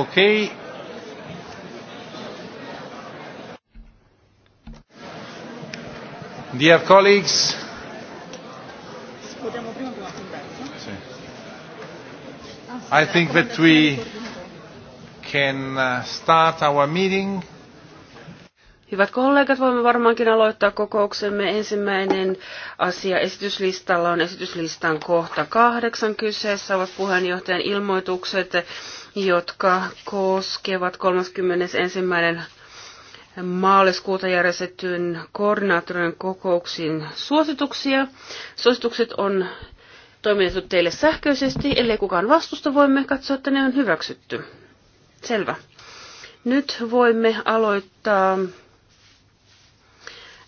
Okay. Dear colleagues. ¿no? Ah, I think that we can uh, start our meeting. Hyvät kollegat, voimme varmaankin aloittaa kokouksemme. Ensimmäinen asia esityslistalla on esityslistan kohta kahdeksan. Kyseessä ovat puheenjohtajan ilmoitukset jotka koskevat 31. maaliskuuta järjestettyyn koordinaattorin kokouksiin suosituksia. Suositukset on toimitettu teille sähköisesti, ellei kukaan vastusta, voimme katsoa, että ne on hyväksytty. Selvä. Nyt voimme aloittaa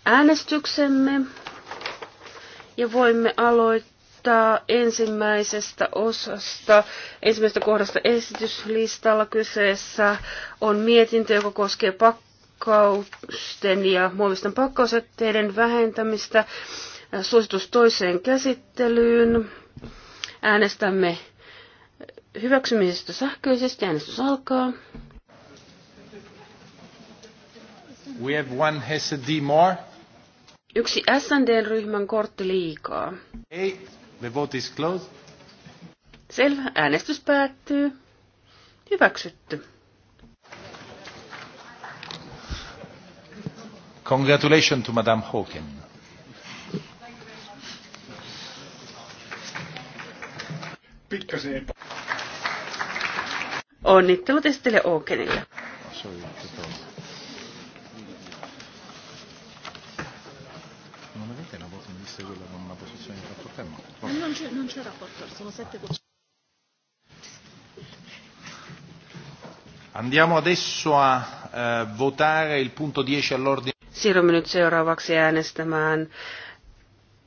äänestyksemme ja voimme aloittaa vastaa ensimmäisestä osasta, ensimmäisestä kohdasta esityslistalla kyseessä on mietintö, joka koskee pakkausten ja muovisten pakkausetteiden vähentämistä. Suositus toiseen käsittelyyn. Äänestämme hyväksymisestä sähköisesti. Äänestys alkaa. We have one more. Yksi SND-ryhmän kortti liikaa. Ei. The vote is closed. Selvä. Äänestys päättyy. Hyväksytty. Congratulations to Madame Hawken. Pikkasen Onnittelut esittelee Oakenille. Oh, sorry, vista quella con una posizione di fatto tempo. Non c'è, non c'è rapporto, sono sette Andiamo adesso a eh, votare il punto 10 all'ordine. Siirrymme nyt seuraavaksi äänestämään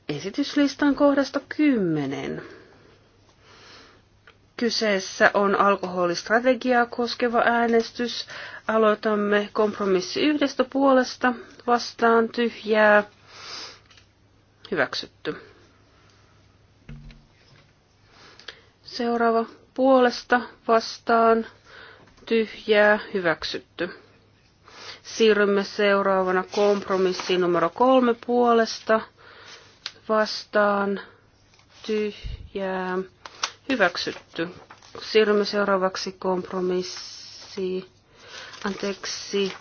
esityslistan kohdasta 10. Kyseessä on alkoholistrategiaa koskeva äänestys. Aloitamme kompromissi yhdestä puolesta vastaan tyhjää Hyväksytty. Seuraava puolesta vastaan tyhjää hyväksytty. Siirrymme seuraavana kompromissiin numero kolme puolesta vastaan tyhjää hyväksytty. Siirrymme seuraavaksi kompromissiin. Anteeksi.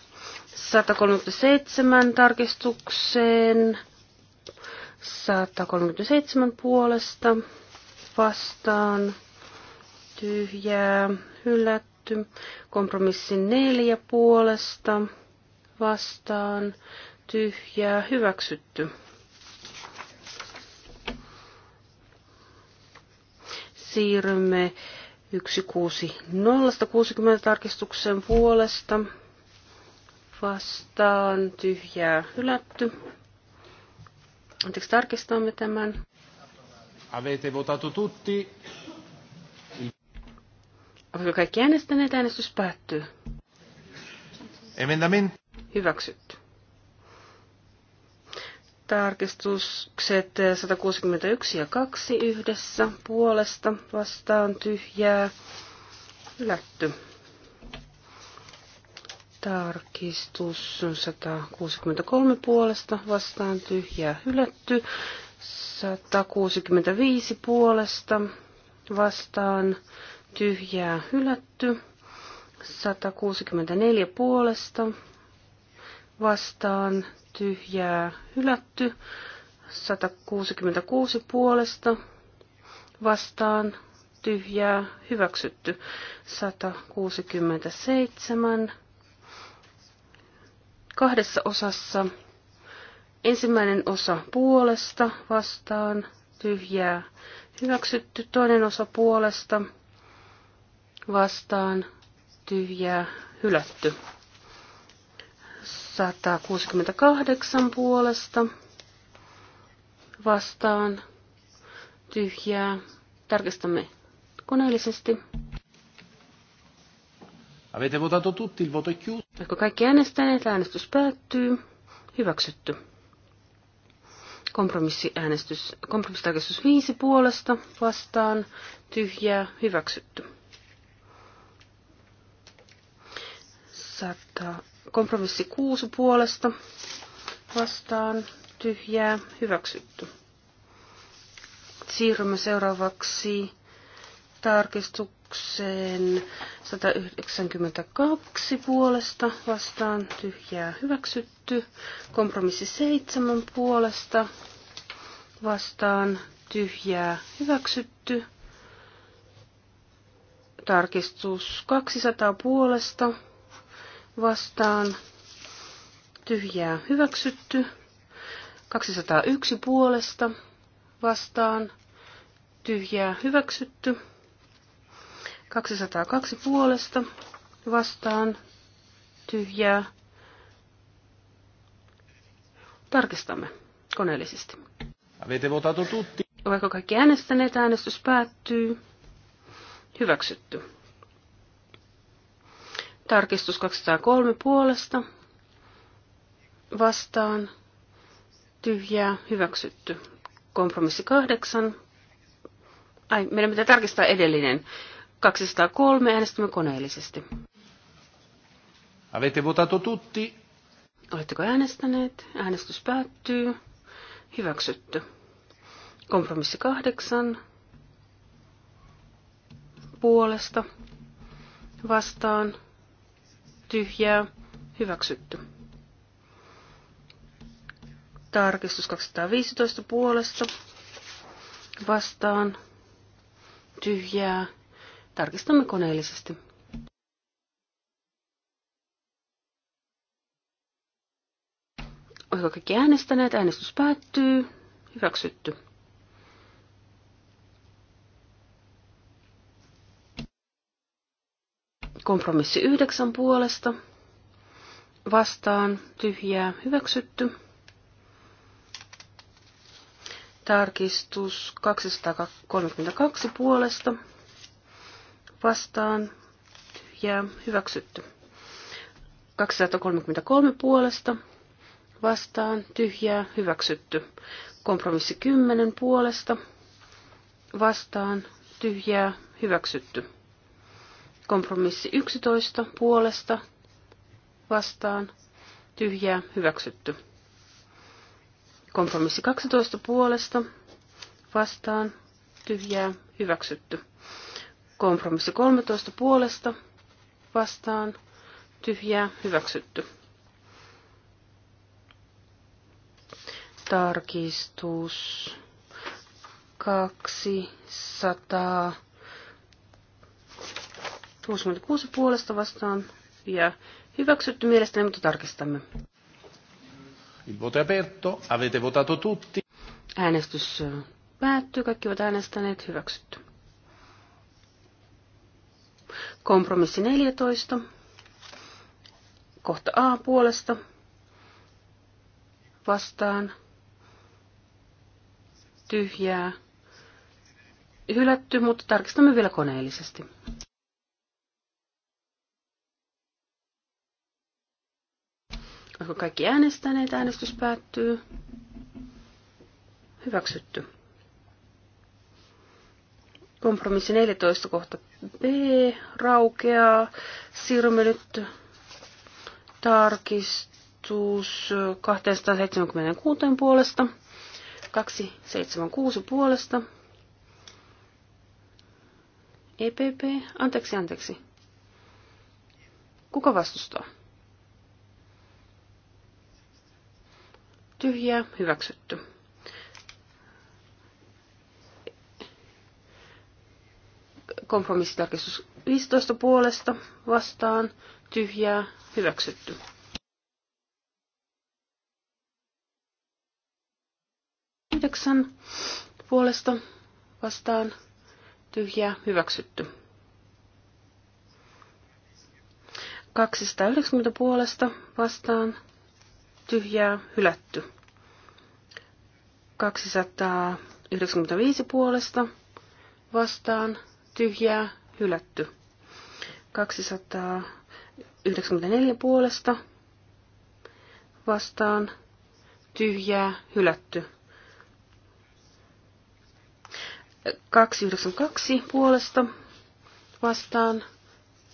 137 tarkistukseen 137 puolesta vastaan tyhjää hylätty. Kompromissi 4 puolesta vastaan tyhjää hyväksytty. Siirrymme 160 tarkistuksen puolesta vastaan tyhjää hylätty. Anteeksi, tarkistamme tämän. Avete votato tutti. Ovatko kaikki äänestäneet? Äänestys päättyy. Emendament. Hyväksytty. Tarkistukset 161 ja 2 yhdessä puolesta vastaan tyhjää. Lätty. Tarkistus 163 puolesta vastaan tyhjää hylätty. 165 puolesta vastaan tyhjää hylätty. 164 puolesta vastaan tyhjää hylätty. 166 puolesta vastaan tyhjää hyväksytty. 167 kahdessa osassa. Ensimmäinen osa puolesta vastaan tyhjää hyväksytty, toinen osa puolesta vastaan tyhjää hylätty. 168 puolesta vastaan tyhjää. Tarkistamme koneellisesti. Avete votato tutti, il voto è chiuso. Oletko kaikki äänestäneet? Äänestys päättyy. Hyväksytty. äänestys kompromissitarkistus viisi puolesta vastaan, tyhjää, hyväksytty. Sata kompromissi kuusi puolesta vastaan, tyhjää, hyväksytty. Siirrymme seuraavaksi tarkistukseen tarkistukseen 192 puolesta vastaan tyhjää hyväksytty. Kompromissi 7 puolesta vastaan tyhjää hyväksytty. Tarkistus 200 puolesta vastaan tyhjää hyväksytty. 201 puolesta vastaan tyhjää hyväksytty. 202 puolesta vastaan tyhjää. Tarkistamme koneellisesti. Avete Ovatko kaikki äänestäneet? Äänestys päättyy. Hyväksytty. Tarkistus 203 puolesta. Vastaan. Tyhjää. Hyväksytty. Kompromissi 8. Ai, meidän pitää tarkistaa edellinen. 203 äänestämme koneellisesti. Avete votato tutti? Oletteko äänestäneet? Äänestys päättyy. Hyväksytty. Kompromissi kahdeksan. Puolesta. Vastaan. Tyhjää. Hyväksytty. Tarkistus 215 puolesta. Vastaan. Tyhjää. Tarkistamme koneellisesti. Oliko kaikki äänestäneet? Äänestys päättyy. Hyväksytty. Kompromissi yhdeksän puolesta. Vastaan tyhjää hyväksytty. Tarkistus 232 puolesta vastaan tyhjää hyväksytty. 233 puolesta vastaan tyhjää hyväksytty. Kompromissi 10 puolesta vastaan tyhjää hyväksytty. Kompromissi 11 puolesta vastaan tyhjää hyväksytty. Kompromissi 12 puolesta vastaan tyhjää hyväksytty. Kompromissi 13 puolesta vastaan tyhjää hyväksytty. Tarkistus 266 puolesta vastaan ja hyväksytty mielestäni, mutta tarkistamme. Il voto aperto, avete votato tutti. Äänestys päättyy, kaikki ovat äänestäneet, hyväksytty. Kompromissi 14. Kohta A puolesta vastaan tyhjää hylätty, mutta tarkistamme vielä koneellisesti. Onko kaikki äänestäneet? Äänestys päättyy. Hyväksytty. Kompromissi 14 kohta B raukeaa. Siirrymme nyt tarkistus 276 puolesta. 276 puolesta. EPP, anteeksi, anteeksi. Kuka vastustaa? Tyhjää, hyväksytty. Kompromissitarkistus 15 puolesta vastaan tyhjää hyväksytty. Yhdeksän puolesta vastaan tyhjää hyväksytty. 290 puolesta vastaan tyhjää hylätty. 295 puolesta vastaan tyhjää, hylätty. 294 puolesta vastaan, tyhjää, hylätty. 292 puolesta vastaan,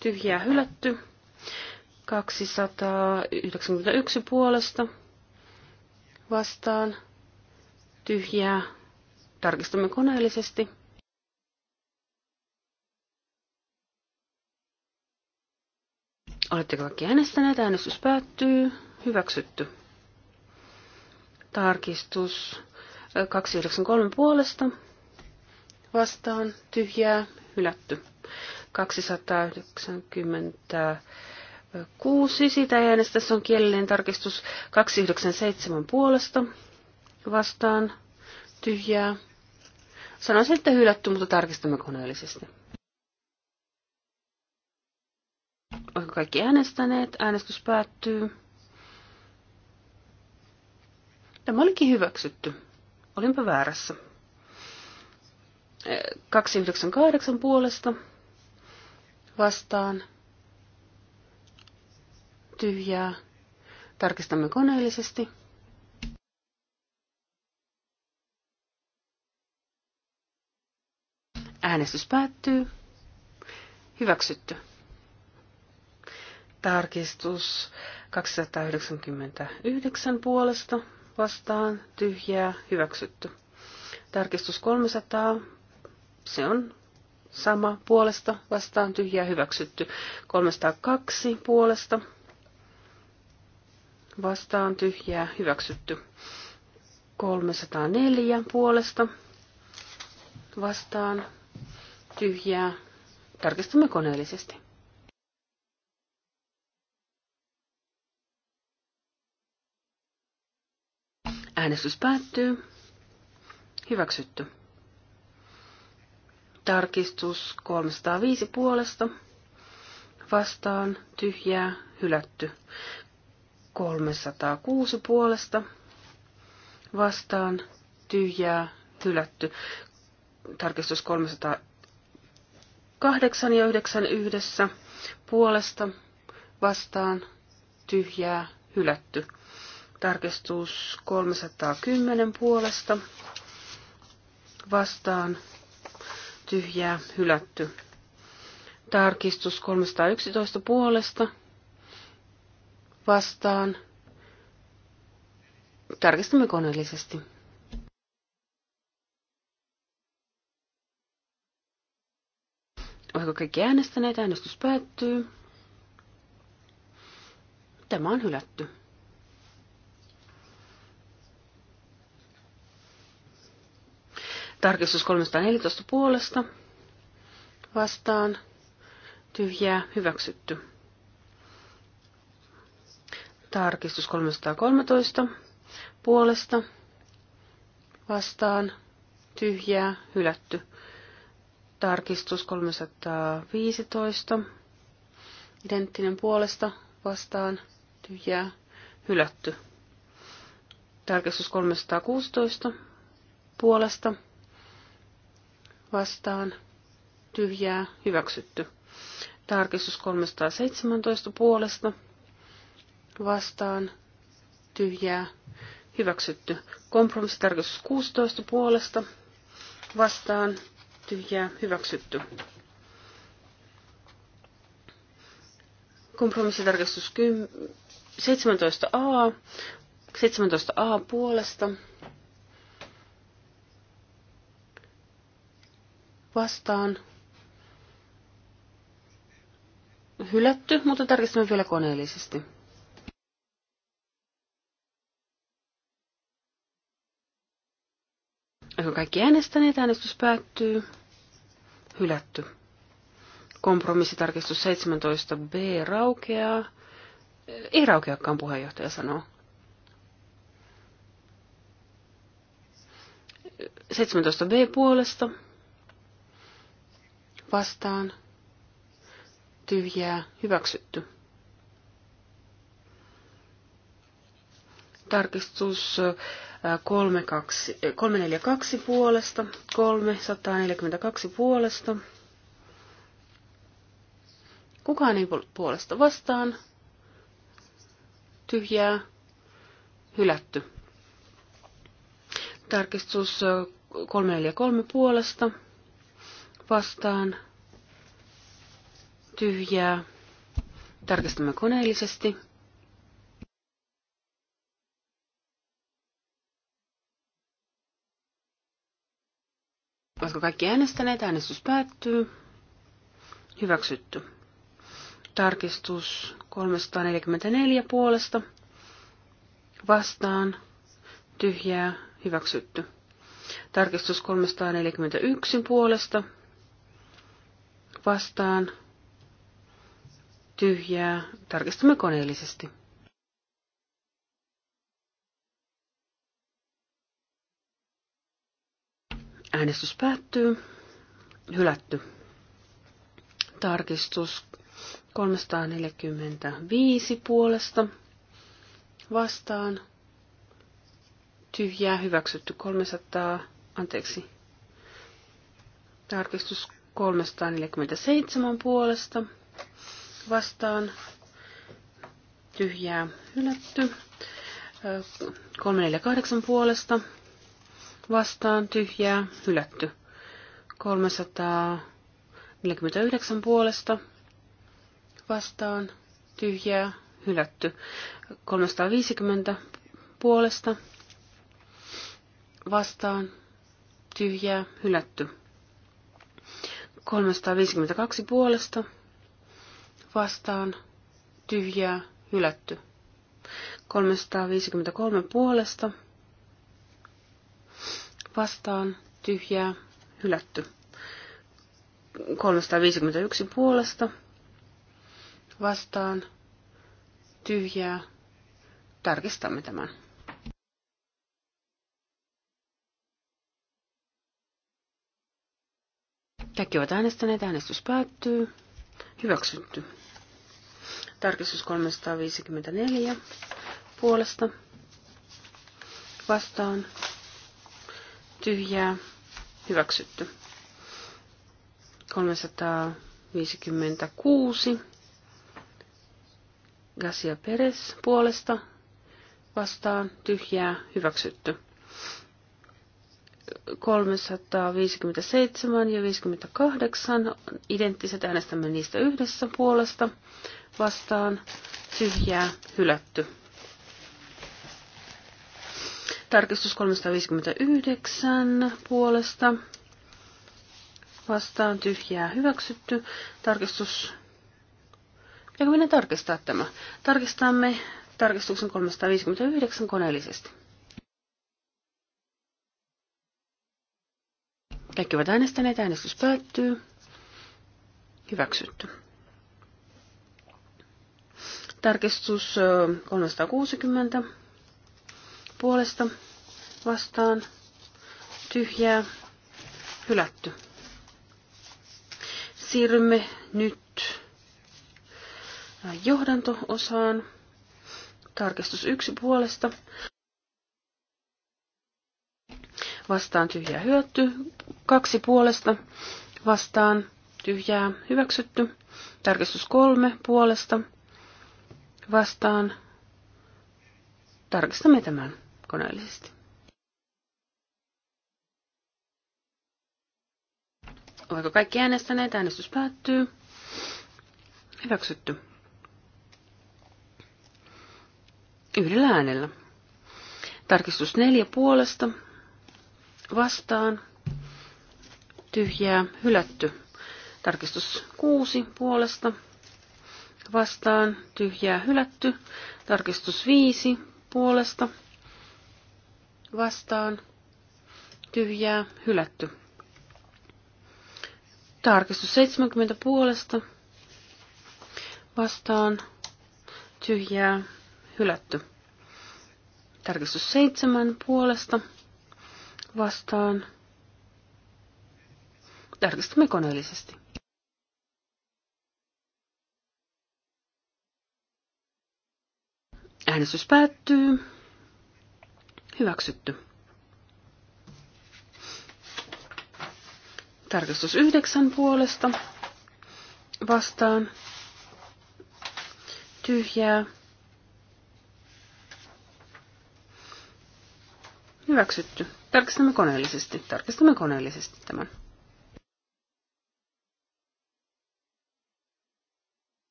tyhjää, hylätty. 291 puolesta vastaan, tyhjää, tarkistamme koneellisesti. Oletteko kaikki äänestäneet? Äänestys päättyy. Hyväksytty. Tarkistus 293 puolesta. Vastaan tyhjää. Hylätty. 296. Siitä ei äänestä. Se on kielellinen tarkistus 297 puolesta. Vastaan tyhjää. Sanoisin, että hylätty, mutta tarkistamme koneellisesti. kaikki äänestäneet? Äänestys päättyy. Tämä olikin hyväksytty. Olinpa väärässä. 298 puolesta vastaan tyhjää. Tarkistamme koneellisesti. Äänestys päättyy. Hyväksytty. Tarkistus 299 puolesta vastaan tyhjää hyväksytty. Tarkistus 300, se on sama puolesta vastaan tyhjää hyväksytty. 302 puolesta vastaan tyhjää hyväksytty. 304 puolesta vastaan tyhjää. Tarkistamme koneellisesti. Äänestys päättyy. Hyväksytty. Tarkistus 305 puolesta. Vastaan tyhjää hylätty. 306 puolesta. Vastaan tyhjää hylätty. Tarkistus 308 ja 9 yhdessä. Puolesta vastaan tyhjää hylätty. Tarkistus 310 puolesta vastaan tyhjää hylätty. Tarkistus 311 puolesta vastaan. Tarkistamme koneellisesti. Oliko kaikki äänestäneet? Äänestys päättyy. Tämä on hylätty. Tarkistus 314 puolesta vastaan tyhjää hyväksytty. Tarkistus 313 puolesta vastaan tyhjää hylätty. Tarkistus 315 identtinen puolesta vastaan tyhjää hylätty. Tarkistus 316 puolesta vastaan tyhjää hyväksytty. Tarkistus 317 puolesta vastaan tyhjää hyväksytty. Kompromissitarkistus 16 puolesta vastaan tyhjää hyväksytty. Kompromissitarkistus 17a, 17a puolesta vastaan hylätty, mutta tarkistamme vielä koneellisesti. Eikö kaikki äänestäneet? Äänestys päättyy. Hylätty. Kompromissitarkistus 17b raukeaa. Ei raukeakaan puheenjohtaja sanoo. 17b puolesta vastaan tyhjää hyväksytty. Tarkistus 342 äh, äh, puolesta, 342 puolesta. Kukaan ei puolesta vastaan. Tyhjää hylätty. Tarkistus 343 äh, puolesta vastaan tyhjää. Tarkistamme koneellisesti. Oletko kaikki äänestäneet? Äänestys päättyy. Hyväksytty. Tarkistus 344 puolesta. Vastaan. Tyhjää. Hyväksytty. Tarkistus 341 puolesta vastaan tyhjää. Tarkistamme koneellisesti. Äänestys päättyy. Hylätty. Tarkistus 345 puolesta vastaan. Tyhjää hyväksytty 300, anteeksi, tarkistus 347 puolesta vastaan tyhjää hylätty. 348 puolesta vastaan tyhjää hylätty. 349 puolesta vastaan tyhjää hylätty. 350 puolesta vastaan tyhjää hylätty. 352 puolesta vastaan tyhjää hylätty. 353 puolesta vastaan tyhjää hylätty. 351 puolesta vastaan tyhjää. Tarkistamme tämän. Kaikki ovat äänestäneet. Äänestys päättyy. Hyväksytty. Tarkistus 354 puolesta. Vastaan. Tyhjää. Hyväksytty. 356. Gasia Peres puolesta vastaan tyhjää hyväksytty. 357 ja 58 identtiset äänestämme niistä yhdessä puolesta vastaan tyhjää hylätty. Tarkistus 359 puolesta vastaan tyhjää hyväksytty. Tarkistus. Eikö minä tarkistaa tämä? Tarkistamme tarkistuksen 359 koneellisesti. Kaikki ovat äänestäneet. Äänestys päättyy. Hyväksytty. Tarkistus 360 puolesta vastaan tyhjää hylätty. Siirrymme nyt johdanto-osaan. Tarkistus yksi puolesta vastaan tyhjää hyötty, kaksi puolesta vastaan tyhjää hyväksytty, tarkistus kolme puolesta vastaan. Tarkistamme tämän koneellisesti. Oliko kaikki äänestäneet? Äänestys päättyy. Hyväksytty. Yhdellä äänellä. Tarkistus neljä puolesta vastaan tyhjää hylätty. Tarkistus 6 puolesta vastaan tyhjää hylätty. Tarkistus 5 puolesta vastaan tyhjää hylätty. Tarkistus 70 puolesta vastaan tyhjää hylätty. Tarkistus 7 puolesta vastaan. Tarkistamme koneellisesti. Äänestys päättyy. Hyväksytty. Tarkastus yhdeksän puolesta. Vastaan. Tyhjää. Hyväksytty. Tarkistamme koneellisesti. Tarkistamme koneellisesti tämän.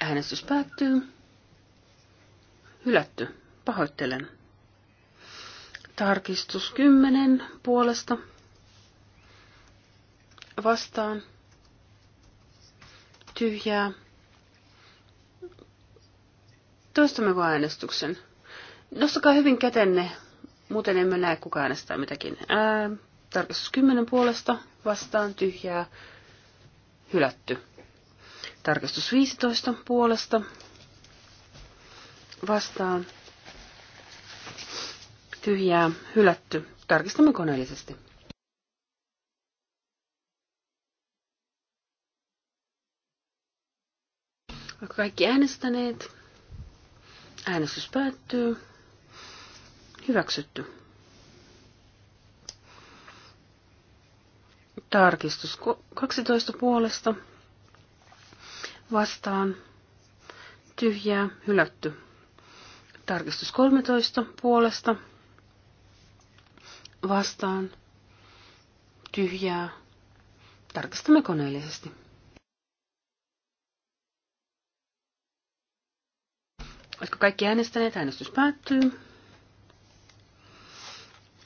Äänestys päättyy. Hylätty. Pahoittelen. Tarkistus 10 puolesta. Vastaan. Tyhjää. Toistamme äänestyksen. Nostakaa hyvin kätenne Muuten emme näe, kuka äänestää mitäkin. Ää, tarkastus 10 puolesta vastaan tyhjää hylätty. Tarkastus 15 puolesta vastaan tyhjää hylätty. Tarkistamme koneellisesti. Kaikki äänestäneet. Äänestys päättyy. Hyväksytty. Tarkistus 12 puolesta vastaan tyhjää hylätty. Tarkistus 13 puolesta vastaan tyhjää. Tarkistamme koneellisesti. Oletko kaikki äänestäneet? Äänestys päättyy.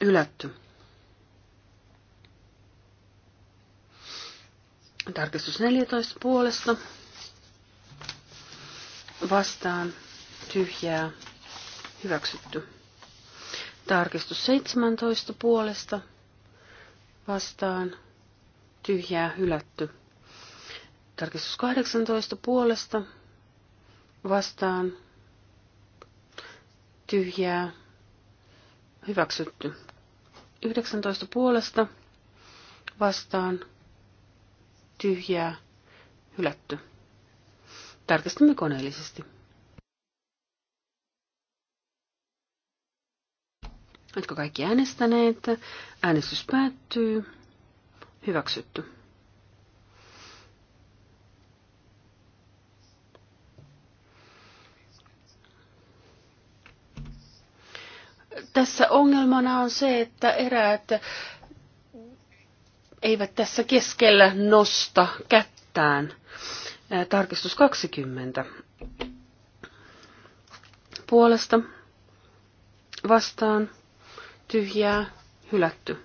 Ylätty. Tarkistus 14 puolesta. Vastaan tyhjää hyväksytty. Tarkistus 17 puolesta. Vastaan tyhjää hylätty. Tarkistus 18 puolesta. Vastaan tyhjää hyväksytty. 19 puolesta vastaan tyhjää hylätty. Tarkistamme koneellisesti. Oletko kaikki äänestäneet? Äänestys päättyy. Hyväksytty. Tässä ongelmana on se, että eräät eivät tässä keskellä nosta kättään. Tarkistus 20. Puolesta vastaan tyhjää hylätty.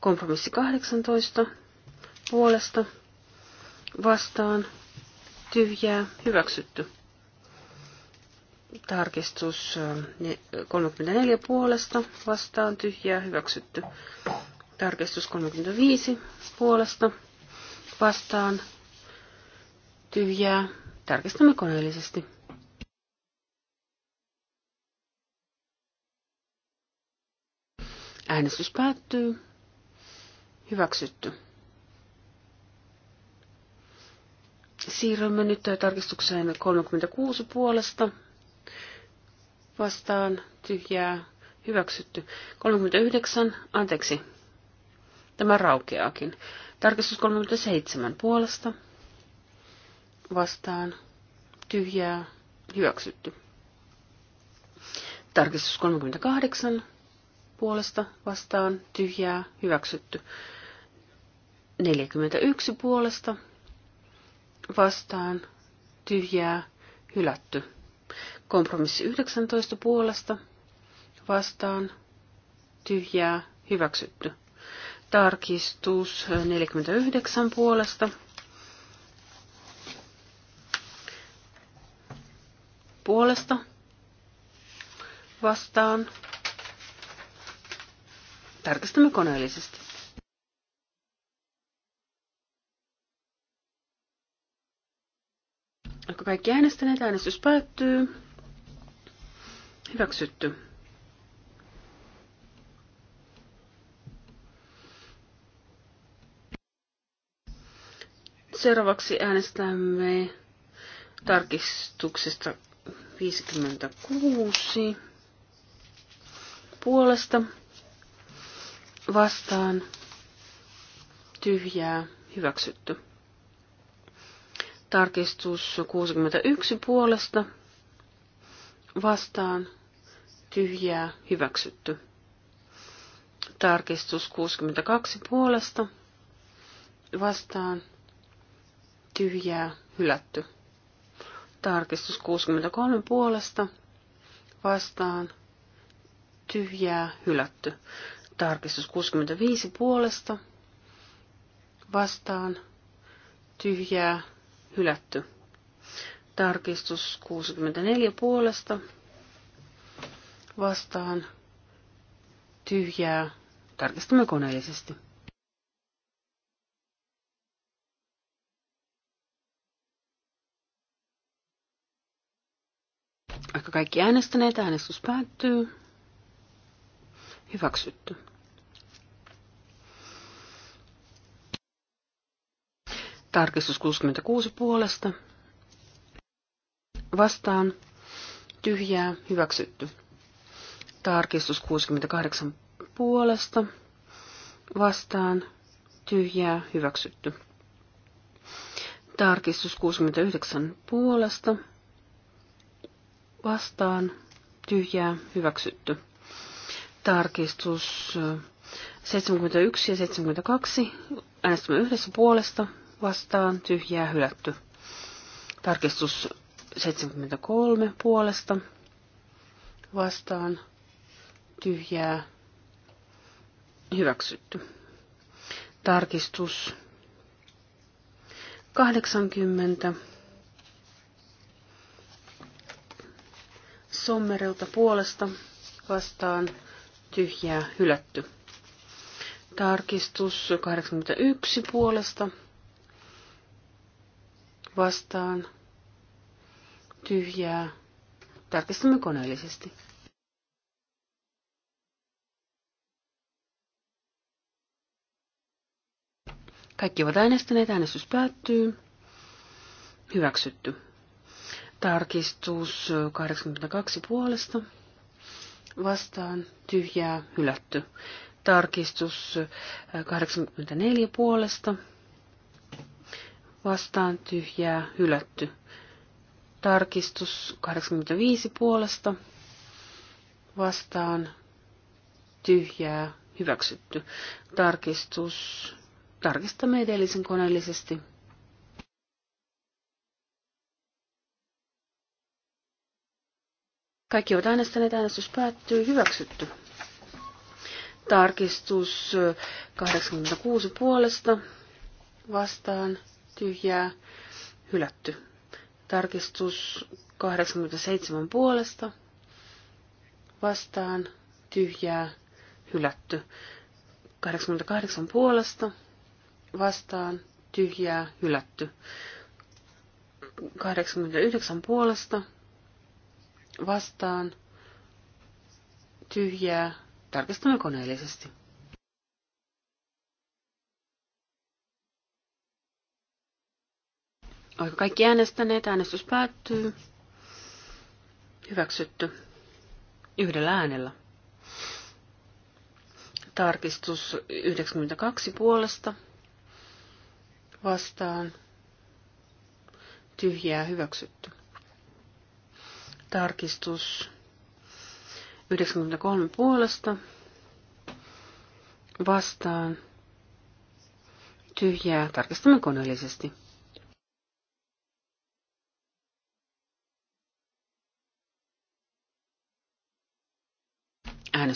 Kompromissi 18. Puolesta vastaan tyhjää hyväksytty. Tarkistus 34 puolesta vastaan tyhjää hyväksytty. Tarkistus 35 puolesta vastaan tyhjää. Tarkistamme koneellisesti. Äänestys päättyy. Hyväksytty. Siirrymme nyt tarkistukseen 36 puolesta vastaan tyhjää hyväksytty. 39, anteeksi, tämä raukeakin. Tarkistus 37 puolesta vastaan tyhjää hyväksytty. Tarkistus 38 puolesta vastaan tyhjää hyväksytty. 41 puolesta vastaan tyhjää hylätty. Kompromissi 19 puolesta vastaan tyhjää hyväksytty. Tarkistus 49 puolesta puolesta vastaan. Tarkistamme koneellisesti. Oletko kaikki äänestäneet? Äänestys päättyy. Hyväksytty. Seuraavaksi äänestämme tarkistuksesta 56 puolesta vastaan tyhjää hyväksytty. Tarkistus 61 puolesta vastaan tyhjää hyväksytty. Tarkistus 62 puolesta vastaan tyhjää hylätty. Tarkistus 63 puolesta vastaan tyhjää hylätty. Tarkistus 65 puolesta vastaan tyhjää hylätty. Tarkistus 64 puolesta vastaan tyhjää. Tarkistamme koneellisesti. Vaikka kaikki äänestäneet, äänestys päättyy. Hyväksytty. Tarkistus 66 puolesta vastaan tyhjää hyväksytty. Tarkistus 68 puolesta vastaan tyhjää hyväksytty. Tarkistus 69 puolesta vastaan tyhjää hyväksytty. Tarkistus 71 ja 72 äänestämme yhdessä puolesta vastaan tyhjää hylätty. Tarkistus 73 puolesta vastaan tyhjää hyväksytty. Tarkistus 80 Sommerilta puolesta vastaan tyhjää hylätty. Tarkistus 81 puolesta vastaan tyhjää. Tarkistamme koneellisesti. Kaikki ovat äänestäneet, äänestys päättyy. Hyväksytty. Tarkistus 82 puolesta. Vastaan tyhjää hylätty. Tarkistus 84 puolesta. Vastaan tyhjää hylätty. Tarkistus 85 puolesta vastaan tyhjää hyväksytty. Tarkistus. Tarkistamme edellisen koneellisesti. Kaikki ovat äänestäneet, äänestys päättyy, hyväksytty. Tarkistus 86 puolesta vastaan tyhjää hylätty. Tarkistus 87 puolesta. Vastaan tyhjää hylätty. 88 puolesta. Vastaan tyhjää hylätty. 89 puolesta. Vastaan tyhjää tarkistamme koneellisesti. Oliko kaikki äänestäneet? Äänestys päättyy. Hyväksytty. Yhdellä äänellä. Tarkistus 92 puolesta. Vastaan. Tyhjää hyväksytty. Tarkistus 93 puolesta. Vastaan. Tyhjää. Tarkistamme koneellisesti.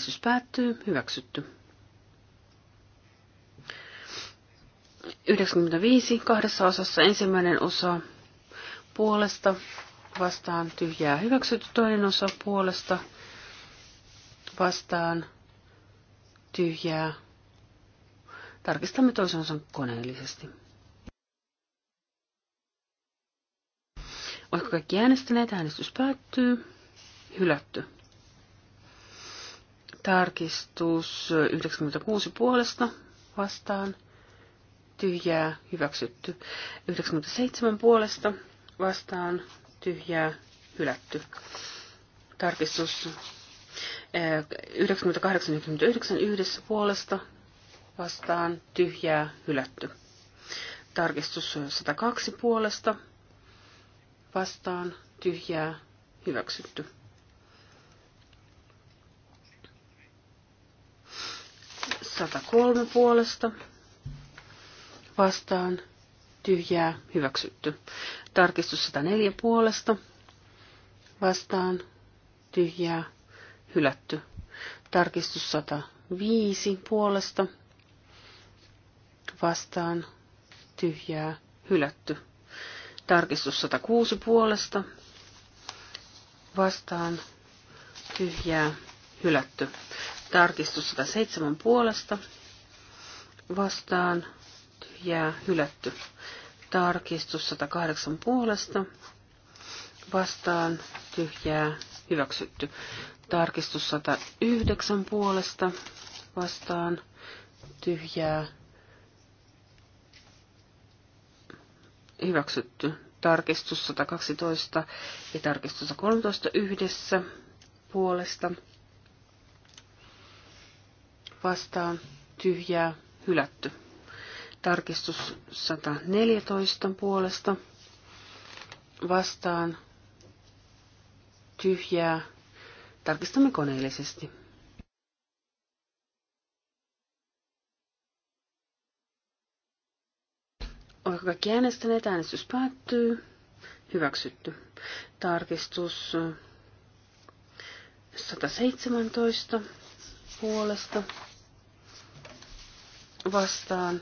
Äänestys päättyy. Hyväksytty. 95 kahdessa osassa ensimmäinen osa puolesta vastaan tyhjää hyväksytty, toinen osa puolesta vastaan tyhjää. Tarkistamme toisen osan koneellisesti. Oletko kaikki äänestäneet? Äänestys päättyy. Hylätty. Tarkistus 96 puolesta vastaan. Tyhjää hyväksytty. 97 puolesta vastaan. Tyhjää hylätty. Tarkistus 98-99 eh, yhdessä puolesta vastaan. Tyhjää hylätty. Tarkistus 102 puolesta vastaan. Tyhjää hyväksytty. 103 puolesta vastaan tyhjää hyväksytty. Tarkistus 104 puolesta vastaan tyhjää hylätty. Tarkistus 105 puolesta vastaan tyhjää hylätty. Tarkistus 106 puolesta vastaan tyhjää hylätty. Tarkistus 107 puolesta vastaan tyhjää hylätty. Tarkistus 108 puolesta vastaan tyhjää hyväksytty. Tarkistus 109 puolesta vastaan tyhjää hyväksytty. Tarkistus 112 ja tarkistus 113 yhdessä puolesta vastaan tyhjää hylätty. Tarkistus 114 puolesta vastaan tyhjää. Tarkistamme koneellisesti. Oletko kaikki äänestäneet? Äänestys päättyy. Hyväksytty. Tarkistus 117 puolesta vastaan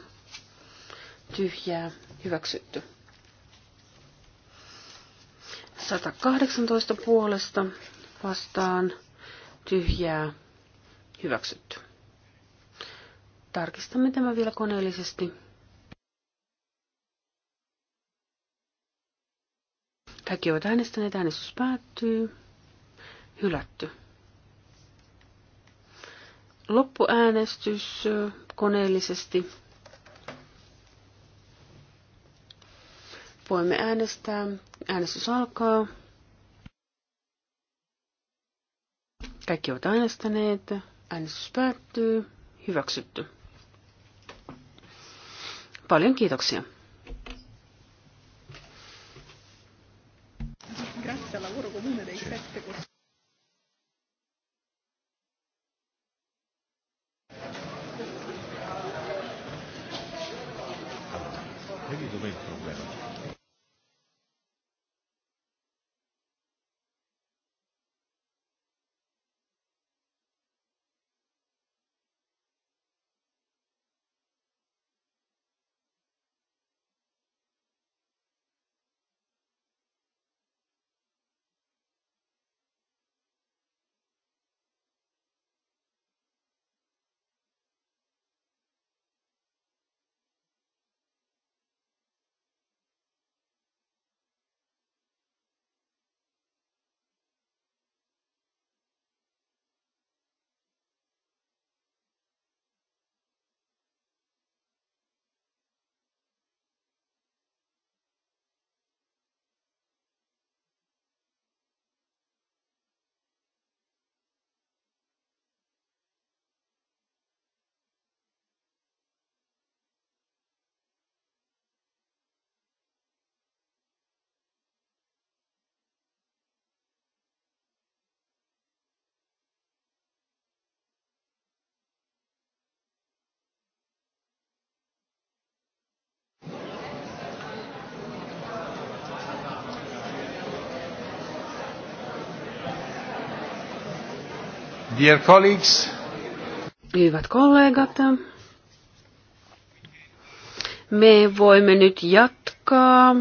tyhjää hyväksytty. 118 puolesta vastaan tyhjää hyväksytty. Tarkistamme tämä vielä koneellisesti. Kaikki ovat äänestäneet, äänestys päättyy. Hylätty loppuäänestys koneellisesti. Voimme äänestää. Äänestys alkaa. Kaikki ovat äänestäneet. Äänestys päättyy. Hyväksytty. Paljon kiitoksia. Dear colleagues. Hyvät kollegat, me voimme nyt jatkaa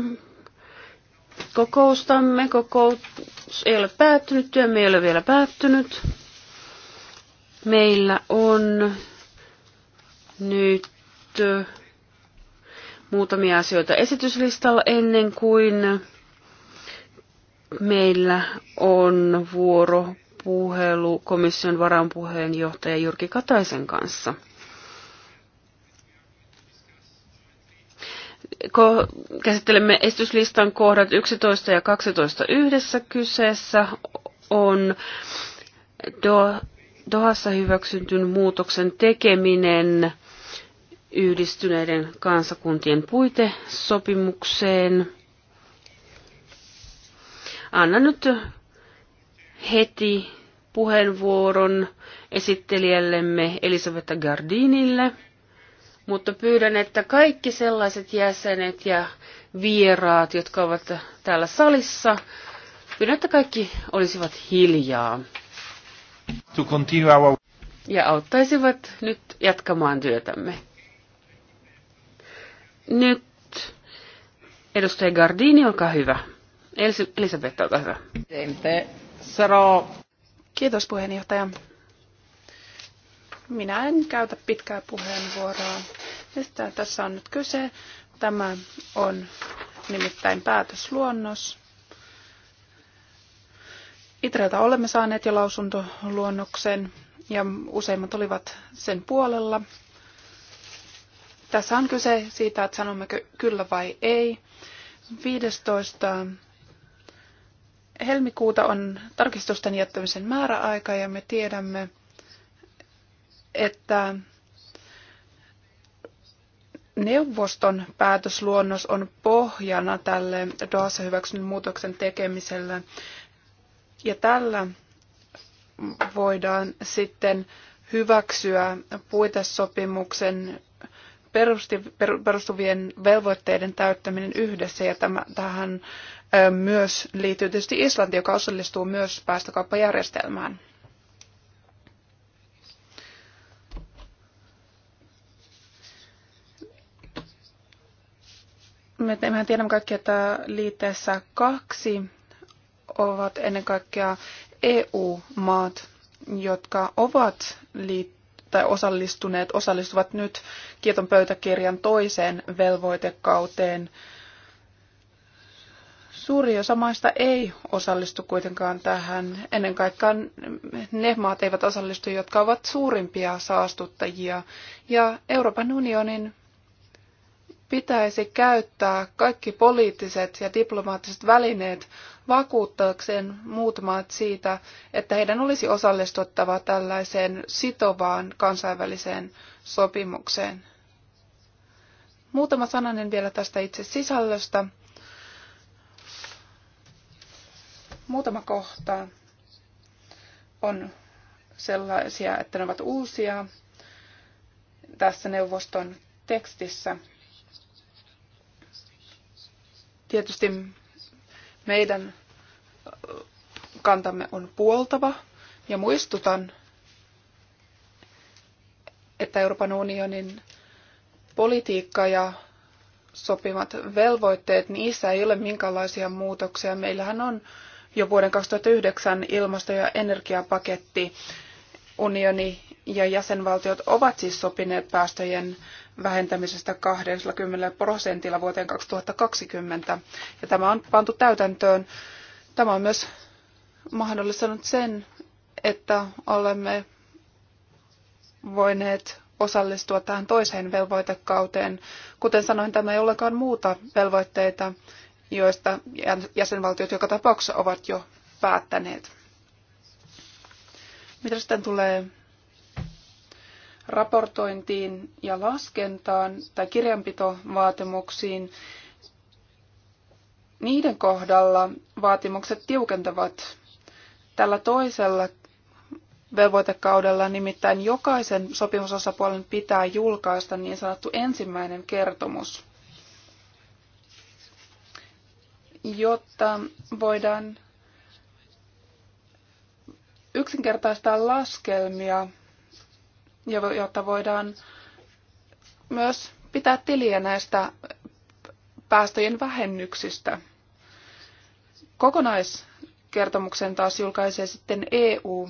kokoustamme. Kokous ei ole päättynyt, työmme ei ole vielä päättynyt. Meillä on nyt muutamia asioita esityslistalla ennen kuin meillä on vuoro puhelu komission varanpuheenjohtaja Jyrki Kataisen kanssa. Ko- käsittelemme esityslistan kohdat 11 ja 12 yhdessä. Kyseessä on Do- Dohassa hyväksyntyn muutoksen tekeminen yhdistyneiden kansakuntien puitesopimukseen. Anna nyt heti puheenvuoron esittelijällemme Elisabetta Gardinille, mutta pyydän, että kaikki sellaiset jäsenet ja vieraat, jotka ovat täällä salissa, pyydän, että kaikki olisivat hiljaa. To continue our... Ja auttaisivat nyt jatkamaan työtämme. Nyt edustaja Gardini, olkaa hyvä. Elisabetta, olkaa hyvä. Sarah. Kiitos puheenjohtaja. Minä en käytä pitkää puheenvuoroa. Mistä tässä on nyt kyse? Tämä on nimittäin päätösluonnos. Itreltä olemme saaneet jo lausuntoluonnoksen ja useimmat olivat sen puolella. Tässä on kyse siitä, että sanommeko kyllä vai ei. 15 helmikuuta on tarkistusten jättämisen määräaika ja me tiedämme, että neuvoston päätösluonnos on pohjana tälle Dohassa hyväksyn muutoksen tekemiselle. Ja tällä voidaan sitten hyväksyä puitesopimuksen perustuvien velvoitteiden täyttäminen yhdessä ja tämä, tähän myös liittyy tietysti Islanti, joka osallistuu myös päästökauppajärjestelmään. Me mehän tiedämme kaikki, että liitteessä kaksi ovat ennen kaikkea EU-maat, jotka ovat liitteessä tai osallistuneet osallistuvat nyt Kieton pöytäkirjan toiseen velvoitekauteen – Suuri osa maista ei osallistu kuitenkaan tähän. Ennen kaikkea ne maat eivät osallistu, jotka ovat suurimpia saastuttajia. Ja Euroopan unionin pitäisi käyttää kaikki poliittiset ja diplomaattiset välineet vakuuttaakseen muut maat siitä, että heidän olisi osallistuttava tällaiseen sitovaan kansainväliseen sopimukseen. Muutama sananen vielä tästä itse sisällöstä. Muutama kohta on sellaisia, että ne ovat uusia tässä neuvoston tekstissä. Tietysti meidän kantamme on puoltava ja muistutan, että Euroopan unionin politiikka ja sopimat velvoitteet, niissä ei ole minkäänlaisia muutoksia. Meillähän on jo vuoden 2009 ilmasto- ja energiapaketti. Unioni ja jäsenvaltiot ovat siis sopineet päästöjen vähentämisestä 20 prosentilla vuoteen 2020. Ja tämä on pantu täytäntöön. Tämä on myös mahdollistanut sen, että olemme voineet osallistua tähän toiseen velvoitekauteen. Kuten sanoin, tämä ei ollenkaan muuta velvoitteita, joista jäsenvaltiot joka tapauksessa ovat jo päättäneet. Mitä sitten tulee raportointiin ja laskentaan tai kirjanpitovaatimuksiin, niiden kohdalla vaatimukset tiukentavat. Tällä toisella velvoitekaudella nimittäin jokaisen sopimusosapuolen pitää julkaista niin sanottu ensimmäinen kertomus – jotta voidaan yksinkertaistaa laskelmia, ja jotta voidaan myös pitää tiliä näistä päästöjen vähennyksistä. Kokonaiskertomuksen taas julkaisee sitten EU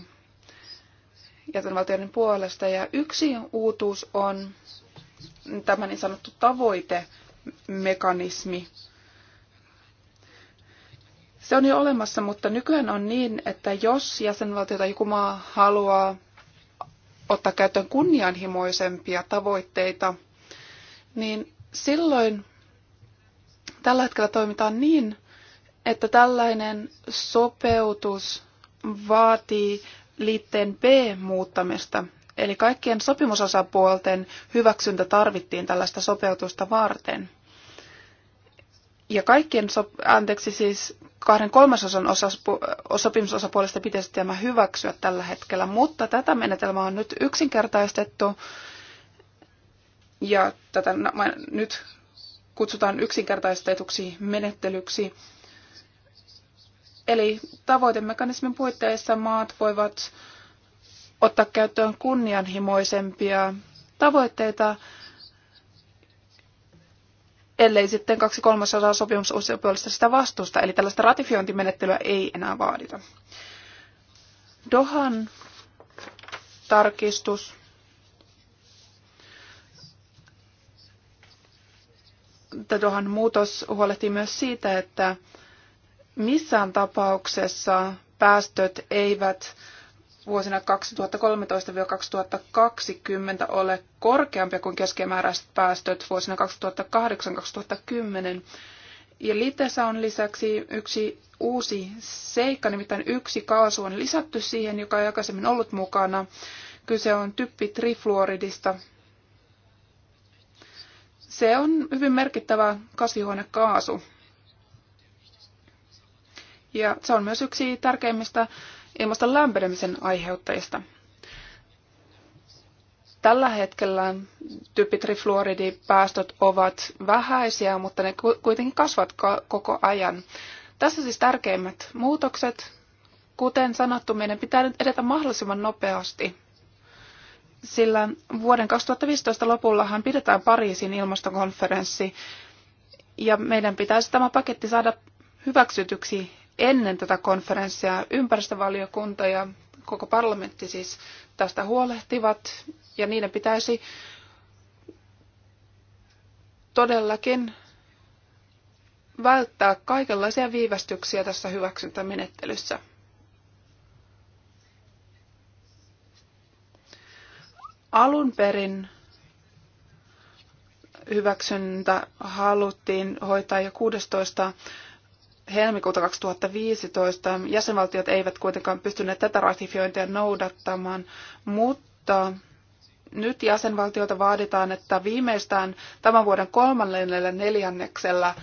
jäsenvaltioiden puolesta. Ja yksi uutuus on tämä niin sanottu tavoitemekanismi. Se on jo olemassa, mutta nykyään on niin, että jos jäsenvaltio tai joku maa haluaa ottaa käyttöön kunnianhimoisempia tavoitteita, niin silloin tällä hetkellä toimitaan niin, että tällainen sopeutus vaatii liitteen B-muuttamista. Eli kaikkien sopimusosapuolten hyväksyntä tarvittiin tällaista sopeutusta varten ja kaikkien, sop- anteeksi siis kahden kolmasosan osaspu- sopimusosapuolista pitäisi tämä hyväksyä tällä hetkellä, mutta tätä menetelmää on nyt yksinkertaistettu ja tätä nyt kutsutaan yksinkertaistetuksi menettelyksi. Eli tavoitemekanismin puitteissa maat voivat ottaa käyttöön kunnianhimoisempia tavoitteita ellei sitten kaksi kolmasosaa sopimusosapuolista sitä vastusta, eli tällaista ratifiointimenettelyä ei enää vaadita. Dohan tarkistus. Dohan muutos huolehtii myös siitä, että missään tapauksessa päästöt eivät vuosina 2013-2020 ole korkeampia kuin keskimääräiset päästöt vuosina 2008-2010. Ja litessä on lisäksi yksi uusi seikka, nimittäin yksi kaasu on lisätty siihen, joka ei aikaisemmin ollut mukana. Kyse on typpitrifluoridista. Se on hyvin merkittävä kasvihuonekaasu. Ja se on myös yksi tärkeimmistä ilmaston lämpenemisen aiheuttajista. Tällä hetkellä typitrifluoridipäästöt ovat vähäisiä, mutta ne kuitenkin kasvavat koko ajan. Tässä siis tärkeimmät muutokset. Kuten sanottu, meidän pitää nyt edetä mahdollisimman nopeasti, sillä vuoden 2015 lopullahan pidetään Pariisin ilmastokonferenssi, ja meidän pitäisi tämä paketti saada hyväksytyksi ennen tätä konferenssia ympäristövaliokunta ja koko parlamentti siis tästä huolehtivat ja niiden pitäisi todellakin välttää kaikenlaisia viivästyksiä tässä hyväksyntämenettelyssä. Alun perin hyväksyntä haluttiin hoitaa jo 16 helmikuuta 2015. Jäsenvaltiot eivät kuitenkaan pystyneet tätä ratifiointia noudattamaan, mutta nyt jäsenvaltiota vaaditaan, että viimeistään tämän vuoden kolmannella neljänneksellä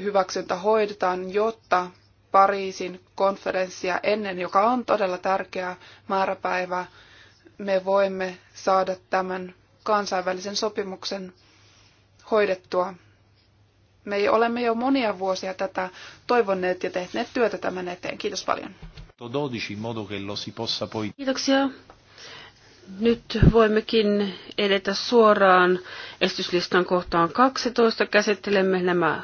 hyväksyntä hoidetaan, jotta Pariisin konferenssia ennen, joka on todella tärkeä määräpäivä, me voimme saada tämän kansainvälisen sopimuksen hoidettua me olemme jo monia vuosia tätä toivonneet ja tehneet työtä tämän eteen. Kiitos paljon. Kiitoksia. Nyt voimmekin edetä suoraan esityslistan kohtaan 12. Käsittelemme nämä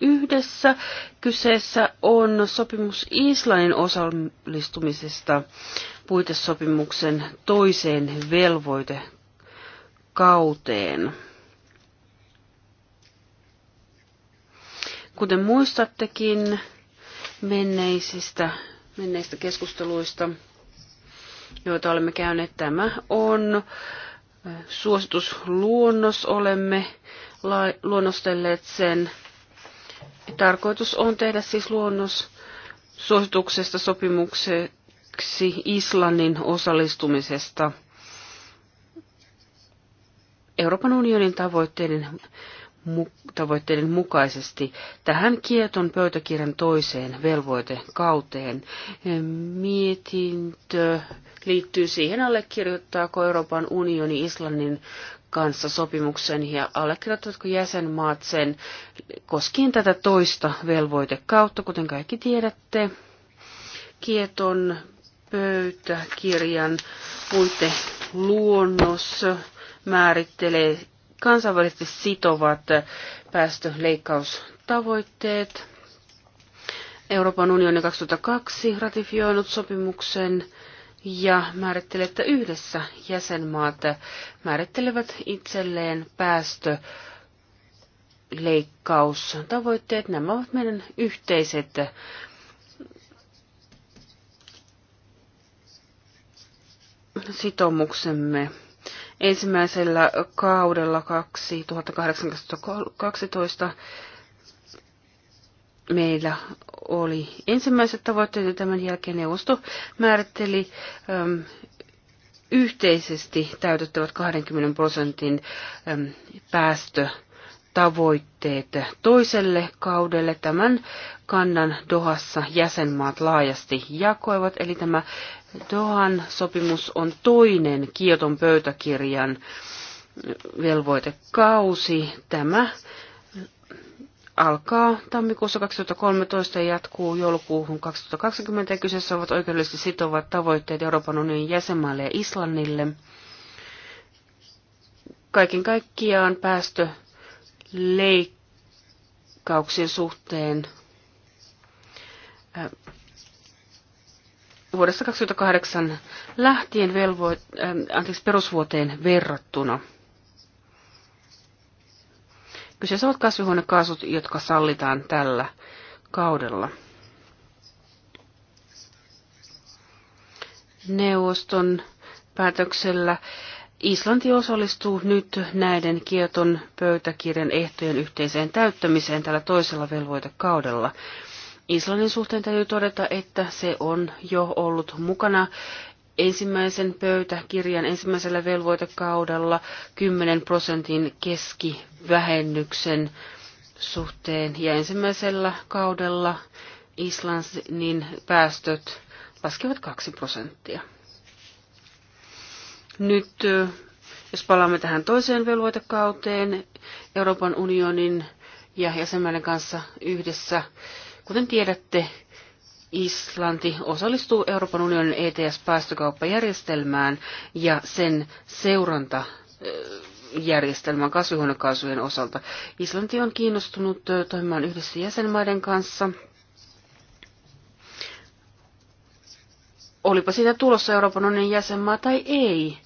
yhdessä. Kyseessä on sopimus Islannin osallistumisesta puitesopimuksen toiseen velvoitekauteen. Kuten muistattekin menneisistä, menneistä keskusteluista, joita olemme käyneet, tämä on suositusluonnos. Olemme luonnostelleet sen. Tarkoitus on tehdä siis luonnos suosituksesta sopimukseksi Islannin osallistumisesta Euroopan unionin tavoitteiden tavoitteiden mukaisesti tähän kieton pöytäkirjan toiseen velvoitekauteen. Mietintö liittyy siihen allekirjoittaako Euroopan unioni Islannin kanssa sopimuksen ja allekirjoittavatko jäsenmaat sen koskien tätä toista velvoitekautta, kuten kaikki tiedätte. Kieton pöytäkirjan puiteluonnos määrittelee kansainvälisesti sitovat päästöleikkaustavoitteet. Euroopan unioni 2002 ratifioinut sopimuksen ja määrittelee, että yhdessä jäsenmaat määrittelevät itselleen päästöleikkaustavoitteet. nämä ovat meidän yhteiset sitoumuksemme ensimmäisellä kaudella 2012 meillä oli ensimmäiset tavoitteet ja tämän jälkeen neuvosto määritteli äm, yhteisesti täytettävät 20 prosentin äm, päästötavoitteet toiselle kaudelle. Tämän kannan Dohassa jäsenmaat laajasti jakoivat, eli tämä Dohan sopimus on toinen Kioton pöytäkirjan velvoitekausi. Tämä alkaa tammikuussa 2013 ja jatkuu joulukuuhun 2020 ja kyseessä ovat oikeudellisesti sitovat tavoitteet Euroopan unionin jäsenmaille ja Islannille. Kaiken kaikkiaan päästöleikkauksien suhteen vuodesta 2008 lähtien velvo, äh, anteeksi, perusvuoteen verrattuna. Kyseessä ovat kasvihuonekaasut, jotka sallitaan tällä kaudella. Neuvoston päätöksellä Islanti osallistuu nyt näiden kieton pöytäkirjan ehtojen yhteiseen täyttämiseen tällä toisella velvoitekaudella. kaudella. Islannin suhteen täytyy todeta, että se on jo ollut mukana ensimmäisen pöytäkirjan ensimmäisellä velvoitekaudella 10 prosentin keskivähennyksen suhteen ja ensimmäisellä kaudella Islannin päästöt laskevat 2 prosenttia. Nyt jos palaamme tähän toiseen velvoitekauteen, Euroopan unionin ja jäsenmaiden kanssa yhdessä Kuten tiedätte, Islanti osallistuu Euroopan unionin ETS-päästökauppajärjestelmään ja sen seuranta järjestelmän kasvihuonekaasujen osalta. Islanti on kiinnostunut toimimaan yhdessä jäsenmaiden kanssa. Olipa siinä tulossa Euroopan unionin jäsenmaa tai ei,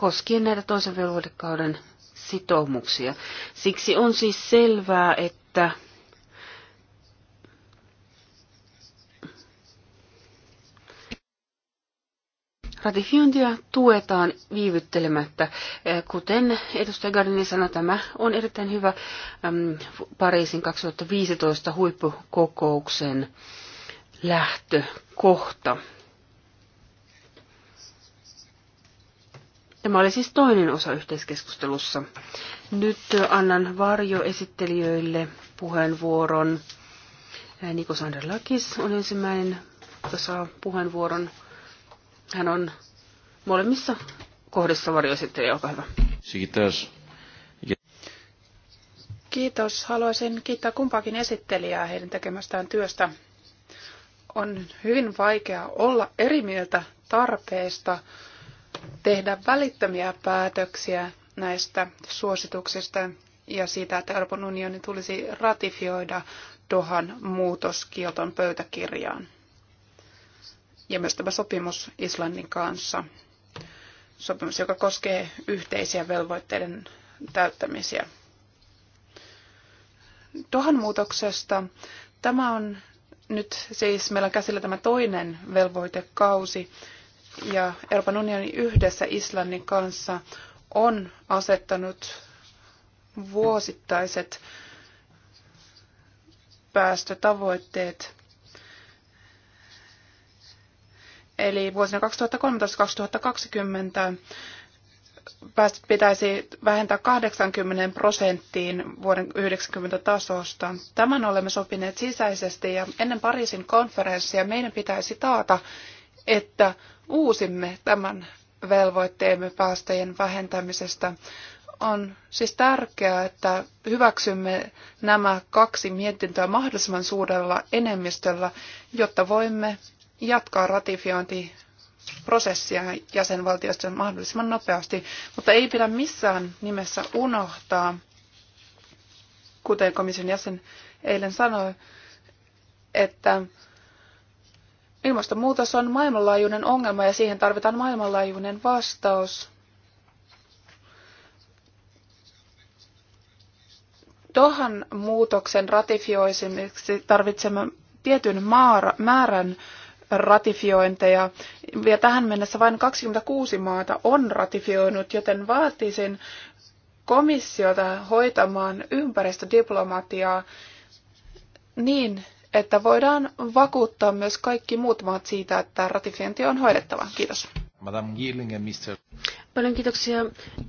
koskien näitä toisen velvoitekauden sitoumuksia. Siksi on siis selvää, että Ratifiointia tuetaan viivyttelemättä. Kuten edustaja Gardini sanoi, tämä on erittäin hyvä Pariisin 2015 huippukokouksen lähtökohta. Tämä oli siis toinen osa yhteiskeskustelussa. Nyt annan varjoesittelijöille puheenvuoron. Niko Lakis on ensimmäinen, joka saa puheenvuoron. Hän on molemmissa kohdissa varjoesittelijä, olkaa hyvä. Kiitos. Kiitos. Haluaisin kiittää kumpaakin esittelijää heidän tekemästään työstä. On hyvin vaikea olla eri mieltä tarpeesta tehdä välittömiä päätöksiä näistä suosituksista ja siitä, että Euroopan unioni tulisi ratifioida Dohan muutos Kioton pöytäkirjaan. Ja myös tämä sopimus Islannin kanssa. Sopimus, joka koskee yhteisiä velvoitteiden täyttämisiä. Dohan muutoksesta. Tämä on nyt siis meillä on käsillä tämä toinen velvoitekausi ja Euroopan unioni yhdessä Islannin kanssa on asettanut vuosittaiset päästötavoitteet. Eli vuosina 2013-2020 päästöt pitäisi vähentää 80 prosenttiin vuoden 90 tasosta. Tämän olemme sopineet sisäisesti ja ennen Pariisin konferenssia meidän pitäisi taata että uusimme tämän velvoitteemme päästöjen vähentämisestä. On siis tärkeää, että hyväksymme nämä kaksi mietintöä mahdollisimman suurella enemmistöllä, jotta voimme jatkaa ratifiointiprosessia jäsenvaltiosta mahdollisimman nopeasti, mutta ei pidä missään nimessä unohtaa, kuten komission jäsen eilen sanoi, että Ilmastonmuutos on maailmanlaajuinen ongelma ja siihen tarvitaan maailmanlaajuinen vastaus. Tohan muutoksen ratifioisemiseksi tarvitsemme tietyn määrän ratifiointeja. Ja tähän mennessä vain 26 maata on ratifioinut, joten vaatisin komissiota hoitamaan ympäristödiplomatiaa niin, että voidaan vakuuttaa myös kaikki muut maat siitä, että ratifiointi on hoidettava. Kiitos. Madame ja Mr. Paljon kiitoksia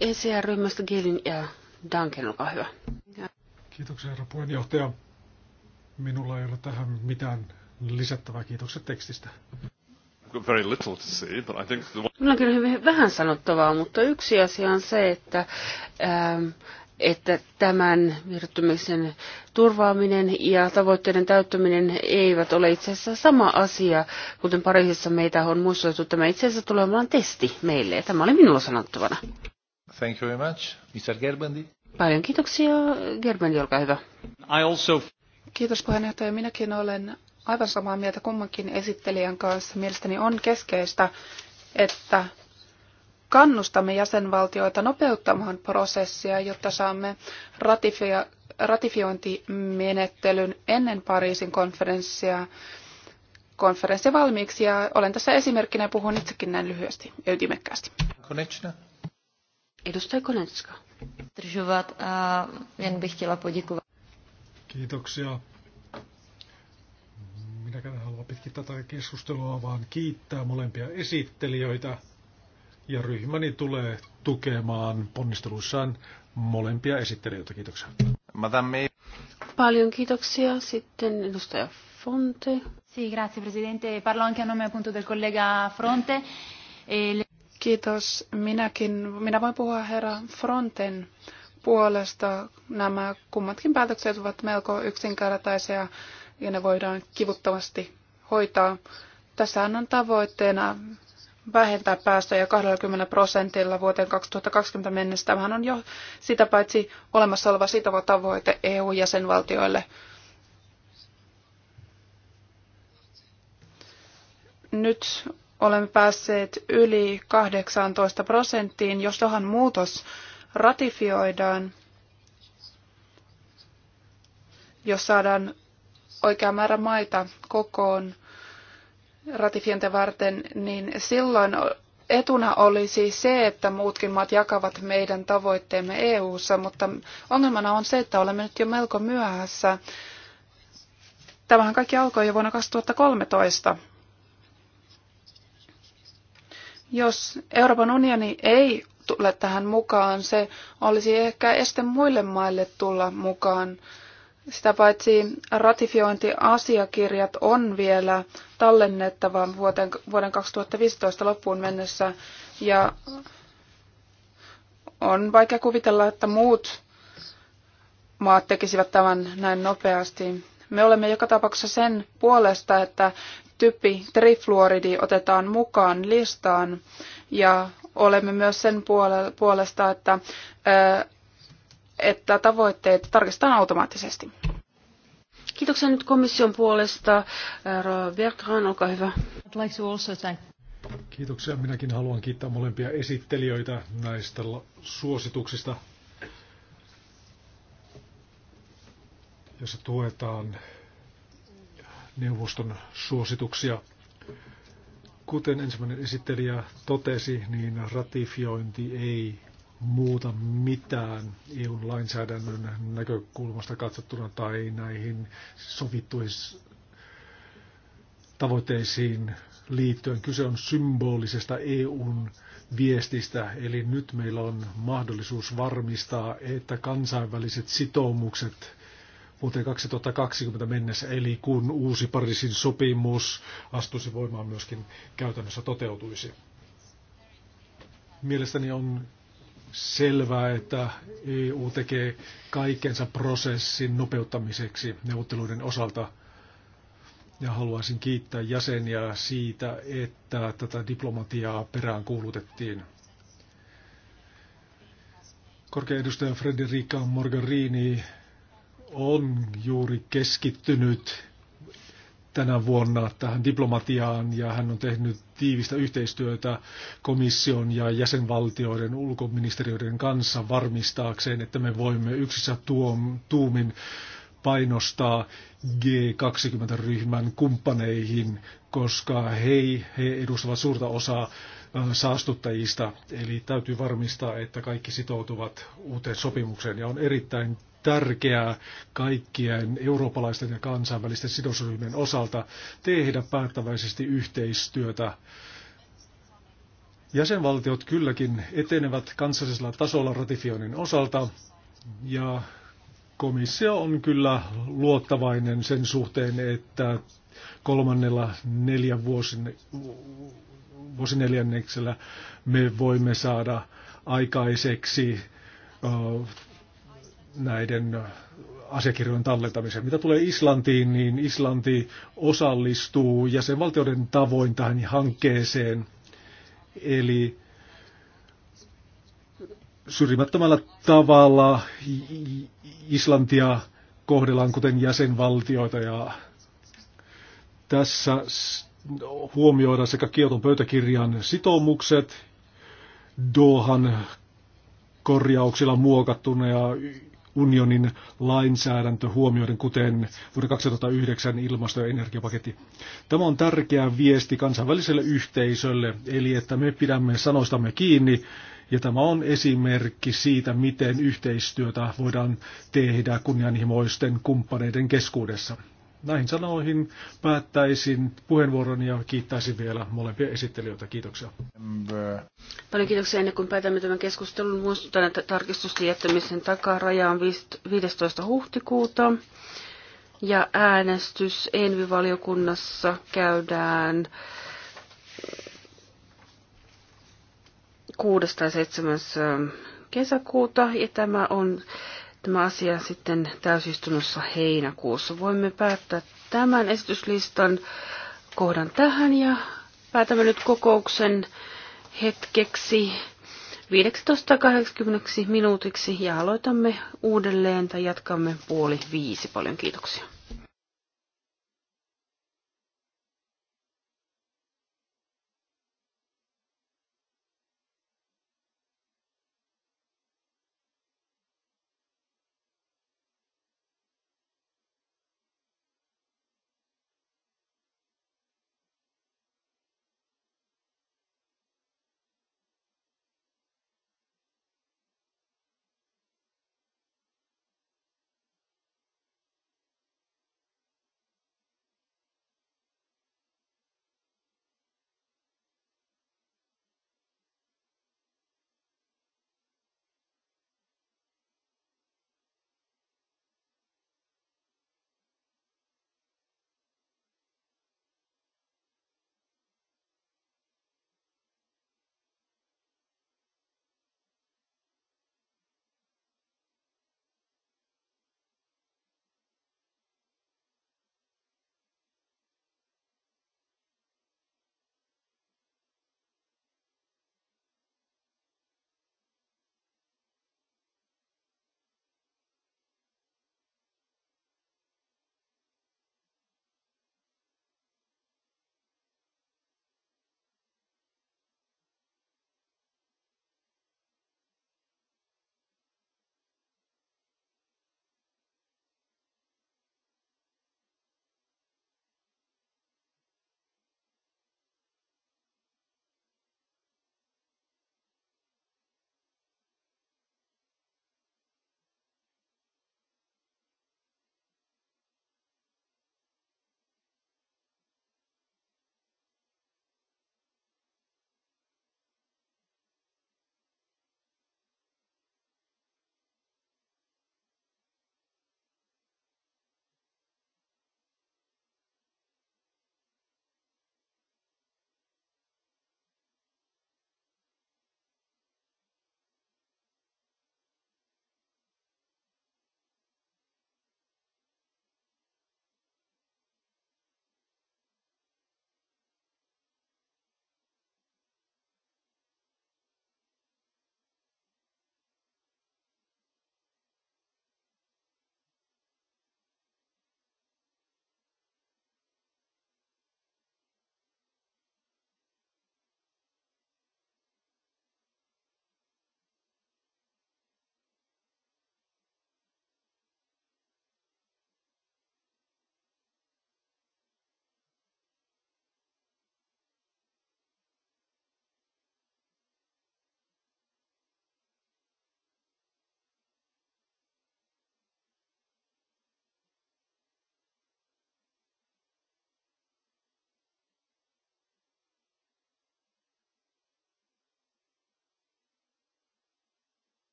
ECR-ryhmästä Gielin ja Duncan, olkaa hyvä. Kiitoksia herra puheenjohtaja. Minulla ei ole tähän mitään lisättävää. Kiitokset tekstistä. Very little to but I think the... Minulla on kyllä hyvin vähän sanottavaa, mutta yksi asia on se, että ähm, että tämän virtymisen turvaaminen ja tavoitteiden täyttäminen eivät ole itse asiassa sama asia, kuten Pariisissa meitä on muistutettu. Tämä itse asiassa tulee olemaan testi meille, ja tämä oli minulla sanottavana. Thank you very much. Mr. Gerbendi. Paljon kiitoksia. Gerbendi, olkaa hyvä. I also... Kiitos puheenjohtaja. Minäkin olen aivan samaa mieltä kummankin esittelijän kanssa. Mielestäni on keskeistä, että kannustamme jäsenvaltioita nopeuttamaan prosessia, jotta saamme ratifiointimenettelyn ennen Pariisin konferenssia konferenssi valmiiksi ja olen tässä esimerkkinä ja puhun itsekin näin lyhyesti ja ytimekkäästi. Konečna. Edustaja Konecka. jen bych chtěla poděkovat. Kiitoksia. Minäkään en halua pitkittää tätä keskustelua, vaan kiittää molempia esittelijöitä ja ryhmäni tulee tukemaan ponnisteluissaan molempia esittelijöitä. Kiitoksia. Madame. Paljon kiitoksia. Sitten edustaja Fonte. Sì, grazie Presidente. Parlo anche a nome appunto del collega Fronte. E Kiitos. Minäkin, minä voin puhua herra Fronten puolesta. Nämä kummatkin päätökset ovat melko yksinkertaisia ja ne voidaan kivuttavasti hoitaa. Tässä on tavoitteena vähentää päästöjä 20 prosentilla vuoteen 2020 mennessä. Tämähän on jo sitä paitsi olemassa oleva sitova tavoite EU-jäsenvaltioille. Nyt olemme päässeet yli 18 prosenttiin. Jos tohan muutos ratifioidaan, jos saadaan oikea määrä maita kokoon, ratifiointia varten, niin silloin etuna olisi siis se, että muutkin maat jakavat meidän tavoitteemme EU-ssa, mutta ongelmana on se, että olemme nyt jo melko myöhässä. Tämähän kaikki alkoi jo vuonna 2013. Jos Euroopan unioni ei tule tähän mukaan, se olisi ehkä este muille maille tulla mukaan. Sitä paitsi ratifiointiasiakirjat on vielä tallennettava vuoden, vuoden 2015 loppuun mennessä ja on vaikea kuvitella, että muut maat tekisivät tämän näin nopeasti. Me olemme joka tapauksessa sen puolesta, että typi trifluoridi otetaan mukaan listaan ja olemme myös sen puolesta, että että tavoitteet tarkistetaan automaattisesti. Kiitoksia nyt komission puolesta. Bergran, olkaa hyvä. Kiitoksia. Minäkin haluan kiittää molempia esittelijöitä näistä suosituksista, jossa tuetaan neuvoston suosituksia. Kuten ensimmäinen esittelijä totesi, niin ratifiointi ei muuta mitään EUn lainsäädännön näkökulmasta katsottuna tai näihin sovittuihin tavoitteisiin liittyen. Kyse on symbolisesta EUn viestistä, eli nyt meillä on mahdollisuus varmistaa, että kansainväliset sitoumukset vuoteen 2020 mennessä, eli kun uusi Pariisin sopimus astuisi voimaan myöskin käytännössä toteutuisi. Mielestäni on selvää, että EU tekee kaikensa prosessin nopeuttamiseksi neuvotteluiden osalta. Ja haluaisin kiittää jäseniä siitä, että tätä diplomatiaa perään kuulutettiin. Korkea edustaja Frederica Morgarini on juuri keskittynyt tänä vuonna tähän diplomatiaan ja hän on tehnyt tiivistä yhteistyötä komission ja jäsenvaltioiden ulkoministeriöiden kanssa varmistaakseen, että me voimme yksissä tuom, tuumin painostaa G20-ryhmän kumppaneihin, koska he, he edustavat suurta osaa saastuttajista. Eli täytyy varmistaa, että kaikki sitoutuvat uuteen sopimukseen ja on erittäin tärkeää kaikkien eurooppalaisten ja kansainvälisten sidosryhmien osalta tehdä päättäväisesti yhteistyötä. Jäsenvaltiot kylläkin etenevät kansallisella tasolla ratifioinnin osalta ja komissio on kyllä luottavainen sen suhteen, että kolmannella neljän vuosin, vuosineljänneksellä me voimme saada aikaiseksi näiden asiakirjojen tallentamiseen. Mitä tulee Islantiin, niin Islanti osallistuu jäsenvaltioiden tavoin tähän hankkeeseen. Eli syrjimättömällä tavalla Islantia kohdellaan kuten jäsenvaltioita ja tässä huomioidaan sekä Kioton pöytäkirjan sitoumukset, Dohan korjauksilla muokattuna ja unionin lainsäädäntö huomioiden, kuten vuoden 2009 ilmasto- ja energiapaketti. Tämä on tärkeä viesti kansainväliselle yhteisölle, eli että me pidämme sanoistamme kiinni, ja tämä on esimerkki siitä, miten yhteistyötä voidaan tehdä kunnianhimoisten kumppaneiden keskuudessa. Näihin sanoihin päättäisin puheenvuoron ja kiittäisin vielä molempia esittelijöitä. Kiitoksia. Paljon kiitoksia ennen kuin päätämme tämän keskustelun. Muistutan, että tarkistusten jättämisen takaraja on 15. huhtikuuta. Ja äänestys Envivaliokunnassa käydään 6. tai 7. kesäkuuta. Ja tämä on tämä asia sitten täysistunnossa heinäkuussa. Voimme päättää tämän esityslistan kohdan tähän ja päätämme nyt kokouksen hetkeksi 15.80 minuutiksi ja aloitamme uudelleen tai jatkamme puoli viisi. Paljon kiitoksia.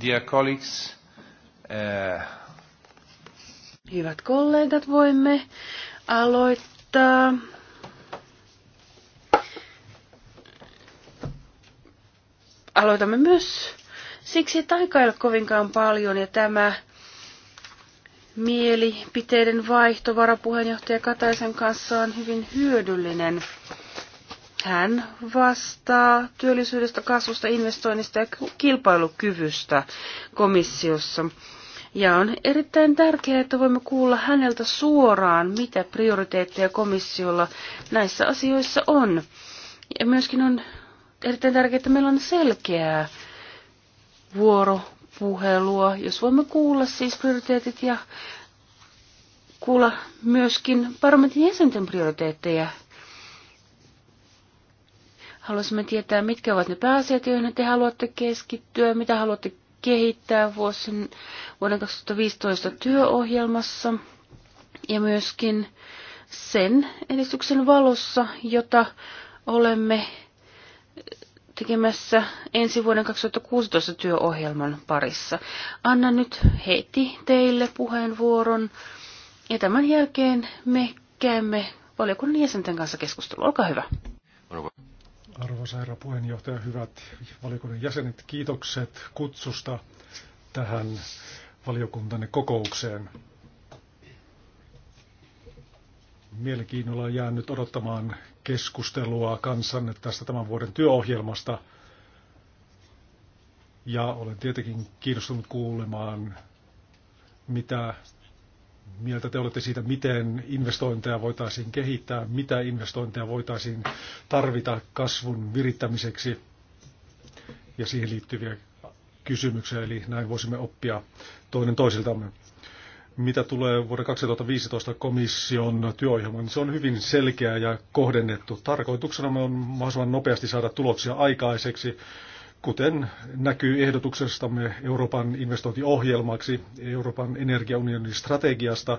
Dear colleagues, uh... Hyvät kollegat, voimme aloittaa. Aloitamme myös siksi, että aika ei ole kovinkaan paljon ja tämä mielipiteiden vaihto varapuheenjohtaja Kataisen kanssa on hyvin hyödyllinen. Hän vastaa työllisyydestä, kasvusta, investoinnista ja kilpailukyvystä komissiossa. Ja on erittäin tärkeää, että voimme kuulla häneltä suoraan, mitä prioriteetteja komissiolla näissä asioissa on. Ja myöskin on erittäin tärkeää, että meillä on selkeää vuoropuhelua, jos voimme kuulla siis prioriteetit ja kuulla myöskin parlamentin jäsenten prioriteetteja Haluaisimme tietää, mitkä ovat ne pääasiat, joihin te haluatte keskittyä, mitä haluatte kehittää vuosien, vuoden 2015 työohjelmassa ja myöskin sen edistyksen valossa, jota olemme tekemässä ensi vuoden 2016 työohjelman parissa. Anna nyt heti teille puheenvuoron ja tämän jälkeen me käymme valiokunnan jäsenten kanssa keskustelua. Olkaa hyvä. Arvoisa herra puheenjohtaja, hyvät valiokunnan jäsenet, kiitokset kutsusta tähän valiokuntanne kokoukseen. Mielenkiinnolla on jäänyt odottamaan keskustelua kanssanne tästä tämän vuoden työohjelmasta. Ja olen tietenkin kiinnostunut kuulemaan, mitä mieltä te olette siitä, miten investointeja voitaisiin kehittää, mitä investointeja voitaisiin tarvita kasvun virittämiseksi ja siihen liittyviä kysymyksiä, eli näin voisimme oppia toinen toisiltamme. Mitä tulee vuoden 2015 komission työohjelmaan, niin se on hyvin selkeä ja kohdennettu. Tarkoituksena on mahdollisimman nopeasti saada tuloksia aikaiseksi kuten näkyy ehdotuksestamme Euroopan investointiohjelmaksi, Euroopan energiaunionin strategiasta,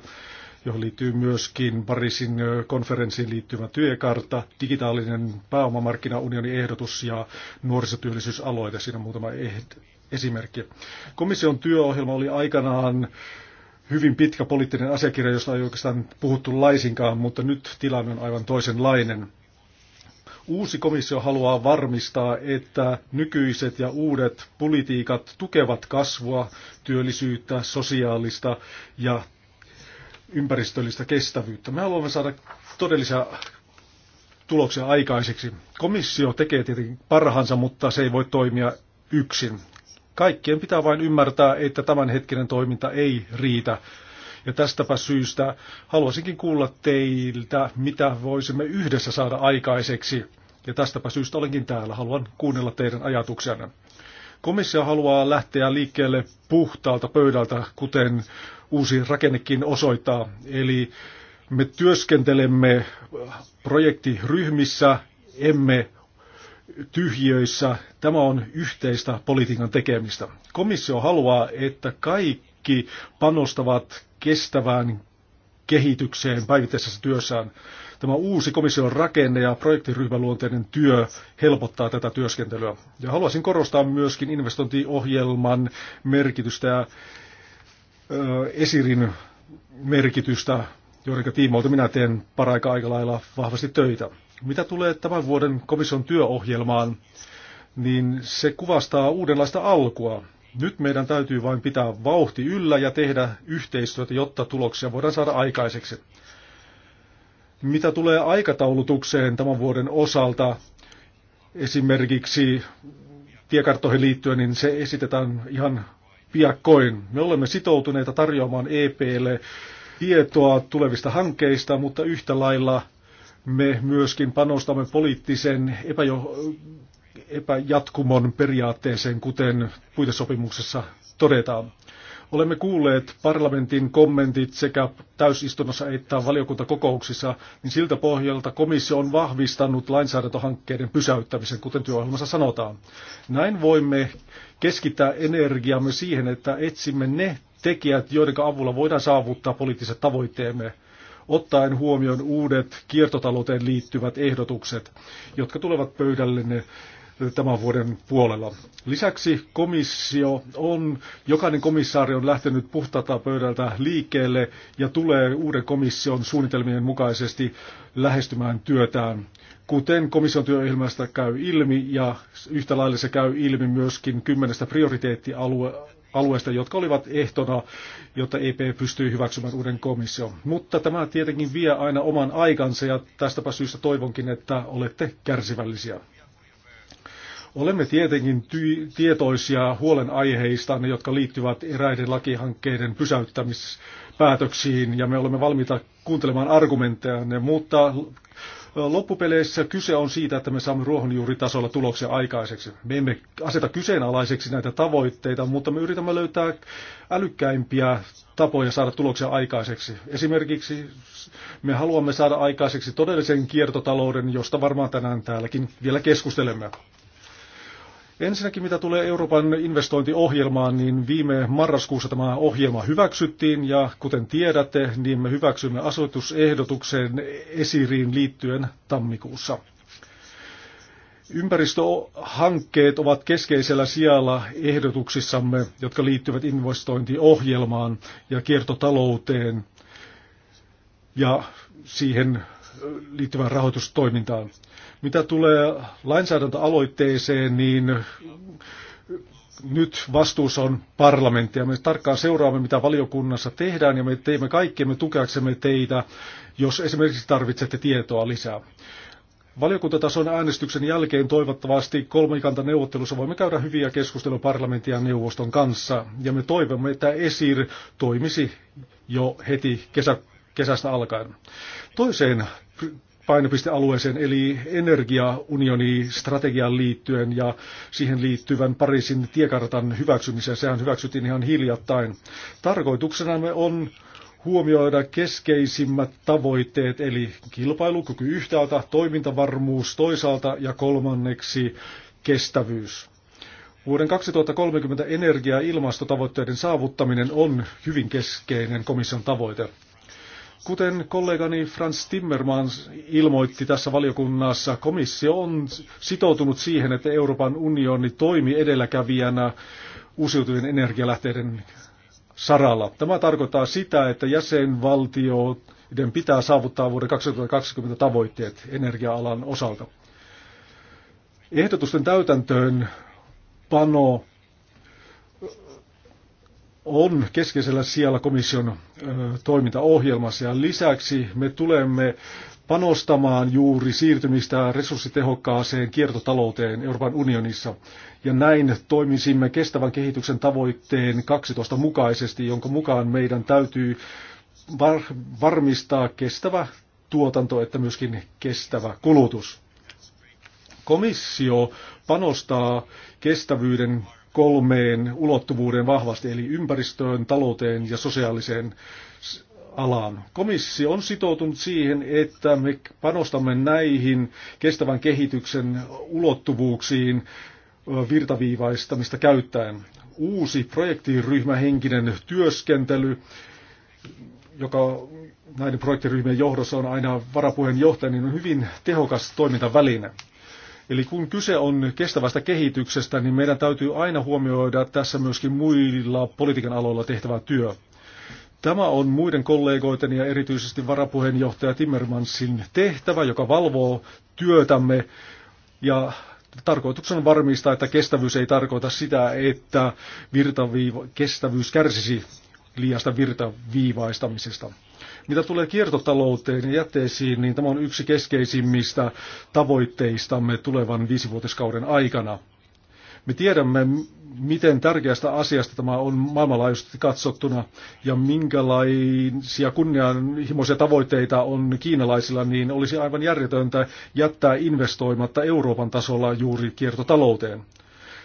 johon liittyy myöskin Pariisin konferenssiin liittyvä työkartta, digitaalinen pääomamarkkinaunionin ehdotus ja nuorisotyöllisyysaloite. Siinä muutama eh-, esimerkki. Komission työohjelma oli aikanaan hyvin pitkä poliittinen asiakirja, josta ei oikeastaan puhuttu laisinkaan, mutta nyt tilanne on aivan toisenlainen. Uusi komissio haluaa varmistaa, että nykyiset ja uudet politiikat tukevat kasvua, työllisyyttä, sosiaalista ja ympäristöllistä kestävyyttä. Me haluamme saada todellisia tuloksia aikaiseksi. Komissio tekee tietenkin parhaansa, mutta se ei voi toimia yksin. Kaikkien pitää vain ymmärtää, että tämänhetkinen toiminta ei riitä. Ja tästäpä syystä haluaisinkin kuulla teiltä, mitä voisimme yhdessä saada aikaiseksi. Ja tästäpä syystä olenkin täällä. Haluan kuunnella teidän ajatuksenne. Komissio haluaa lähteä liikkeelle puhtaalta pöydältä, kuten uusi rakennekin osoittaa. Eli me työskentelemme projektiryhmissä, emme tyhjöissä. Tämä on yhteistä politiikan tekemistä. Komissio haluaa, että kaikki kaikki panostavat kestävään kehitykseen päivittäisessä työssään. Tämä uusi komission rakenne ja projektiryhmäluonteinen työ helpottaa tätä työskentelyä. Ja haluaisin korostaa myöskin investointiohjelman merkitystä ja esirin merkitystä, joiden tiimoilta minä teen paraika aika lailla vahvasti töitä. Mitä tulee tämän vuoden komission työohjelmaan, niin se kuvastaa uudenlaista alkua. Nyt meidän täytyy vain pitää vauhti yllä ja tehdä yhteistyötä, jotta tuloksia voidaan saada aikaiseksi. Mitä tulee aikataulutukseen tämän vuoden osalta, esimerkiksi tiekarttoihin liittyen, niin se esitetään ihan piakkoin. Me olemme sitoutuneita tarjoamaan EPlle tietoa tulevista hankkeista, mutta yhtä lailla me myöskin panostamme poliittisen epäjo- epäjatkumon periaatteeseen, kuten puitesopimuksessa todetaan. Olemme kuulleet parlamentin kommentit sekä täysistunnossa että valiokuntakokouksissa, niin siltä pohjalta komissio on vahvistanut lainsäädäntöhankkeiden pysäyttämisen, kuten työohjelmassa sanotaan. Näin voimme keskittää energiamme siihen, että etsimme ne tekijät, joiden avulla voidaan saavuttaa poliittiset tavoitteemme, ottaen huomioon uudet kiertotalouteen liittyvät ehdotukset, jotka tulevat pöydällenne tämän vuoden puolella. Lisäksi komissio on, jokainen komissaari on lähtenyt puhtaalta pöydältä liikkeelle ja tulee uuden komission suunnitelmien mukaisesti lähestymään työtään. Kuten komission työohjelmasta käy ilmi ja yhtä lailla se käy ilmi myöskin kymmenestä prioriteettialueesta jotka olivat ehtona, jotta EP pystyy hyväksymään uuden komission. Mutta tämä tietenkin vie aina oman aikansa ja tästäpä syystä toivonkin, että olette kärsivällisiä. Olemme tietenkin tietoisia huolenaiheista, ne, jotka liittyvät eräiden lakihankkeiden pysäyttämispäätöksiin, ja me olemme valmiita kuuntelemaan argumentteja, mutta loppupeleissä kyse on siitä, että me saamme ruohonjuuritasolla tuloksia aikaiseksi. Me emme aseta kyseenalaiseksi näitä tavoitteita, mutta me yritämme löytää älykkäimpiä tapoja saada tuloksia aikaiseksi. Esimerkiksi me haluamme saada aikaiseksi todellisen kiertotalouden, josta varmaan tänään täälläkin vielä keskustelemme. Ensinnäkin mitä tulee Euroopan investointiohjelmaan, niin viime marraskuussa tämä ohjelma hyväksyttiin ja kuten tiedätte, niin me hyväksymme asetusehdotuksen esiriin liittyen tammikuussa. Ympäristöhankkeet ovat keskeisellä sijalla ehdotuksissamme, jotka liittyvät investointiohjelmaan ja kiertotalouteen ja siihen liittyvään rahoitustoimintaan. Mitä tulee lainsäädäntöaloitteeseen, niin nyt vastuus on parlamentti ja me tarkkaan seuraamme, mitä valiokunnassa tehdään ja me teemme kaikkemme tukeaksemme teitä, jos esimerkiksi tarvitsette tietoa lisää. Valiokuntatason äänestyksen jälkeen toivottavasti kolmikantaneuvottelussa voimme käydä hyviä keskusteluja parlamentin ja neuvoston kanssa. Ja me toivomme, että ESIR toimisi jo heti kesä, kesästä alkaen. Toiseen painopistealueeseen eli energiaunioni strategiaan liittyen ja siihen liittyvän Pariisin tiekartan hyväksymiseen. Sehän hyväksyttiin ihan hiljattain. Tarkoituksenamme on huomioida keskeisimmät tavoitteet, eli kilpailukyky yhtäältä, toimintavarmuus toisaalta ja kolmanneksi kestävyys. Vuoden 2030 energia- ja ilmastotavoitteiden saavuttaminen on hyvin keskeinen komission tavoite. Kuten kollegani Franz Timmermans ilmoitti tässä valiokunnassa, komissio on sitoutunut siihen, että Euroopan unioni toimi edelläkävijänä uusiutuvien energialähteiden saralla. Tämä tarkoittaa sitä, että jäsenvaltioiden pitää saavuttaa vuoden 2020 tavoitteet energia-alan osalta. Ehdotusten täytäntöön pano on keskeisellä sijalla komission toimintaohjelmassa ja lisäksi me tulemme panostamaan juuri siirtymistä resurssitehokkaaseen kiertotalouteen Euroopan unionissa. Ja näin toimisimme kestävän kehityksen tavoitteen 12 mukaisesti, jonka mukaan meidän täytyy var- varmistaa kestävä tuotanto että myöskin kestävä kulutus. Komissio panostaa kestävyyden kolmeen ulottuvuuden vahvasti, eli ympäristöön, talouteen ja sosiaaliseen alaan. Komissio on sitoutunut siihen, että me panostamme näihin kestävän kehityksen ulottuvuuksiin virtaviivaistamista käyttäen. Uusi projektiryhmähenkinen työskentely, joka näiden projektiryhmien johdossa on aina varapuheenjohtaja, niin on hyvin tehokas toimintaväline. Eli kun kyse on kestävästä kehityksestä, niin meidän täytyy aina huomioida tässä myöskin muilla politiikan aloilla tehtävä työ. Tämä on muiden kollegoiden ja erityisesti varapuheenjohtaja Timmermansin tehtävä, joka valvoo työtämme ja tarkoituksena on varmistaa, että kestävyys ei tarkoita sitä, että virtaviiva, kestävyys kärsisi liiasta virtaviivaistamisesta. Mitä tulee kiertotalouteen ja jätteisiin, niin tämä on yksi keskeisimmistä tavoitteistamme tulevan viisivuotiskauden aikana. Me tiedämme, miten tärkeästä asiasta tämä on maailmanlaajuisesti katsottuna ja minkälaisia kunnianhimoisia tavoitteita on kiinalaisilla, niin olisi aivan järjetöntä jättää investoimatta Euroopan tasolla juuri kiertotalouteen.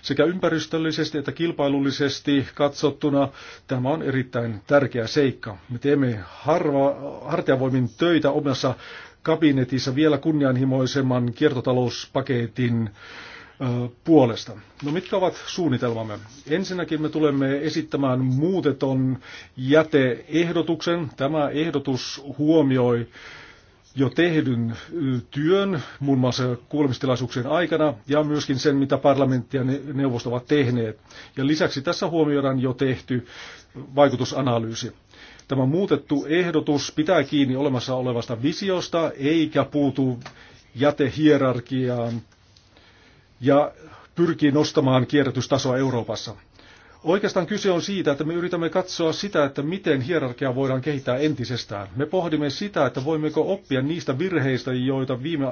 Sekä ympäristöllisesti että kilpailullisesti katsottuna tämä on erittäin tärkeä seikka. Me teemme harva, hartiavoimin töitä omassa kabinetissa vielä kunnianhimoisemman kiertotalouspaketin puolesta. No mitkä ovat suunnitelmamme? Ensinnäkin me tulemme esittämään muuteton jäteehdotuksen. Tämä ehdotus huomioi jo tehdyn työn, muun muassa kuulemistilaisuuksien aikana, ja myöskin sen, mitä parlamentti ja neuvosto ovat tehneet. Ja lisäksi tässä huomioidaan jo tehty vaikutusanalyysi. Tämä muutettu ehdotus pitää kiinni olemassa olevasta visiosta, eikä puutu jätehierarkiaan ja pyrkii nostamaan kierrätystasoa Euroopassa. Oikeastaan kyse on siitä, että me yritämme katsoa sitä, että miten hierarkia voidaan kehittää entisestään. Me pohdimme sitä, että voimmeko oppia niistä virheistä, joita viime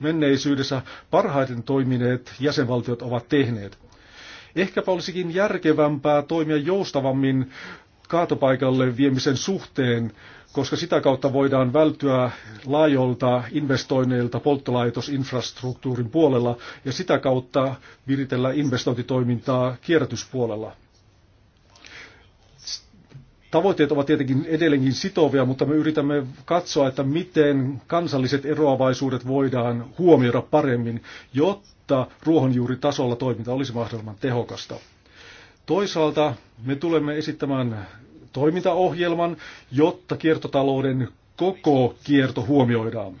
menneisyydessä parhaiten toimineet jäsenvaltiot ovat tehneet. Ehkäpä olisikin järkevämpää toimia joustavammin kaatopaikalle viemisen suhteen, koska sitä kautta voidaan välttyä laajolta investoinneilta polttolaitosinfrastruktuurin puolella ja sitä kautta viritellä investointitoimintaa kierrätyspuolella. Tavoitteet ovat tietenkin edelleenkin sitovia, mutta me yritämme katsoa, että miten kansalliset eroavaisuudet voidaan huomioida paremmin, jotta ruohonjuuritasolla toiminta olisi mahdollisimman tehokasta. Toisaalta me tulemme esittämään toimintaohjelman, jotta kiertotalouden koko kierto huomioidaan.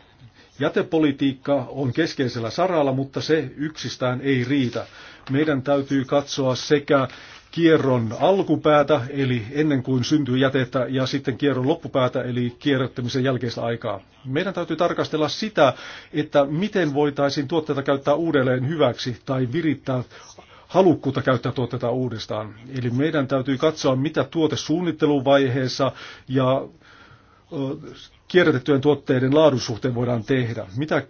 Jätepolitiikka on keskeisellä saralla, mutta se yksistään ei riitä. Meidän täytyy katsoa sekä kierron alkupäätä, eli ennen kuin syntyy jätettä, ja sitten kierron loppupäätä, eli kierrättämisen jälkeistä aikaa. Meidän täytyy tarkastella sitä, että miten voitaisiin tuotteita käyttää uudelleen hyväksi tai virittää halukkuutta käyttää tuotteita uudestaan. Eli meidän täytyy katsoa, mitä tuotesuunnitteluvaiheessa ja kierrätettyjen tuotteiden laadun suhteen voidaan tehdä? Mitä,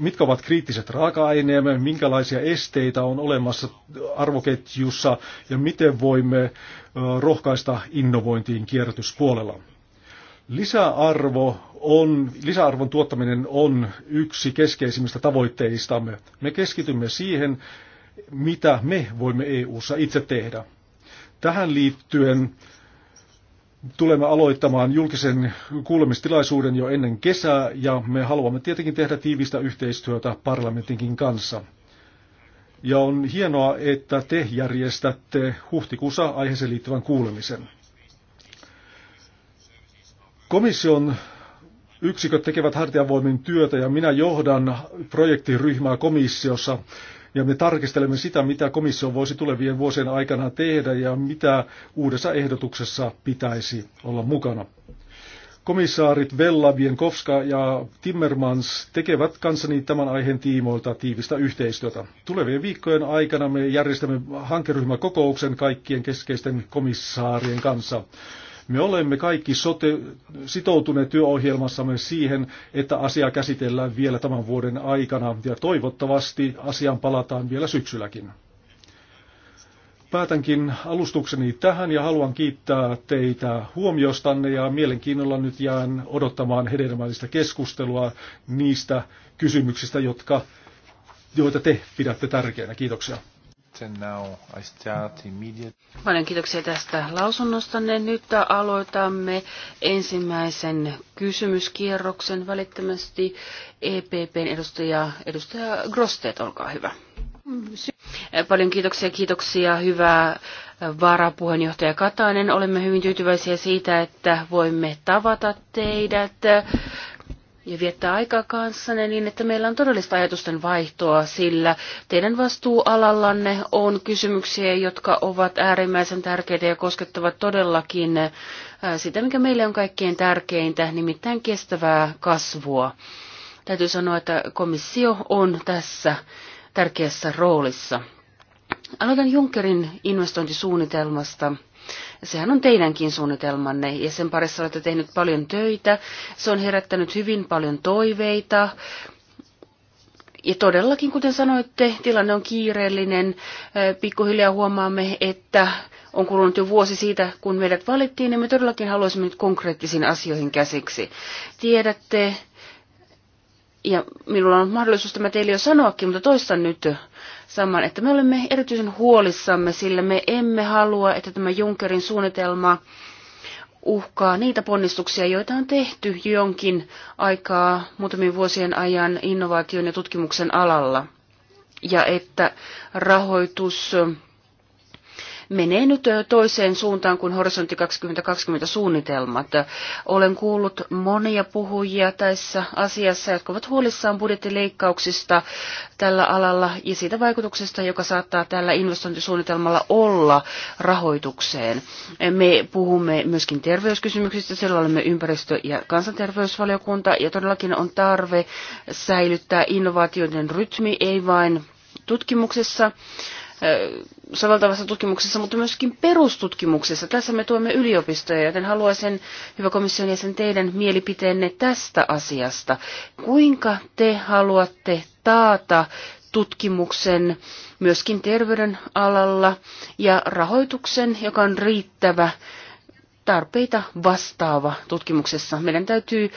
mitkä ovat kriittiset raaka-aineemme, minkälaisia esteitä on olemassa arvoketjussa ja miten voimme rohkaista innovointiin kierrätyspuolella? Lisäarvo on, lisäarvon tuottaminen on yksi keskeisimmistä tavoitteistamme. Me keskitymme siihen, mitä me voimme EU-ssa itse tehdä. Tähän liittyen tulemme aloittamaan julkisen kuulemistilaisuuden jo ennen kesää ja me haluamme tietenkin tehdä tiivistä yhteistyötä parlamentinkin kanssa. Ja on hienoa, että te järjestätte huhtikuussa aiheeseen liittyvän kuulemisen. Komission yksiköt tekevät hartiavoimin työtä ja minä johdan projektiryhmää komissiossa, ja me tarkistelemme sitä, mitä komissio voisi tulevien vuosien aikana tehdä ja mitä uudessa ehdotuksessa pitäisi olla mukana. Komissaarit Vella, Bienkowska ja Timmermans tekevät kanssani tämän aiheen tiimoilta tiivistä yhteistyötä. Tulevien viikkojen aikana me järjestämme hankeryhmäkokouksen kaikkien keskeisten komissaarien kanssa. Me olemme kaikki sote, sitoutuneet työohjelmassamme siihen, että asia käsitellään vielä tämän vuoden aikana ja toivottavasti asiaan palataan vielä syksylläkin. Päätänkin alustukseni tähän ja haluan kiittää teitä huomiostanne ja mielenkiinnolla nyt jään odottamaan hedelmällistä keskustelua niistä kysymyksistä, jotka, joita te pidätte tärkeänä. Kiitoksia. Paljon kiitoksia tästä lausunnostanne. Nyt aloitamme ensimmäisen kysymyskierroksen välittömästi EPPn edustaja, edustaja Grosteet, olkaa hyvä. Paljon kiitoksia, kiitoksia, hyvää varapuheenjohtaja Katainen. Olemme hyvin tyytyväisiä siitä, että voimme tavata teidät ja viettää aikaa kanssanne niin, että meillä on todellista ajatusten vaihtoa, sillä teidän vastuualallanne on kysymyksiä, jotka ovat äärimmäisen tärkeitä ja koskettavat todellakin äh, sitä, mikä meille on kaikkein tärkeintä, nimittäin kestävää kasvua. Täytyy sanoa, että komissio on tässä tärkeässä roolissa. Aloitan Junckerin investointisuunnitelmasta. Sehän on teidänkin suunnitelmanne ja sen parissa olette tehnyt paljon töitä. Se on herättänyt hyvin paljon toiveita. Ja todellakin, kuten sanoitte, tilanne on kiireellinen. Pikkuhiljaa huomaamme, että on kulunut jo vuosi siitä, kun meidät valittiin, ja me todellakin haluaisimme nyt konkreettisiin asioihin käsiksi. Tiedätte, ja minulla on mahdollisuus tämä teille jo sanoakin, mutta toistan nyt saman, että me olemme erityisen huolissamme, sillä me emme halua, että tämä Junckerin suunnitelma uhkaa niitä ponnistuksia, joita on tehty jonkin aikaa muutamien vuosien ajan innovaation ja tutkimuksen alalla. Ja että rahoitus menee nyt toiseen suuntaan kuin Horisontti 2020 suunnitelmat. Olen kuullut monia puhujia tässä asiassa, jotka ovat huolissaan budjettileikkauksista tällä alalla ja siitä vaikutuksesta, joka saattaa tällä investointisuunnitelmalla olla rahoitukseen. Me puhumme myöskin terveyskysymyksistä, siellä olemme ympäristö- ja kansanterveysvaliokunta ja todellakin on tarve säilyttää innovaatioiden rytmi, ei vain tutkimuksessa, soveltavassa tutkimuksessa, mutta myöskin perustutkimuksessa. Tässä me tuemme yliopistoja, joten haluaisin, hyvä komission jäsen, teidän mielipiteenne tästä asiasta. Kuinka te haluatte taata tutkimuksen myöskin terveydenalalla ja rahoituksen, joka on riittävä tarpeita vastaava tutkimuksessa. Meidän täytyy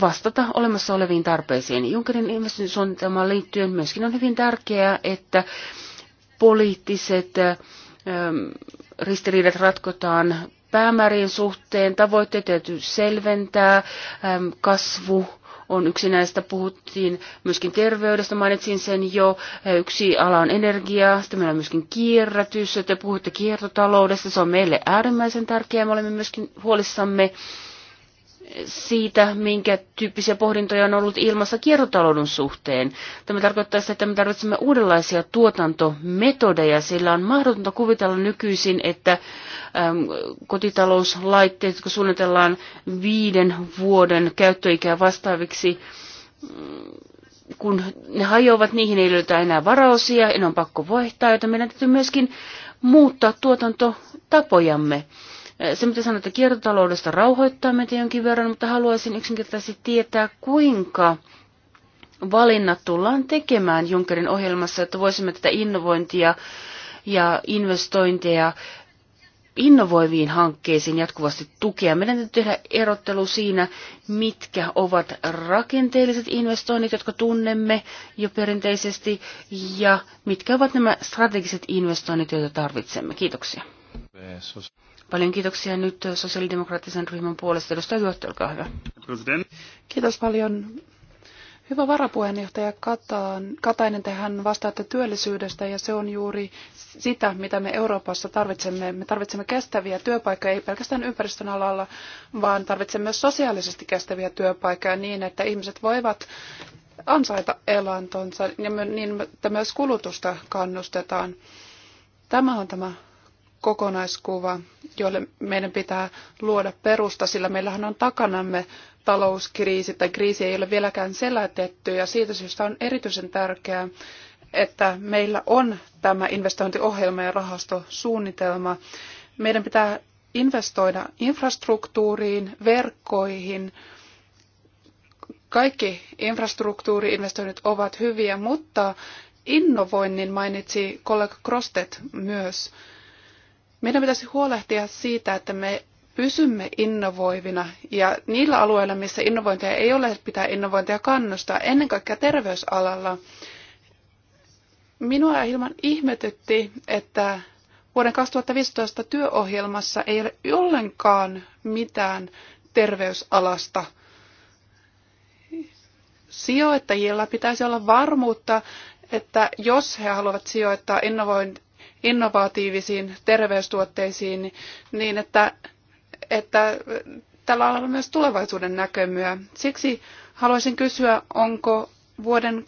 vastata olemassa oleviin tarpeisiin. Junckerin investointisuunnitelmaan liittyen myöskin on hyvin tärkeää, että poliittiset ähm, ristiriidat ratkotaan päämäärien suhteen. Tavoitteet täytyy selventää, ähm, kasvu on yksi näistä. Puhuttiin myöskin terveydestä, mainitsin sen jo. Äh, yksi ala on energia, sitten meillä on myöskin kierrätys, te puhutte kiertotaloudesta, se on meille äärimmäisen tärkeää. Me olemme myöskin huolissamme siitä, minkä tyyppisiä pohdintoja on ollut ilmassa kiertotalouden suhteen. Tämä tarkoittaa sitä, että me tarvitsemme uudenlaisia tuotantometodeja, sillä on mahdotonta kuvitella nykyisin, että äm, kotitalouslaitteet, kun suunnitellaan viiden vuoden käyttöikää vastaaviksi, mm, kun ne hajoavat, niihin ei löytä enää varaosia, en on pakko vaihtaa, joten meidän täytyy myöskin muuttaa tuotantotapojamme. Se, mitä että kiertotaloudesta, rauhoittaa meitä jonkin verran, mutta haluaisin yksinkertaisesti tietää, kuinka valinnat tullaan tekemään Junckerin ohjelmassa, että voisimme tätä innovointia ja investointeja innovoiviin hankkeisiin jatkuvasti tukea. Meidän täytyy tehdä erottelu siinä, mitkä ovat rakenteelliset investoinnit, jotka tunnemme jo perinteisesti, ja mitkä ovat nämä strategiset investoinnit, joita tarvitsemme. Kiitoksia. Paljon kiitoksia nyt sosiaalidemokraattisen ryhmän puolesta. Edustaja Juotti, olkaa hyvä. President. Kiitos paljon. Hyvä varapuheenjohtaja Katainen, tehän vastaatte työllisyydestä ja se on juuri sitä, mitä me Euroopassa tarvitsemme. Me tarvitsemme kestäviä työpaikkoja, ei pelkästään ympäristön alalla, vaan tarvitsemme myös sosiaalisesti kestäviä työpaikkoja niin, että ihmiset voivat ansaita elantonsa ja niin, että myös kulutusta kannustetaan. Tämä on tämä kokonaiskuva, jolle meidän pitää luoda perusta, sillä meillähän on takanamme talouskriisi tai kriisi ei ole vieläkään selätetty ja siitä syystä on erityisen tärkeää, että meillä on tämä investointiohjelma ja rahastosuunnitelma. Meidän pitää investoida infrastruktuuriin, verkkoihin. Kaikki infrastruktuuriinvestoinnit ovat hyviä, mutta innovoinnin mainitsi kollega Krostet myös. Meidän pitäisi huolehtia siitä, että me pysymme innovoivina ja niillä alueilla, missä innovointia ei ole, pitää innovointia kannustaa, ennen kaikkea terveysalalla. Minua hieman ihmetytti, että vuoden 2015 työohjelmassa ei ole ollenkaan mitään terveysalasta. Sijoittajilla pitäisi olla varmuutta, että jos he haluavat sijoittaa innovatiivisiin terveystuotteisiin niin, että, että tällä alalla myös tulevaisuuden näkömyä. Siksi haluaisin kysyä, onko vuoden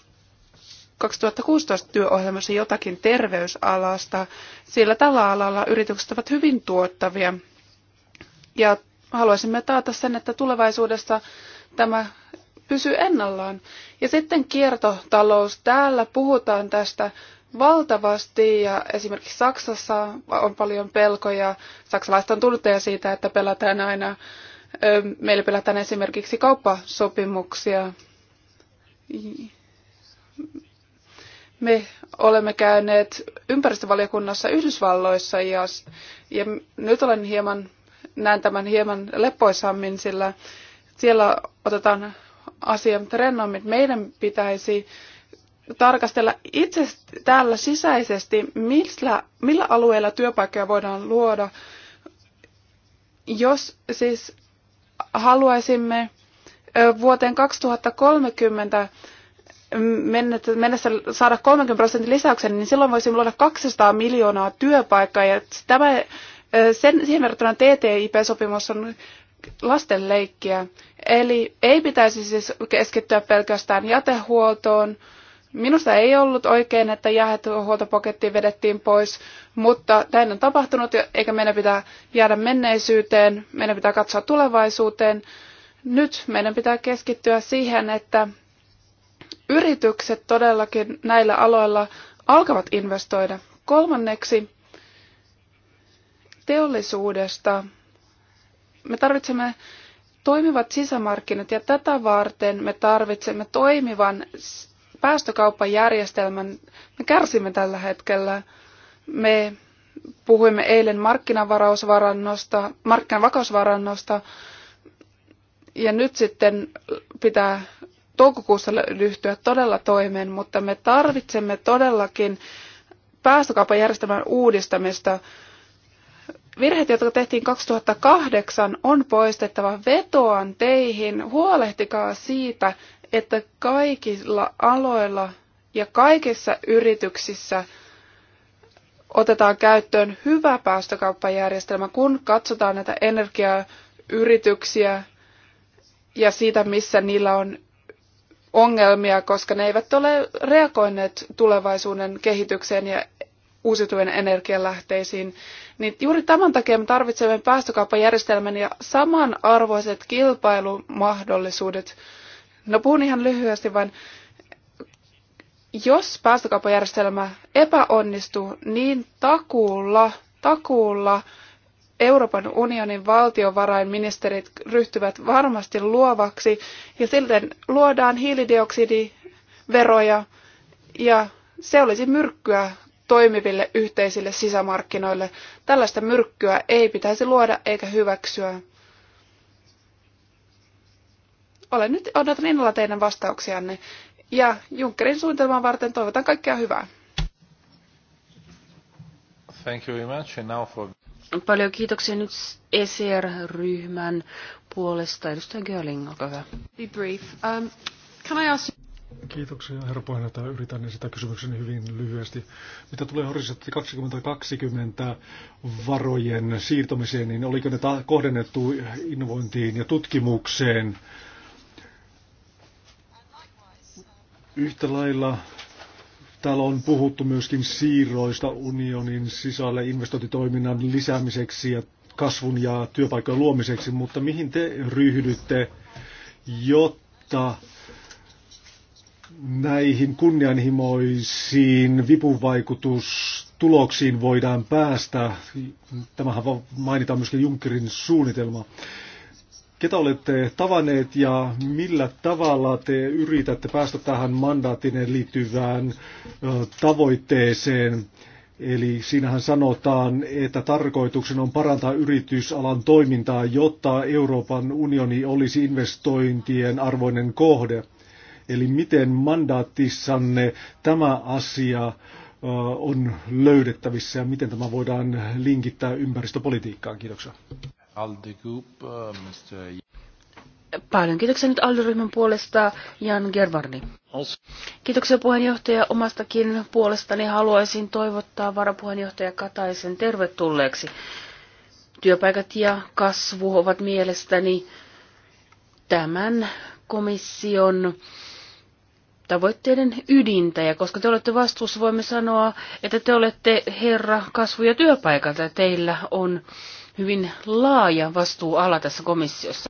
2016 työohjelmassa jotakin terveysalasta, sillä tällä alalla yritykset ovat hyvin tuottavia. Ja haluaisimme taata sen, että tulevaisuudessa tämä pysyy ennallaan. Ja sitten kiertotalous. Täällä puhutaan tästä valtavasti ja esimerkiksi Saksassa on paljon pelkoja. Saksalaiset on tunteja siitä, että pelätään aina, meillä pelätään esimerkiksi kauppasopimuksia. Me olemme käyneet ympäristövaliokunnassa Yhdysvalloissa ja, ja nyt olen hieman, näen tämän hieman lepoisammin, sillä siellä otetaan asiat rennommin. Meidän pitäisi tarkastella itse täällä sisäisesti, millä, millä alueilla työpaikkoja voidaan luoda. Jos siis haluaisimme vuoteen 2030 mennessä saada 30 prosentin lisäyksen, niin silloin voisimme luoda 200 miljoonaa työpaikkaa. Ja tämä, sen, siihen verrattuna TTIP-sopimus on lasten leikkiä. Eli ei pitäisi siis keskittyä pelkästään jätehuoltoon, Minusta ei ollut oikein, että jäähuoltopaketti vedettiin pois, mutta näin on tapahtunut, eikä meidän pitää jäädä menneisyyteen, meidän pitää katsoa tulevaisuuteen. Nyt meidän pitää keskittyä siihen, että yritykset todellakin näillä aloilla alkavat investoida. Kolmanneksi teollisuudesta. Me tarvitsemme toimivat sisämarkkinat ja tätä varten me tarvitsemme toimivan päästökauppajärjestelmän me kärsimme tällä hetkellä. Me puhuimme eilen markkinavarausvarannosta, markkinavakausvarannosta, ja nyt sitten pitää toukokuussa ryhtyä todella toimeen, mutta me tarvitsemme todellakin päästökauppajärjestelmän uudistamista. Virheet, jotka tehtiin 2008, on poistettava. Vetoan teihin, huolehtikaa siitä, että kaikilla aloilla ja kaikissa yrityksissä otetaan käyttöön hyvä päästökauppajärjestelmä, kun katsotaan näitä energiayrityksiä ja siitä, missä niillä on ongelmia, koska ne eivät ole reagoineet tulevaisuuden kehitykseen ja uusiutuvien energialähteisiin, niin juuri tämän takia me tarvitsemme päästökauppajärjestelmän ja samanarvoiset kilpailumahdollisuudet No puhun ihan lyhyesti vaan Jos päästökauppajärjestelmä epäonnistuu, niin takuulla, takuulla Euroopan unionin valtiovarainministerit ryhtyvät varmasti luovaksi ja silten luodaan hiilidioksidiveroja ja se olisi myrkkyä toimiville yhteisille sisämarkkinoille. Tällaista myrkkyä ei pitäisi luoda eikä hyväksyä. Olen nyt, odotan innolla teidän vastauksianne. Ja Junckerin suunnitelman varten toivotan kaikkea hyvää. Thank you very much. And now for... Paljon kiitoksia nyt ECR-ryhmän puolesta. Edustaja Görling, olkaa hyvä. Be brief. Um, can I ask Kiitoksia, herra puheenjohtaja. Yritän esittää kysymykseni hyvin lyhyesti. Mitä tulee horisontti 2020 varojen siirtämiseen, niin oliko ne kohdennettu innovointiin ja tutkimukseen? Yhtä lailla täällä on puhuttu myöskin siirroista unionin sisälle investointitoiminnan lisäämiseksi ja kasvun ja työpaikkojen luomiseksi, mutta mihin te ryhdytte, jotta näihin kunnianhimoisiin vipuvaikutustuloksiin voidaan päästä. Tämähän mainitaan myöskin Junckerin suunnitelma ketä olette tavanneet ja millä tavalla te yritätte päästä tähän mandaattineen liittyvään tavoitteeseen. Eli siinähän sanotaan, että tarkoituksena on parantaa yritysalan toimintaa, jotta Euroopan unioni olisi investointien arvoinen kohde. Eli miten mandaattissanne tämä asia on löydettävissä ja miten tämä voidaan linkittää ympäristöpolitiikkaan? Kiitoksia. ALDE Group, uh, Mr. Paljon kiitoksia nyt ALDE-ryhmän puolesta Jan Gervarni. Kiitoksia puheenjohtaja omastakin puolestani. Haluaisin toivottaa varapuheenjohtaja Kataisen tervetulleeksi. Työpaikat ja kasvu ovat mielestäni tämän komission tavoitteiden ydintä. Ja koska te olette vastuussa, voimme sanoa, että te olette herra kasvu- ja työpaikalta. Teillä on hyvin laaja vastuuala tässä komissiossa.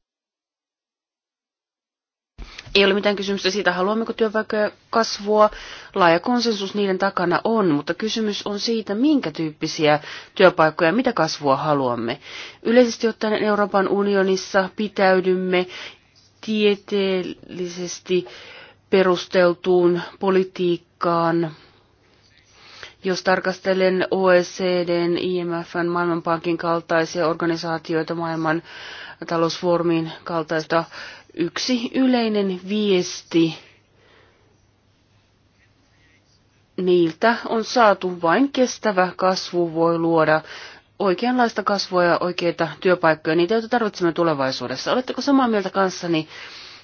Ei ole mitään kysymystä siitä, haluammeko työpaikkoja kasvua. Laaja konsensus niiden takana on, mutta kysymys on siitä, minkä tyyppisiä työpaikkoja, mitä kasvua haluamme. Yleisesti ottaen Euroopan unionissa pitäydymme tieteellisesti perusteltuun politiikkaan, jos tarkastelen OECDn, IMFn, Maailmanpankin kaltaisia organisaatioita maailman talousfoorumin kaltaista, yksi yleinen viesti niiltä on saatu vain kestävä kasvu voi luoda oikeanlaista kasvua ja oikeita työpaikkoja, niitä joita tarvitsemme tulevaisuudessa. Oletteko samaa mieltä kanssani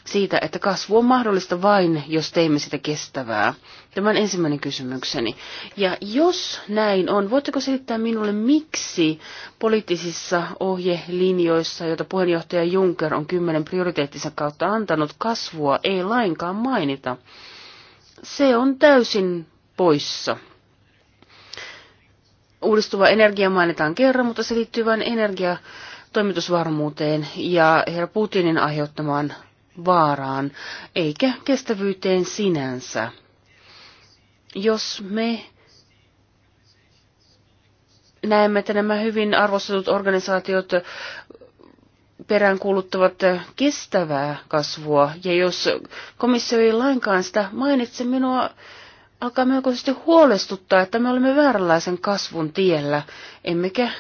siitä, että kasvu on mahdollista vain, jos teemme sitä kestävää? Tämä on ensimmäinen kysymykseni. Ja jos näin on, voitteko selittää minulle, miksi poliittisissa ohjelinjoissa, joita puheenjohtaja Juncker on kymmenen prioriteettinsa kautta antanut, kasvua ei lainkaan mainita? Se on täysin poissa. Uudistuva energia mainitaan kerran, mutta se liittyy vain energia toimitusvarmuuteen ja herra Putinin aiheuttamaan vaaraan eikä kestävyyteen sinänsä. Jos me näemme, että nämä hyvin arvostetut organisaatiot peräänkuuluttavat kestävää kasvua, ja jos komissio ei lainkaan sitä mainitse, minua alkaa melkoisesti huolestuttaa, että me olemme vääränlaisen kasvun tiellä, emmekä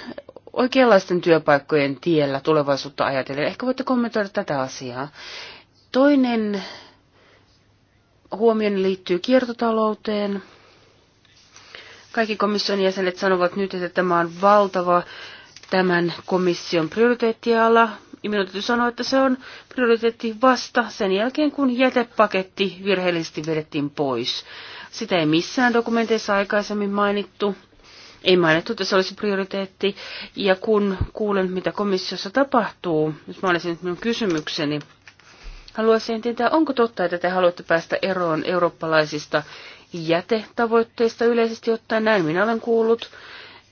oikeanlaisten työpaikkojen tiellä tulevaisuutta ajatellen. Ehkä voitte kommentoida tätä asiaa. Toinen huomioni liittyy kiertotalouteen. Kaikki komission jäsenet sanovat nyt, että tämä on valtava tämän komission prioriteettiala. Ja minun täytyy sanoa, että se on prioriteetti vasta sen jälkeen, kun jätepaketti virheellisesti vedettiin pois. Sitä ei missään dokumenteissa aikaisemmin mainittu. Ei mainittu, että se olisi prioriteetti. Ja kun kuulen, mitä komissiossa tapahtuu, jos mä olisin nyt minun kysymykseni, Haluaisin tietää, onko totta, että te haluatte päästä eroon eurooppalaisista jätetavoitteista yleisesti ottaen, näin minä olen kuullut.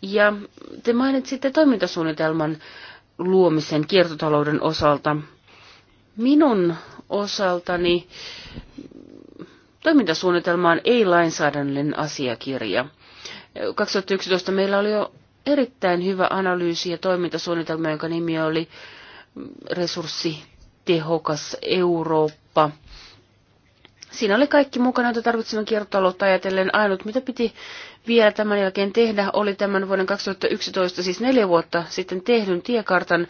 Ja te mainitsitte toimintasuunnitelman luomisen kiertotalouden osalta. Minun osaltani toimintasuunnitelma on ei-lainsäädännöllinen asiakirja. 2011 meillä oli jo erittäin hyvä analyysi ja toimintasuunnitelma, jonka nimi oli resurssi tehokas Eurooppa. Siinä oli kaikki mukana, joita tarvitsemme kiertotaloutta ajatellen. Ainut, mitä piti vielä tämän jälkeen tehdä, oli tämän vuoden 2011, siis neljä vuotta sitten tehdyn tiekartan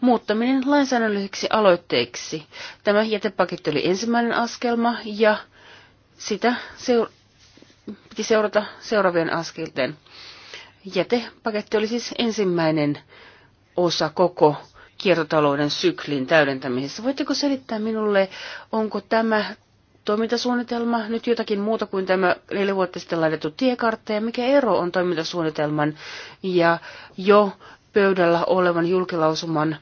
muuttaminen lainsäädännölliseksi aloitteeksi. Tämä jätepaketti oli ensimmäinen askelma ja sitä seur- piti seurata seuraavien askelten. Jätepaketti oli siis ensimmäinen osa koko kiertotalouden syklin täydentämisessä. Voitteko selittää minulle, onko tämä toimintasuunnitelma nyt jotakin muuta kuin tämä neljä vuotta sitten laitettu tiekartta ja mikä ero on toimintasuunnitelman ja jo pöydällä olevan julkilausuman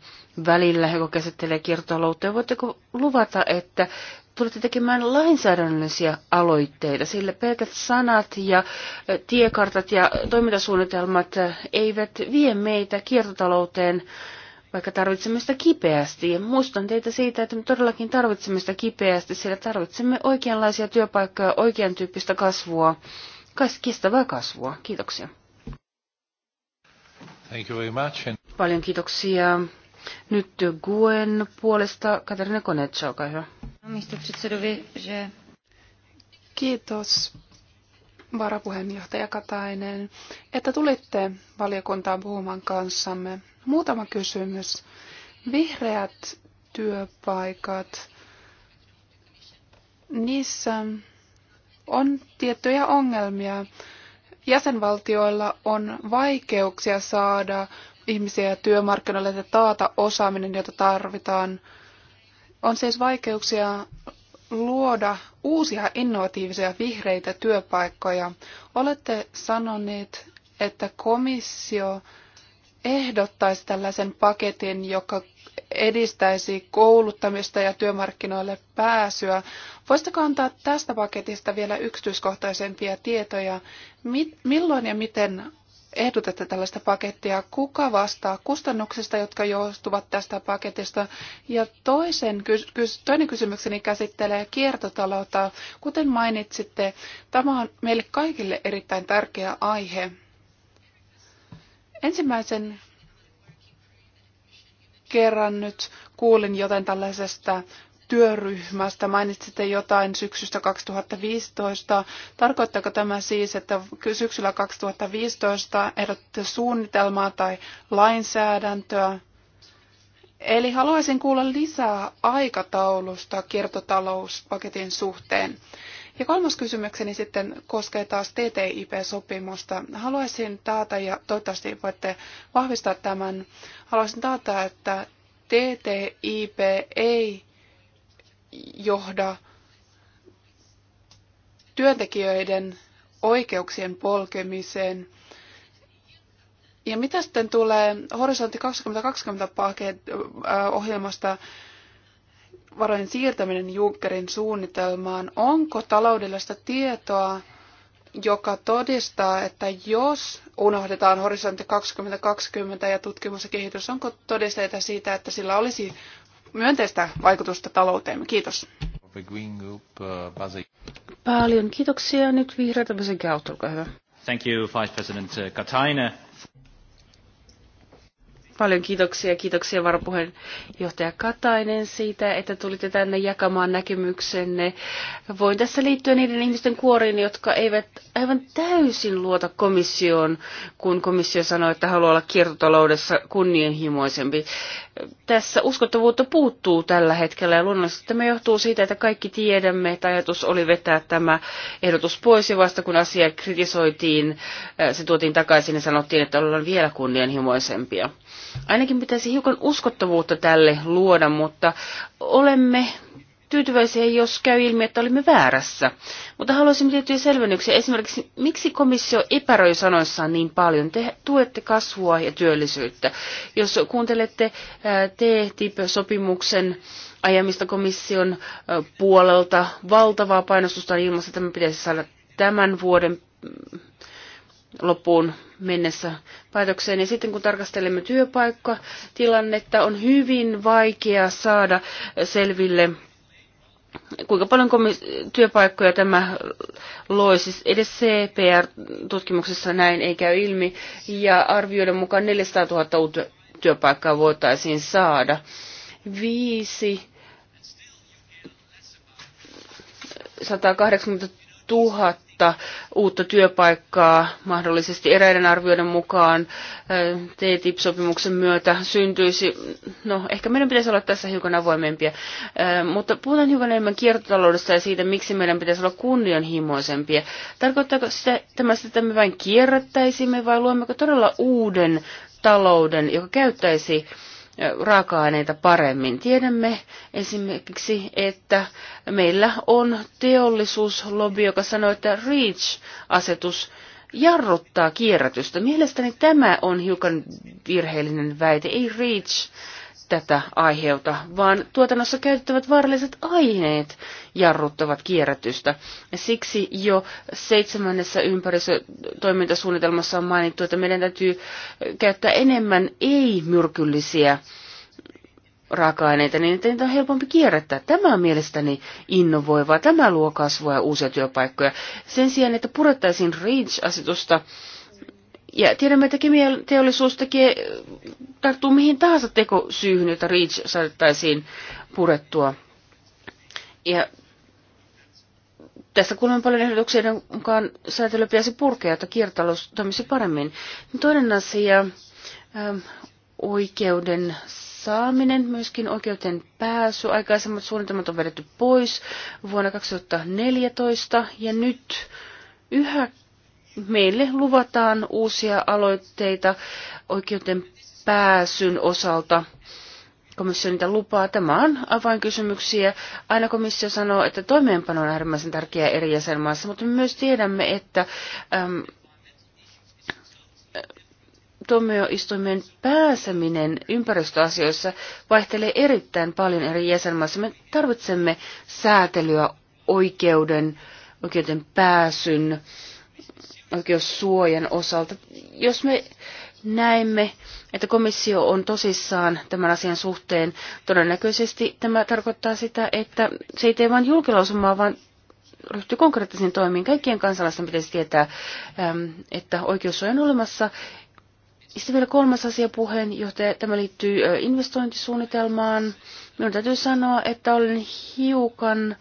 välillä, joka käsittelee kiertotaloutta. Ja voitteko luvata, että tulette tekemään lainsäädännöllisiä aloitteita, sillä pelkät sanat ja tiekartat ja toimintasuunnitelmat eivät vie meitä kiertotalouteen vaikka tarvitsemme sitä kipeästi. Ja muistan teitä siitä, että me todellakin tarvitsemme sitä kipeästi, sillä tarvitsemme oikeanlaisia työpaikkoja, oikean tyyppistä kasvua, kestävää kasvua. Kiitoksia. Thank you very much. Paljon kiitoksia. Nyt Guen puolesta Katarina Konecha, olkaa hyvä. Kiitos varapuheenjohtaja Katainen, että tulitte valiokuntaan puhumaan kanssamme Muutama kysymys. Vihreät työpaikat. Niissä on tiettyjä ongelmia. Jäsenvaltioilla on vaikeuksia saada ihmisiä työmarkkinoille ja taata osaaminen, jota tarvitaan. On siis vaikeuksia luoda uusia innovatiivisia vihreitä työpaikkoja. Olette sanoneet, että komissio ehdottaisi tällaisen paketin, joka edistäisi kouluttamista ja työmarkkinoille pääsyä. Voisitko antaa tästä paketista vielä yksityiskohtaisempia tietoja? milloin ja miten ehdotatte tällaista pakettia? Kuka vastaa kustannuksista, jotka johtuvat tästä paketista? Ja toisen, toinen kysymykseni käsittelee kiertotaloutta. Kuten mainitsitte, tämä on meille kaikille erittäin tärkeä aihe. Ensimmäisen kerran nyt kuulin jotain tällaisesta työryhmästä. Mainitsitte jotain syksystä 2015. Tarkoittaako tämä siis, että syksyllä 2015 ehdotitte suunnitelmaa tai lainsäädäntöä? Eli haluaisin kuulla lisää aikataulusta kiertotalouspaketin suhteen. Ja kolmas kysymykseni sitten koskee taas TTIP-sopimusta. Haluaisin taata, ja toivottavasti voitte vahvistaa tämän, haluaisin taata, että TTIP ei johda työntekijöiden oikeuksien polkemiseen. Ja mitä sitten tulee Horisontti 2020 ohjelmasta varojen siirtäminen Junckerin suunnitelmaan. Onko taloudellista tietoa, joka todistaa, että jos unohdetaan horisontti 2020 ja tutkimus ja kehitys, onko todisteita siitä, että sillä olisi myönteistä vaikutusta talouteemme? Kiitos. Paljon kiitoksia. Nyt vihreätä Base olkaa hyvä. Thank you, Vice President uh, Katainen. Paljon kiitoksia. Kiitoksia varapuheenjohtaja Katainen siitä, että tulitte tänne jakamaan näkemyksenne. Voin tässä liittyä niiden ihmisten kuoriin, jotka eivät aivan täysin luota komissioon, kun komissio sanoo, että haluaa olla kiertotaloudessa kunnianhimoisempi. Tässä uskottavuutta puuttuu tällä hetkellä ja luonnollisesti tämä johtuu siitä, että kaikki tiedämme, että ajatus oli vetää tämä ehdotus pois ja vasta kun asia kritisoitiin, se tuotiin takaisin ja sanottiin, että ollaan vielä kunnianhimoisempia. Ainakin pitäisi hiukan uskottavuutta tälle luoda, mutta olemme tyytyväisiä, jos käy ilmi, että olimme väärässä. Mutta haluaisin tiettyjä selvennyksiä. Esimerkiksi, miksi komissio epäröi sanoissaan niin paljon? Te tuette kasvua ja työllisyyttä. Jos kuuntelette äh, TTIP-sopimuksen ajamista komission äh, puolelta valtavaa painostusta ilmassa, tämä pitäisi saada tämän vuoden mm, loppuun mennessä päätökseen. Ja sitten kun tarkastelemme työpaikkatilannetta, on hyvin vaikea saada selville, kuinka paljon työpaikkoja tämä loi. Siis edes CPR-tutkimuksessa näin ei käy ilmi, ja arvioiden mukaan 400 000 uutta työpaikkaa voitaisiin saada. Viisi 180 000 uutta työpaikkaa mahdollisesti eräiden arvioiden mukaan eh, TTIP-sopimuksen myötä syntyisi. No, ehkä meidän pitäisi olla tässä hiukan avoimempia, eh, mutta puhutaan hiukan enemmän kiertotaloudesta ja siitä, miksi meidän pitäisi olla kunnianhimoisempia. Tarkoittaako sitä, tämä sitä, että me vain kierrättäisimme vai luommeko todella uuden talouden, joka käyttäisi raaka-aineita paremmin. Tiedämme esimerkiksi, että meillä on teollisuuslobby, joka sanoo, että REACH-asetus jarruttaa kierrätystä. Mielestäni tämä on hiukan virheellinen väite. Ei REACH tätä aiheuta, vaan tuotannossa käytettävät vaaralliset aineet jarruttavat kierrätystä. Siksi jo seitsemännessä ympäristötoimintasuunnitelmassa on mainittu, että meidän täytyy käyttää enemmän ei-myrkyllisiä raaka-aineita, niin että niitä on helpompi kierrättää. Tämä on mielestäni innovoivaa, tämä luo kasvua ja uusia työpaikkoja. Sen sijaan, että purettaisiin REACH-asetusta, ja tiedämme, että kemianteollisuus tekee, tarttuu mihin tahansa tekosyyhyn, jota REACH saatettaisiin purettua. Ja tässä kuulemme paljon ehdotuksia, joiden mukaan säätely pitäisi purkea, että kiertalous toimisi paremmin. Toinen asia, ähm, oikeuden saaminen, myöskin oikeuteen pääsy. Aikaisemmat suunnitelmat on vedetty pois vuonna 2014 ja nyt yhä meille luvataan uusia aloitteita oikeuden pääsyn osalta. Komissio niitä lupaa. Tämä on avainkysymyksiä. Aina komissio sanoo, että toimeenpano on äärimmäisen tärkeää eri jäsenmaissa, mutta me myös tiedämme, että äm, tuomioistuimien pääseminen ympäristöasioissa vaihtelee erittäin paljon eri jäsenmaissa. Me tarvitsemme säätelyä oikeuden, oikeuden pääsyn oikeussuojan osalta. Jos me näemme, että komissio on tosissaan tämän asian suhteen, todennäköisesti tämä tarkoittaa sitä, että se ei tee vain julkilausumaa, vaan ryhtyy konkreettisiin toimiin. Kaikkien kansalaisten pitäisi tietää, että oikeussuoja on olemassa. Sitten vielä kolmas asia puheenjohtaja. Tämä liittyy investointisuunnitelmaan. Minun täytyy sanoa, että olen hiukan äh,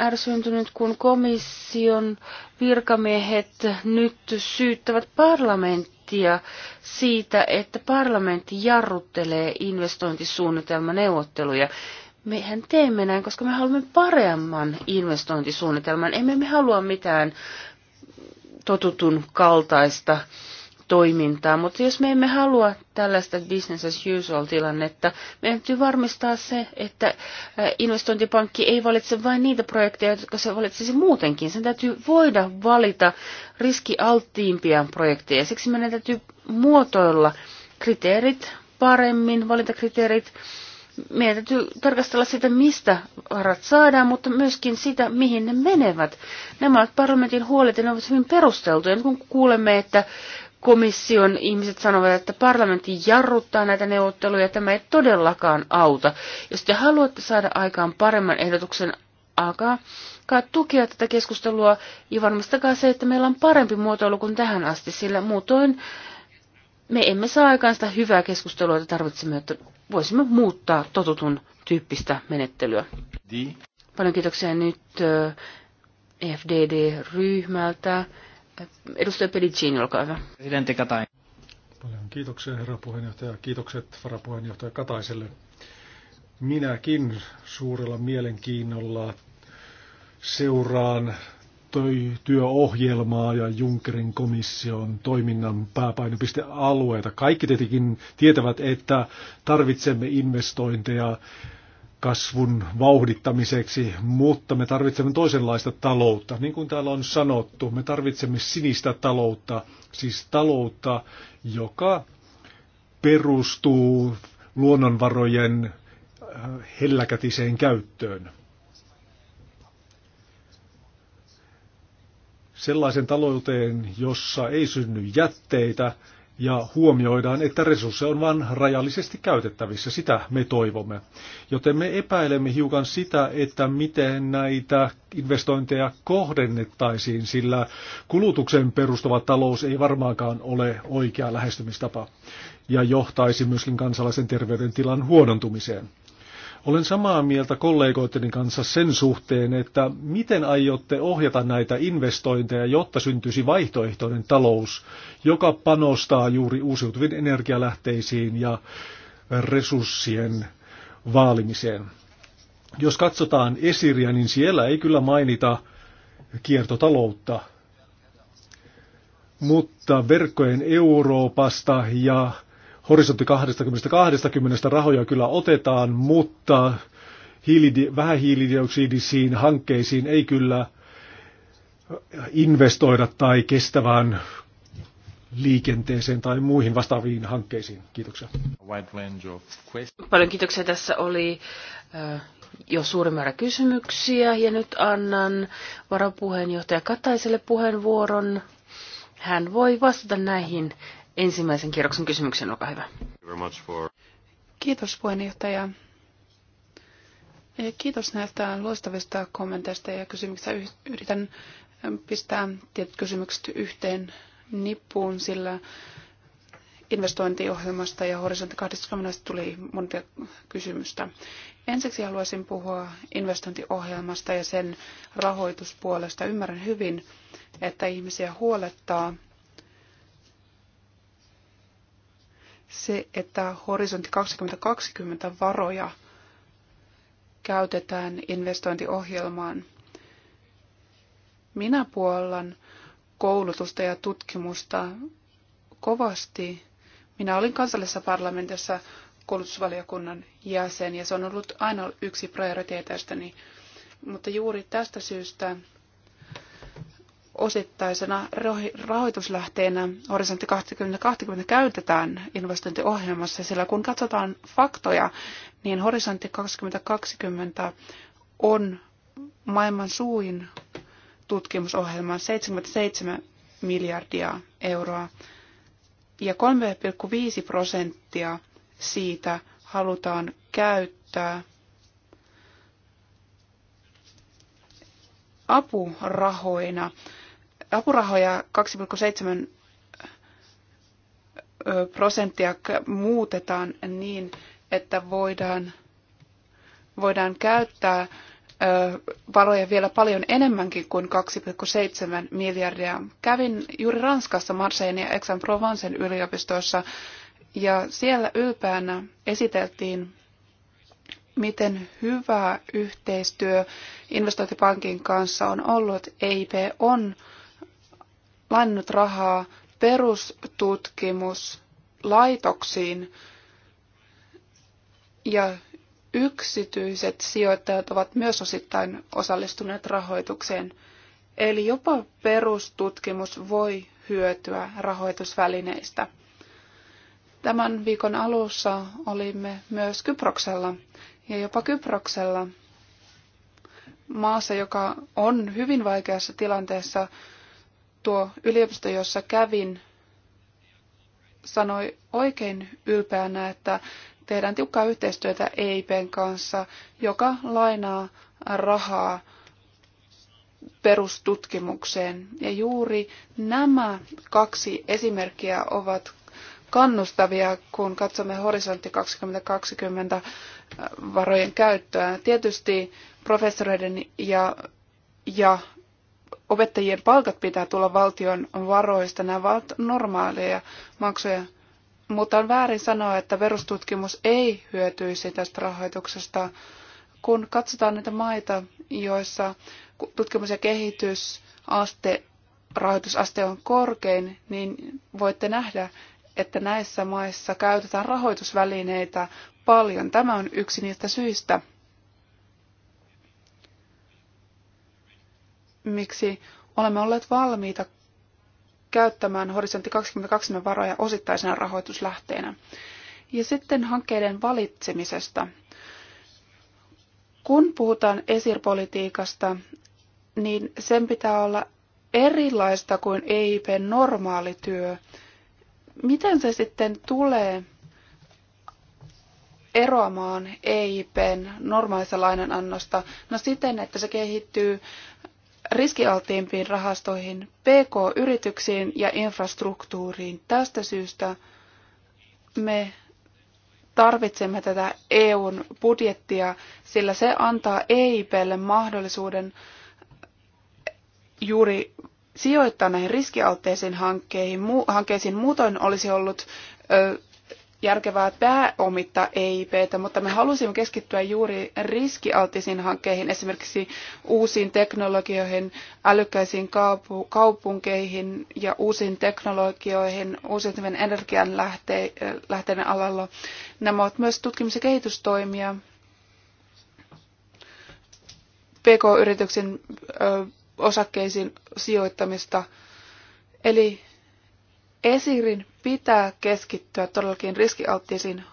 ärsyntynyt, kun komission virkamiehet nyt syyttävät parlamenttia siitä, että parlamentti jarruttelee investointisuunnitelmaneuvotteluja. Mehän teemme näin, koska me haluamme paremman investointisuunnitelman. Emme me halua mitään totutun kaltaista toimintaa, mutta jos me emme halua tällaista business as usual tilannetta, meidän täytyy varmistaa se, että investointipankki ei valitse vain niitä projekteja, jotka se valitsisi muutenkin. Sen täytyy voida valita riskialttiimpia projekteja. Siksi meidän täytyy muotoilla kriteerit paremmin, valintakriteerit. Meidän täytyy tarkastella sitä, mistä varat saadaan, mutta myöskin sitä, mihin ne menevät. Nämä ovat parlamentin huolet ja ne ovat hyvin perusteltuja. Nyt kun kuulemme, että komission ihmiset sanovat, että parlamentti jarruttaa näitä neuvotteluja, tämä ei todellakaan auta. Jos te haluatte saada aikaan paremman ehdotuksen, alkaa tukea tätä keskustelua ja varmistakaa se, että meillä on parempi muotoilu kuin tähän asti, sillä muutoin me emme saa aikaan sitä hyvää keskustelua, että tarvitsemme, että voisimme muuttaa totutun tyyppistä menettelyä. Paljon kiitoksia nyt fdd ryhmältä Edustaja Pedicini, olkaa hyvä. Presidentti Katainen. Paljon kiitoksia herra puheenjohtaja. Kiitokset varapuheenjohtaja Kataiselle. Minäkin suurella mielenkiinnolla seuraan työohjelmaa ja Junckerin komission toiminnan pääpainopistealueita. Kaikki tietenkin tietävät, että tarvitsemme investointeja kasvun vauhdittamiseksi, mutta me tarvitsemme toisenlaista taloutta. Niin kuin täällä on sanottu, me tarvitsemme sinistä taloutta, siis taloutta, joka perustuu luonnonvarojen äh, helläkätiseen käyttöön. Sellaisen talouteen, jossa ei synny jätteitä, ja huomioidaan, että resursseja on vain rajallisesti käytettävissä. Sitä me toivomme. Joten me epäilemme hiukan sitä, että miten näitä investointeja kohdennettaisiin, sillä kulutuksen perustuva talous ei varmaankaan ole oikea lähestymistapa ja johtaisi myöskin kansalaisen terveydentilan huonontumiseen. Olen samaa mieltä kollegoitteni kanssa sen suhteen, että miten aiotte ohjata näitä investointeja, jotta syntyisi vaihtoehtoinen talous, joka panostaa juuri uusiutuviin energialähteisiin ja resurssien vaalimiseen. Jos katsotaan esiriä, niin siellä ei kyllä mainita kiertotaloutta, mutta verkkojen Euroopasta ja horisontti 20-20 rahoja kyllä otetaan, mutta hiilidi- vähähiilidioksidisiin hankkeisiin ei kyllä investoida tai kestävään liikenteeseen tai muihin vastaaviin hankkeisiin. Kiitoksia. Paljon kiitoksia. Tässä oli jo suuri määrä kysymyksiä ja nyt annan varapuheenjohtaja Kataiselle puheenvuoron. Hän voi vastata näihin ensimmäisen kierroksen kysymyksen. Olkaa hyvä. Kiitos puheenjohtaja. Kiitos näistä loistavista kommenteista ja kysymyksistä. Yritän ähm, pistää tietyt kysymykset yhteen nippuun, sillä investointiohjelmasta ja horisontti 20 tuli monta kysymystä. Ensiksi haluaisin puhua investointiohjelmasta ja sen rahoituspuolesta. Ymmärrän hyvin, että ihmisiä huolettaa se, että horisontti 2020 varoja käytetään investointiohjelmaan. Minä puollan koulutusta ja tutkimusta kovasti. Minä olin kansallisessa parlamentissa koulutusvaliokunnan jäsen ja se on ollut aina yksi prioriteeteistäni. Mutta juuri tästä syystä osittaisena rahoituslähteenä Horisontti 2020 käytetään investointiohjelmassa, sillä kun katsotaan faktoja, niin Horisontti 2020 on maailman suurin tutkimusohjelma, 77 miljardia euroa, ja 3,5 prosenttia siitä halutaan käyttää apurahoina apurahoja 2,7 prosenttia muutetaan niin, että voidaan, voidaan käyttää varoja vielä paljon enemmänkin kuin 2,7 miljardia. Kävin juuri Ranskassa Marseille ja Aix-en-Provencen yliopistossa ja siellä ylpeänä esiteltiin, miten hyvä yhteistyö investointipankin kanssa on ollut. EIP on lainannut rahaa perustutkimuslaitoksiin ja yksityiset sijoittajat ovat myös osittain osallistuneet rahoitukseen. Eli jopa perustutkimus voi hyötyä rahoitusvälineistä. Tämän viikon alussa olimme myös Kyproksella ja jopa Kyproksella maassa, joka on hyvin vaikeassa tilanteessa Tuo yliopisto, jossa kävin, sanoi oikein ylpeänä, että tehdään tiukkaa yhteistyötä EIPn kanssa, joka lainaa rahaa perustutkimukseen. Ja juuri nämä kaksi esimerkkiä ovat kannustavia, kun katsomme horisontti 2020 varojen käyttöä. Tietysti professoreiden ja, ja opettajien palkat pitää tulla valtion varoista. Nämä ovat normaaleja maksuja. Mutta on väärin sanoa, että perustutkimus ei hyötyisi tästä rahoituksesta. Kun katsotaan näitä maita, joissa tutkimus- ja kehitysaste, rahoitusaste on korkein, niin voitte nähdä, että näissä maissa käytetään rahoitusvälineitä paljon. Tämä on yksi niistä syistä, miksi olemme olleet valmiita käyttämään horisontti 2020 varoja osittaisena rahoituslähteenä. Ja sitten hankkeiden valitsemisesta. Kun puhutaan esirpolitiikasta, niin sen pitää olla erilaista kuin EIPn normaali työ. Miten se sitten tulee eroamaan EIPn normaalista lainanannosta? No siten, että se kehittyy riskialtiimpiin rahastoihin, PK-yrityksiin ja infrastruktuuriin. Tästä syystä me tarvitsemme tätä EUn budjettia, sillä se antaa EIPlle mahdollisuuden juuri sijoittaa näihin riskialtteisiin hankkeisiin. Muutoin olisi ollut järkevää pääomittaa EIPtä, mutta me halusimme keskittyä juuri riskialtisiin hankkeihin, esimerkiksi uusiin teknologioihin, älykkäisiin kaupunkeihin ja uusiin teknologioihin uusiutuvien energian lähteiden alalla. Nämä ovat myös tutkimus- ja kehitystoimia. PK-yrityksen osakkeisiin sijoittamista. Eli Esirin pitää keskittyä todellakin riskialttiisiin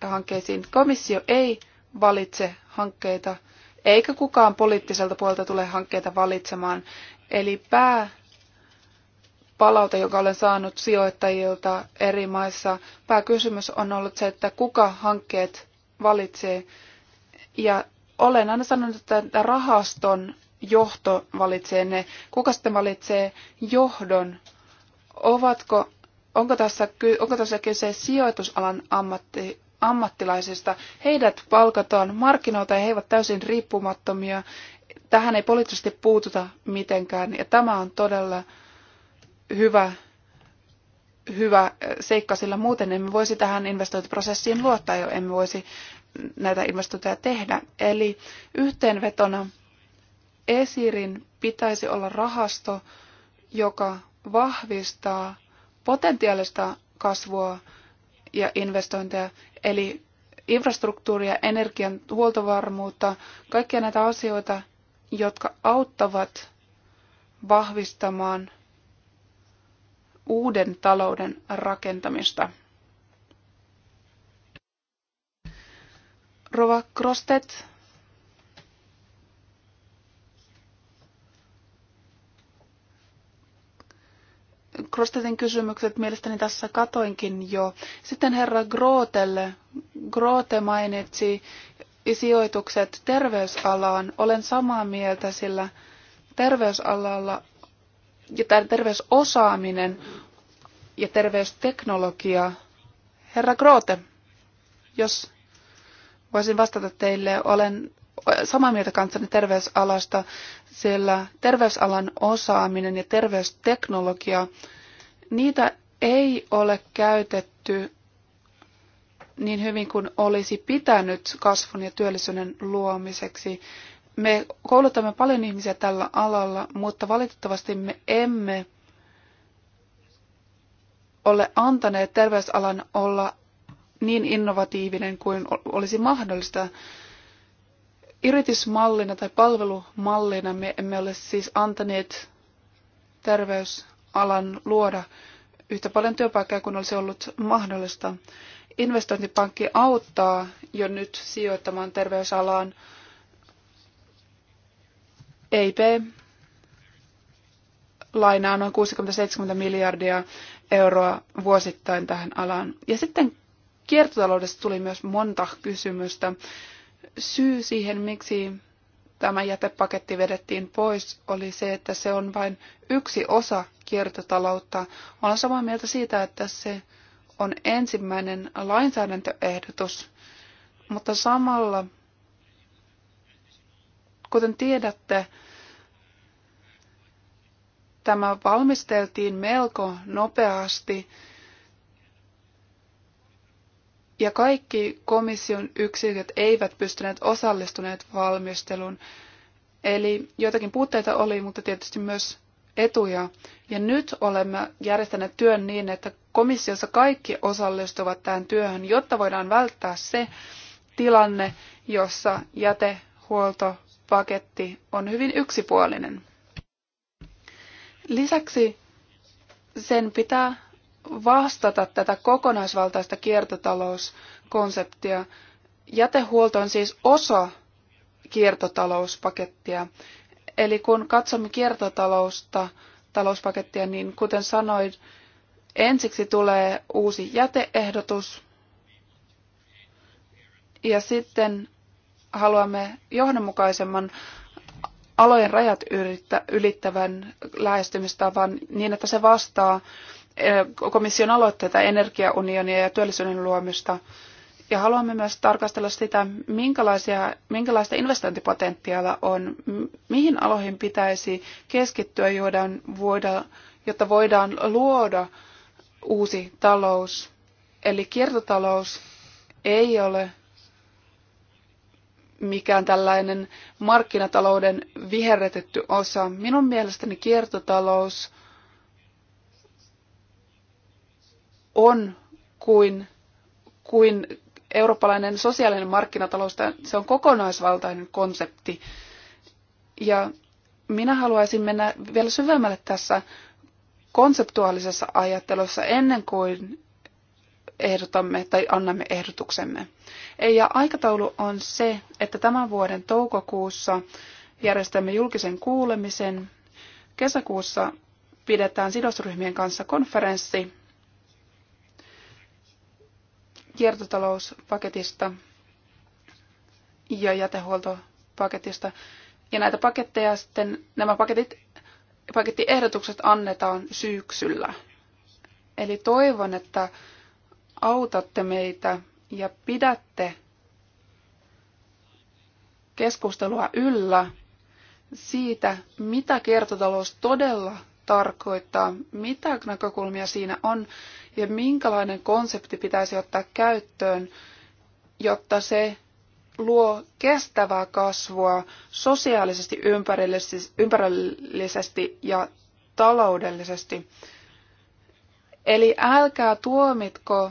hankkeisiin. Komissio ei valitse hankkeita, eikä kukaan poliittiselta puolelta tule hankkeita valitsemaan. Eli pää palaute, joka olen saanut sijoittajilta eri maissa, pääkysymys on ollut se, että kuka hankkeet valitsee. Ja olen aina sanonut, että rahaston johto valitsee ne. Kuka sitten valitsee johdon? ovatko, onko, tässä, onko tässä kyse sijoitusalan ammatti, ammattilaisista. Heidät palkataan markkinoilta ja he eivät täysin riippumattomia. Tähän ei poliittisesti puututa mitenkään ja tämä on todella hyvä, hyvä seikka, sillä muuten emme voisi tähän investointiprosessiin luottaa jo, emme voisi näitä investointeja tehdä. Eli yhteenvetona Esirin pitäisi olla rahasto, joka vahvistaa potentiaalista kasvua ja investointeja, eli infrastruktuuria, energian huoltovarmuutta, kaikkia näitä asioita, jotka auttavat vahvistamaan uuden talouden rakentamista. Rova Krostet Krostetin kysymykset mielestäni tässä katoinkin jo. Sitten herra Grootelle. Groote mainitsi sijoitukset terveysalaan. Olen samaa mieltä, sillä terveysalalla ja terveysosaaminen ja terveysteknologia. Herra Groote, jos voisin vastata teille, olen samaa mieltä kanssani terveysalasta, sillä terveysalan osaaminen ja terveysteknologia, niitä ei ole käytetty niin hyvin kuin olisi pitänyt kasvun ja työllisyyden luomiseksi. Me koulutamme paljon ihmisiä tällä alalla, mutta valitettavasti me emme ole antaneet terveysalan olla niin innovatiivinen kuin olisi mahdollista. Yritysmallina tai palvelumallina me emme ole siis antaneet terveysalan luoda yhtä paljon työpaikkaa kuin olisi ollut mahdollista. Investointipankki auttaa jo nyt sijoittamaan terveysalaan. EIP lainaa noin 60-70 miljardia euroa vuosittain tähän alaan. Ja sitten kiertotaloudesta tuli myös monta kysymystä syy siihen, miksi tämä jätepaketti vedettiin pois, oli se, että se on vain yksi osa kiertotaloutta. Olen samaa mieltä siitä, että se on ensimmäinen lainsäädäntöehdotus, mutta samalla, kuten tiedätte, tämä valmisteltiin melko nopeasti ja kaikki komission yksiköt eivät pystyneet osallistuneet valmisteluun. Eli joitakin puutteita oli, mutta tietysti myös etuja. Ja nyt olemme järjestäneet työn niin, että komissiossa kaikki osallistuvat tähän työhön, jotta voidaan välttää se tilanne, jossa jätehuoltopaketti on hyvin yksipuolinen. Lisäksi sen pitää vastata tätä kokonaisvaltaista kiertotalouskonseptia. Jätehuolto on siis osa kiertotalouspakettia. Eli kun katsomme kiertotalousta, talouspakettia, niin kuten sanoin, ensiksi tulee uusi jäteehdotus ja sitten haluamme johdonmukaisemman alojen rajat ylittävän lähestymistavan niin, että se vastaa komission aloitteita energiaunionia ja työllisyyden luomista. Ja haluamme myös tarkastella sitä, minkälaisia, minkälaista investointipotentiaalia on, mihin aloihin pitäisi keskittyä, jotta voidaan luoda uusi talous. Eli kiertotalous ei ole mikään tällainen markkinatalouden viherretetty osa. Minun mielestäni kiertotalous on kuin, kuin eurooppalainen sosiaalinen markkinatalous. Se on kokonaisvaltainen konsepti. Ja minä haluaisin mennä vielä syvemmälle tässä konseptuaalisessa ajattelussa ennen kuin ehdotamme tai annamme ehdotuksemme. Ja aikataulu on se, että tämän vuoden toukokuussa järjestämme julkisen kuulemisen. Kesäkuussa pidetään sidosryhmien kanssa konferenssi kiertotalouspaketista ja jätehuoltopaketista. Ja näitä paketteja sitten, nämä paketit, pakettiehdotukset annetaan syksyllä. Eli toivon, että autatte meitä ja pidätte keskustelua yllä siitä, mitä kiertotalous todella tarkoittaa, mitä näkökulmia siinä on ja minkälainen konsepti pitäisi ottaa käyttöön, jotta se luo kestävää kasvua sosiaalisesti, ympärillisesti ja taloudellisesti. Eli älkää tuomitko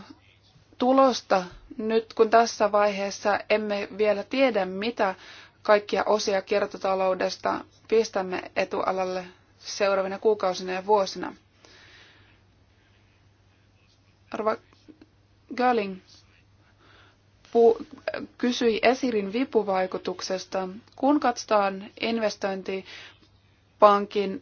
tulosta nyt, kun tässä vaiheessa emme vielä tiedä, mitä kaikkia osia kiertotaloudesta pistämme etualalle seuraavina kuukausina ja vuosina. Arva Görling pu- kysyi Esirin vipuvaikutuksesta. Kun katsotaan investointipankin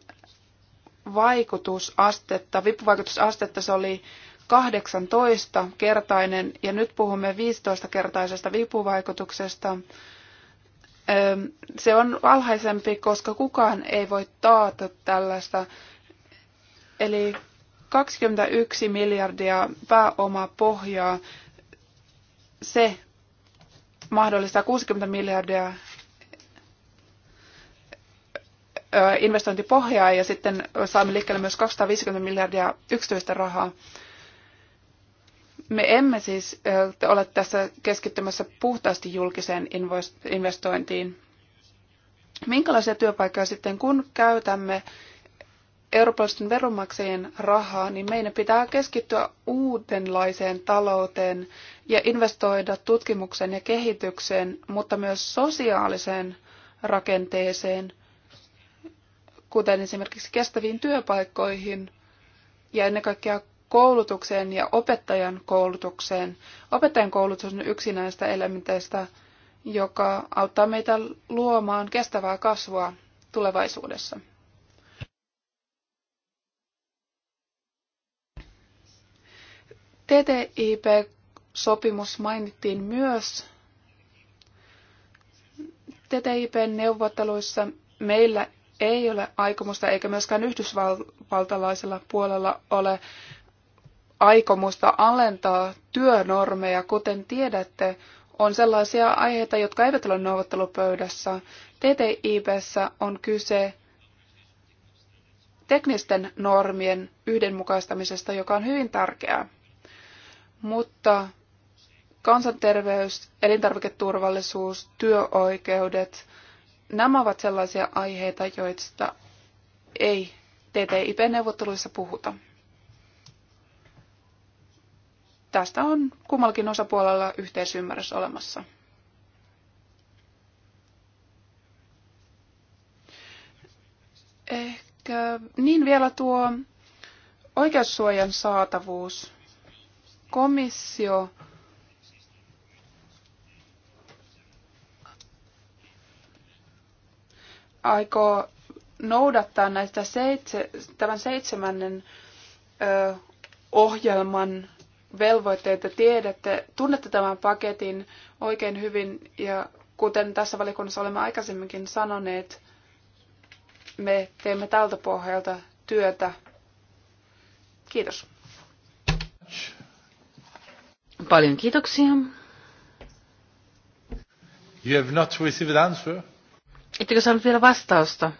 vaikutusastetta, vipuvaikutusastetta se oli 18-kertainen ja nyt puhumme 15-kertaisesta vipuvaikutuksesta se on alhaisempi, koska kukaan ei voi taata tällaista. Eli 21 miljardia pohjaa, se mahdollistaa 60 miljardia investointipohjaa ja sitten saamme liikkeelle myös 250 miljardia yksityistä rahaa. Me emme siis ole tässä keskittymässä puhtaasti julkiseen investointiin. Minkälaisia työpaikkoja sitten, kun käytämme eurooppalaisten veronmaksajien rahaa, niin meidän pitää keskittyä uudenlaiseen talouteen ja investoida tutkimukseen ja kehitykseen, mutta myös sosiaaliseen rakenteeseen, kuten esimerkiksi kestäviin työpaikkoihin ja ennen kaikkea koulutukseen ja opettajan koulutukseen. Opettajan koulutus on yksi näistä elementeistä, joka auttaa meitä luomaan kestävää kasvua tulevaisuudessa. TTIP-sopimus mainittiin myös. TTIP-neuvotteluissa meillä ei ole aikomusta eikä myöskään yhdysvaltalaisella puolella ole aikomusta alentaa työnormeja. Kuten tiedätte, on sellaisia aiheita, jotka eivät ole neuvottelupöydässä. TTIPssä on kyse teknisten normien yhdenmukaistamisesta, joka on hyvin tärkeää. Mutta kansanterveys, elintarviketurvallisuus, työoikeudet, nämä ovat sellaisia aiheita, joista ei TTIP-neuvotteluissa puhuta tästä on kummallakin osapuolella yhteisymmärrys olemassa. Ehkä niin vielä tuo oikeussuojan saatavuus. Komissio aikoo noudattaa näistä seitse, tämän seitsemännen ö, ohjelman velvoitteita tiedätte, tunnette tämän paketin oikein hyvin ja kuten tässä valikunnassa olemme aikaisemminkin sanoneet, me teemme tältä pohjalta työtä. Kiitos. Paljon kiitoksia. You have not received answer. Ettekö saanut vielä vastausta?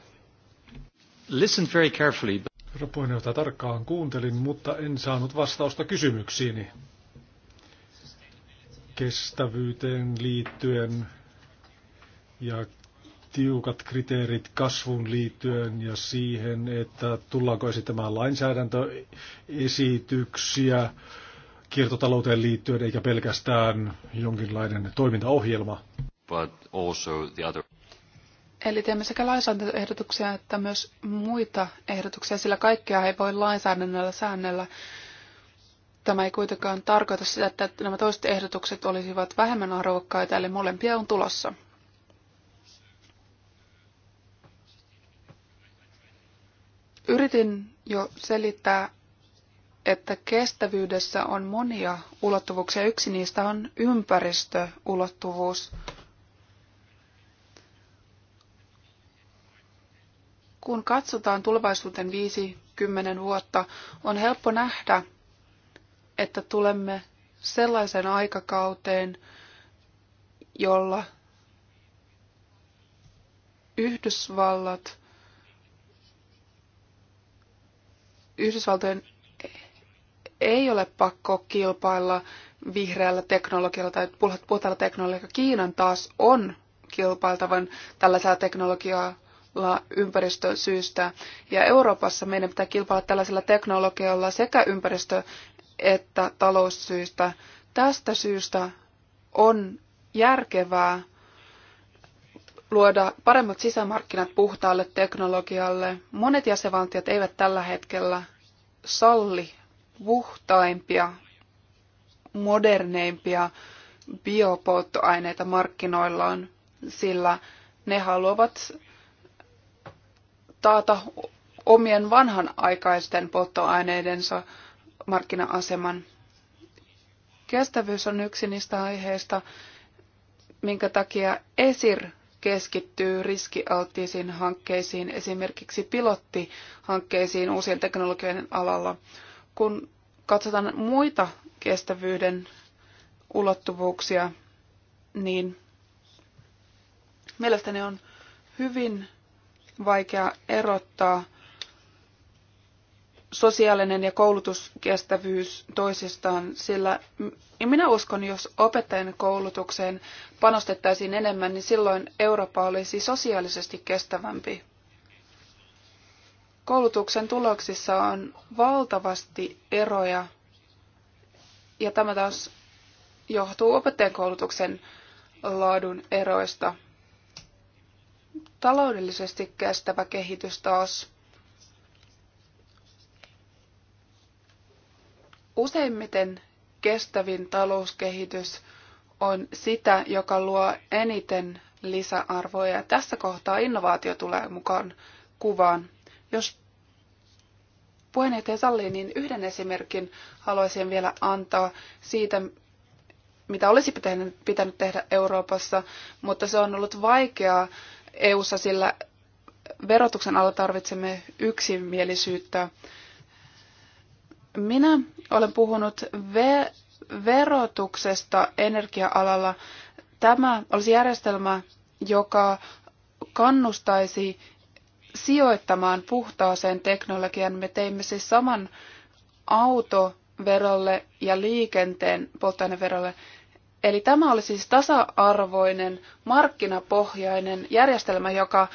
Listen very carefully, Herra puheenjohtaja, tarkkaan kuuntelin, mutta en saanut vastausta kysymyksiini kestävyyteen liittyen ja tiukat kriteerit kasvun liittyen ja siihen, että tullaanko esittämään lainsäädäntöesityksiä kiertotalouteen liittyen eikä pelkästään jonkinlainen toimintaohjelma. But also the other... Eli teemme sekä lainsäädäntöehdotuksia että myös muita ehdotuksia, sillä kaikkea ei voi lainsäädännöllä säännellä. Tämä ei kuitenkaan tarkoita sitä, että nämä toiset ehdotukset olisivat vähemmän arvokkaita, eli molempia on tulossa. Yritin jo selittää, että kestävyydessä on monia ulottuvuuksia. Yksi niistä on ympäristöulottuvuus. Kun katsotaan tulevaisuuteen 50 vuotta, on helppo nähdä, että tulemme sellaiseen aikakauteen, jolla Yhdysvallat, Yhdysvaltojen ei ole pakko kilpailla vihreällä teknologialla tai puhtaalla teknologialla. Kiinan taas on kilpailtavan tällaisella teknologialla ympäristösyistä. Ja Euroopassa meidän pitää kilpailla tällaisella teknologialla sekä ympäristö- että taloussyistä. Tästä syystä on järkevää luoda paremmat sisämarkkinat puhtaalle teknologialle. Monet jäsenvaltiot eivät tällä hetkellä salli puhtaimpia, moderneimpia biopolttoaineita markkinoillaan, sillä ne haluavat taata omien vanhanaikaisten polttoaineidensa markkina-aseman. Kestävyys on yksi niistä aiheista, minkä takia ESIR keskittyy riskialttiisiin hankkeisiin, esimerkiksi pilottihankkeisiin uusien teknologioiden alalla. Kun katsotaan muita kestävyyden ulottuvuuksia, niin mielestäni on hyvin vaikea erottaa sosiaalinen ja koulutuskestävyys toisistaan, sillä minä uskon, jos opettajan koulutukseen panostettaisiin enemmän, niin silloin Eurooppa olisi sosiaalisesti kestävämpi. Koulutuksen tuloksissa on valtavasti eroja, ja tämä taas johtuu opettajan koulutuksen laadun eroista – taloudellisesti kestävä kehitys taas useimmiten kestävin talouskehitys on sitä, joka luo eniten lisäarvoja. Ja tässä kohtaa innovaatio tulee mukaan kuvaan. Jos puheenjohtaja sallii, niin yhden esimerkin haluaisin vielä antaa siitä, mitä olisi pitänyt tehdä Euroopassa, mutta se on ollut vaikeaa EU-ssa, sillä verotuksen alla tarvitsemme yksimielisyyttä. Minä olen puhunut ve- verotuksesta energia-alalla. Tämä olisi järjestelmä, joka kannustaisi sijoittamaan puhtaaseen teknologian. Me teimme siis saman autoverolle ja liikenteen polttoaineverolle. Eli tämä oli siis tasa-arvoinen, markkinapohjainen järjestelmä, joka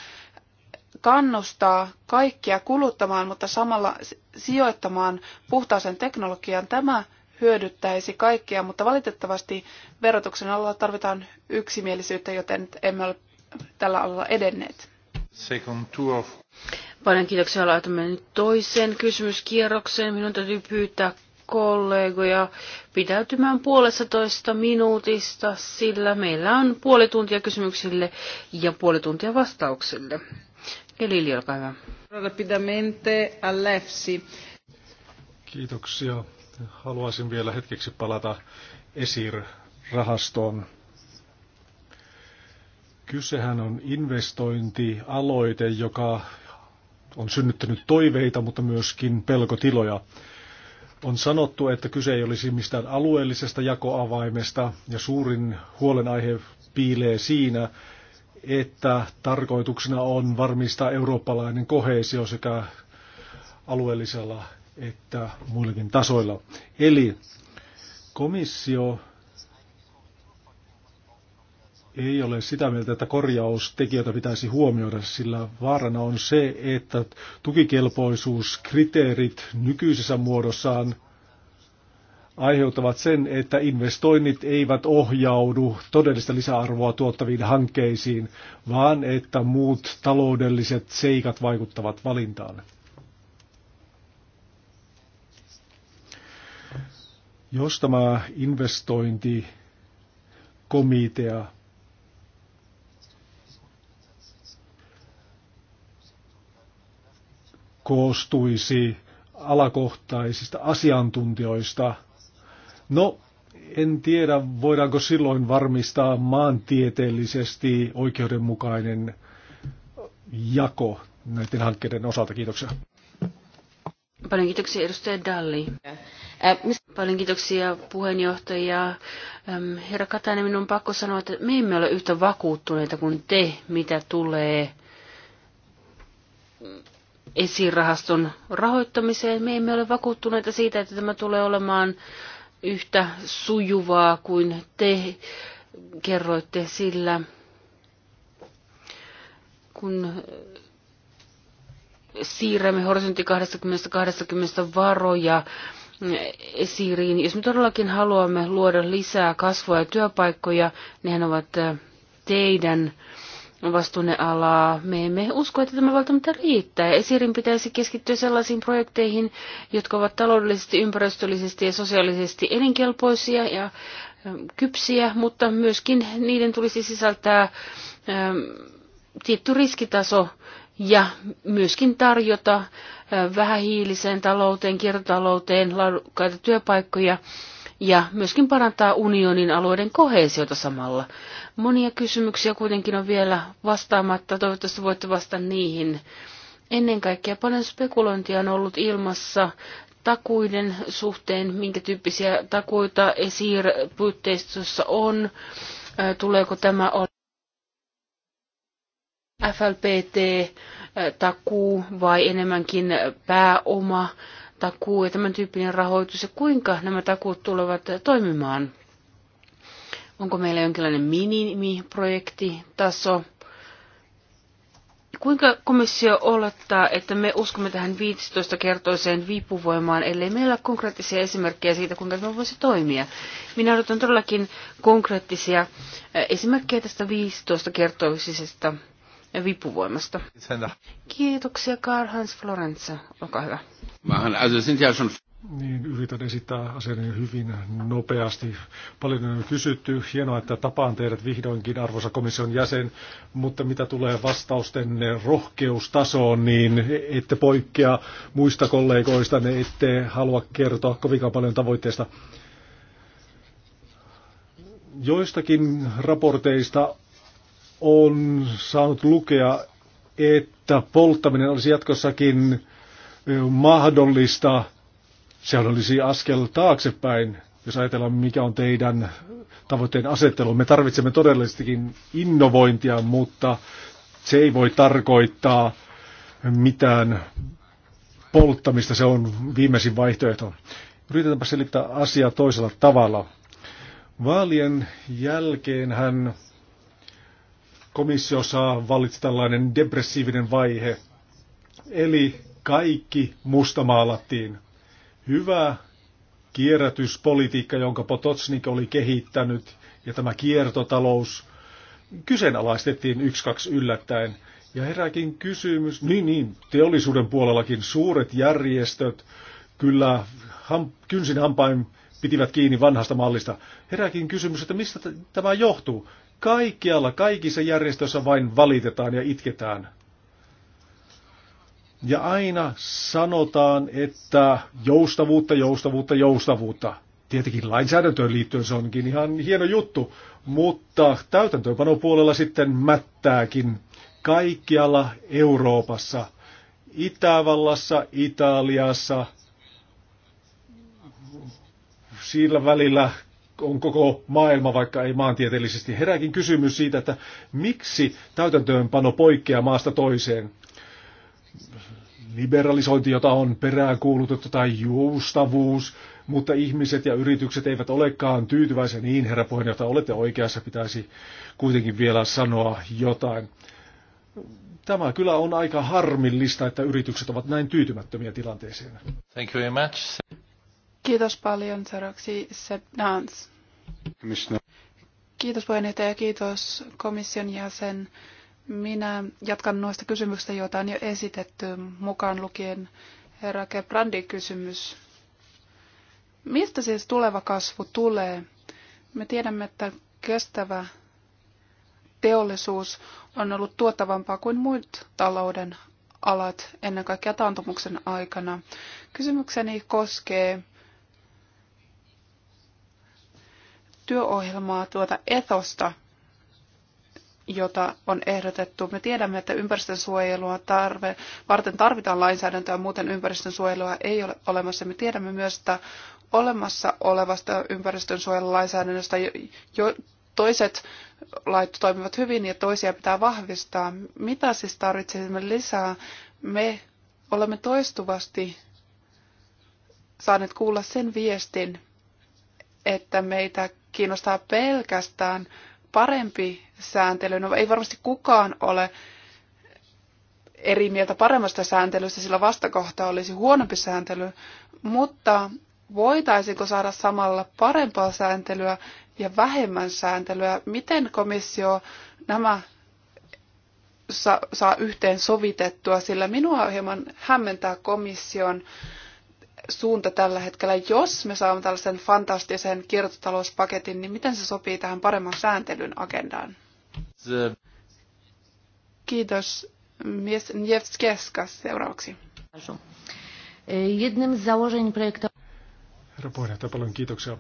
kannustaa kaikkia kuluttamaan, mutta samalla sijoittamaan puhtaaseen teknologiaan. Tämä hyödyttäisi kaikkia, mutta valitettavasti verotuksen alalla tarvitaan yksimielisyyttä, joten emme ole tällä alalla edenneet. Paljon kiitoksia. Laitamme nyt toisen kysymyskierroksen. Minun täytyy pyytää kollegoja pitäytymään puolessa toista minuutista, sillä meillä on puoli tuntia kysymyksille ja puoli tuntia vastauksille. Eli Lili, olkaa hyvä. Rapidamente all'EFSI. Kiitoksia. Haluaisin vielä hetkeksi palata ESIR-rahastoon. Kysehän on investointialoite, joka on synnyttänyt toiveita, mutta myöskin pelkotiloja. On sanottu, että kyse ei olisi mistään alueellisesta jakoavaimesta ja suurin huolenaihe piilee siinä, että tarkoituksena on varmistaa eurooppalainen kohesio sekä alueellisella että muillakin tasoilla. Eli komissio ei ole sitä mieltä, että korjaustekijöitä pitäisi huomioida, sillä vaarana on se, että tukikelpoisuuskriteerit nykyisessä muodossaan aiheuttavat sen, että investoinnit eivät ohjaudu todellista lisäarvoa tuottaviin hankkeisiin, vaan että muut taloudelliset seikat vaikuttavat valintaan. Jos tämä investointikomitea koostuisi alakohtaisista asiantuntijoista. No, en tiedä, voidaanko silloin varmistaa maantieteellisesti oikeudenmukainen jako näiden hankkeiden osalta. Kiitoksia. Paljon kiitoksia edustaja Dalli. Äh, Paljon kiitoksia puheenjohtaja. Herra Katainen, minun on pakko sanoa, että me emme ole yhtä vakuuttuneita kuin te, mitä tulee esirahaston rahoittamiseen. Me emme ole vakuuttuneita siitä, että tämä tulee olemaan yhtä sujuvaa kuin te kerroitte, sillä kun siirrämme horisontti 20-20 varoja esiriin, jos me todellakin haluamme luoda lisää kasvua ja työpaikkoja, nehän ovat teidän vastuunne alaa. Me emme usko, että tämä välttämättä riittää. Esirin pitäisi keskittyä sellaisiin projekteihin, jotka ovat taloudellisesti, ympäristöllisesti ja sosiaalisesti elinkelpoisia ja ähm, kypsiä, mutta myöskin niiden tulisi sisältää ähm, tietty riskitaso ja myöskin tarjota äh, vähähiiliseen talouteen, kiertotalouteen laadukkaita työpaikkoja ja myöskin parantaa unionin alueiden kohesiota samalla. Monia kysymyksiä kuitenkin on vielä vastaamatta, toivottavasti voitte vastata niihin. Ennen kaikkea paljon spekulointia on ollut ilmassa takuiden suhteen, minkä tyyppisiä takuita esir puitteistossa on, tuleeko tämä olla FLPT-takuu vai enemmänkin pääoma takuu ja tämän tyyppinen rahoitus ja kuinka nämä takuut tulevat toimimaan? Onko meillä jonkinlainen minimiprojektitaso? Kuinka komissio olettaa, että me uskomme tähän 15-kertoiseen viipuvoimaan, ellei meillä ole konkreettisia esimerkkejä siitä, kuinka tämä voisi toimia? Minä odotan todellakin konkreettisia eh, esimerkkejä tästä 15-kertoisesta vipuvoimasta. Kiitoksia Karl-Heinz Florenza, olkaa hyvä. Äh, niin, yritän esittää asian hyvin nopeasti. Paljon on kysytty. Hienoa, että tapaan teidät vihdoinkin, arvoisa komission jäsen. Mutta mitä tulee vastausten rohkeustasoon, niin ette poikkea muista kollegoista, ne ette halua kertoa kovinkaan paljon tavoitteista. Joistakin raporteista on saanut lukea, että polttaminen olisi jatkossakin mahdollista. Sehän olisi askel taaksepäin, jos ajatellaan mikä on teidän tavoitteen asettelu. Me tarvitsemme todellisestikin innovointia, mutta se ei voi tarkoittaa mitään polttamista. Se on viimeisin vaihtoehto. Yritetäänpä selittää asiaa toisella tavalla. Vaalien jälkeen hän komissiossa vallitsi tällainen depressiivinen vaihe. Eli kaikki mustamaalattiin. Hyvä kierrätyspolitiikka, jonka Potocnik oli kehittänyt, ja tämä kiertotalous kyseenalaistettiin yksi kaksi yllättäen. Ja herääkin kysymys, niin niin, teollisuuden puolellakin suuret järjestöt kyllä ham, kynsin hampain pitivät kiinni vanhasta mallista. Herääkin kysymys, että mistä tämä johtuu? kaikkialla, kaikissa järjestöissä vain valitetaan ja itketään. Ja aina sanotaan, että joustavuutta, joustavuutta, joustavuutta. Tietenkin lainsäädäntöön liittyen se onkin ihan hieno juttu, mutta täytäntöönpanopuolella sitten mättääkin kaikkialla Euroopassa. Itävallassa, Italiassa, sillä välillä on koko maailma, vaikka ei maantieteellisesti. Herääkin kysymys siitä, että miksi täytäntöönpano poikkeaa maasta toiseen. Liberalisointi, jota on peräänkuulutettu, tai joustavuus, mutta ihmiset ja yritykset eivät olekaan tyytyväisiä. Niin, herra puheenjohtaja, olette oikeassa, pitäisi kuitenkin vielä sanoa jotain. Tämä kyllä on aika harmillista, että yritykset ovat näin tyytymättömiä tilanteeseen. Thank you very much. Kiitos paljon. Saroksi Sepp Dance. Kiitos puheenjohtaja ja kiitos komission jäsen. Minä jatkan noista kysymyksistä, joita on jo esitetty, mukaan lukien herra Gebrandin kysymys. Mistä siis tuleva kasvu tulee? Me tiedämme, että kestävä teollisuus on ollut tuottavampaa kuin muut talouden alat ennen kaikkea taantumuksen aikana. Kysymykseni koskee työohjelmaa, tuota etosta, jota on ehdotettu. Me tiedämme, että ympäristönsuojelua tarve, varten tarvitaan lainsäädäntöä, muuten ympäristönsuojelua ei ole olemassa. Me tiedämme myös, että olemassa olevasta ympäristönsuojelulainsäädännöstä jo, toiset lait toimivat hyvin ja toisia pitää vahvistaa. Mitä siis tarvitsemme lisää? Me olemme toistuvasti saaneet kuulla sen viestin, että meitä kiinnostaa pelkästään parempi sääntely. No ei varmasti kukaan ole eri mieltä paremmasta sääntelystä, sillä vastakohta olisi huonompi sääntely, mutta voitaisiinko saada samalla parempaa sääntelyä ja vähemmän sääntelyä? Miten komissio nämä saa yhteen sovitettua, sillä minua hieman hämmentää komission suunta tällä hetkellä. Jos me saamme tällaisen fantastisen kiertotalouspaketin, niin miten se sopii tähän paremman sääntelyn agendaan? The... Kiitos. Mies Niewskieskas seuraavaksi. Herra puheenjohtaja, paljon kiitoksia.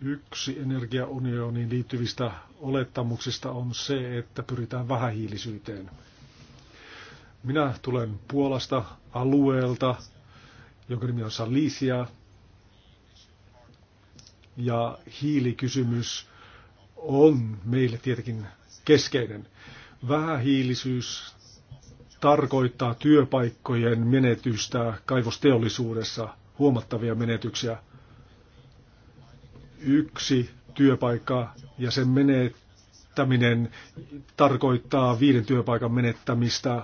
Yksi energiaunioniin liittyvistä olettamuksista on se, että pyritään vähähiilisyyteen. Minä tulen Puolasta alueelta, jonka nimi on Salisia. Ja hiilikysymys on meille tietenkin keskeinen. Vähähiilisyys tarkoittaa työpaikkojen menetystä kaivosteollisuudessa, huomattavia menetyksiä. Yksi työpaikka ja sen menettäminen tarkoittaa viiden työpaikan menettämistä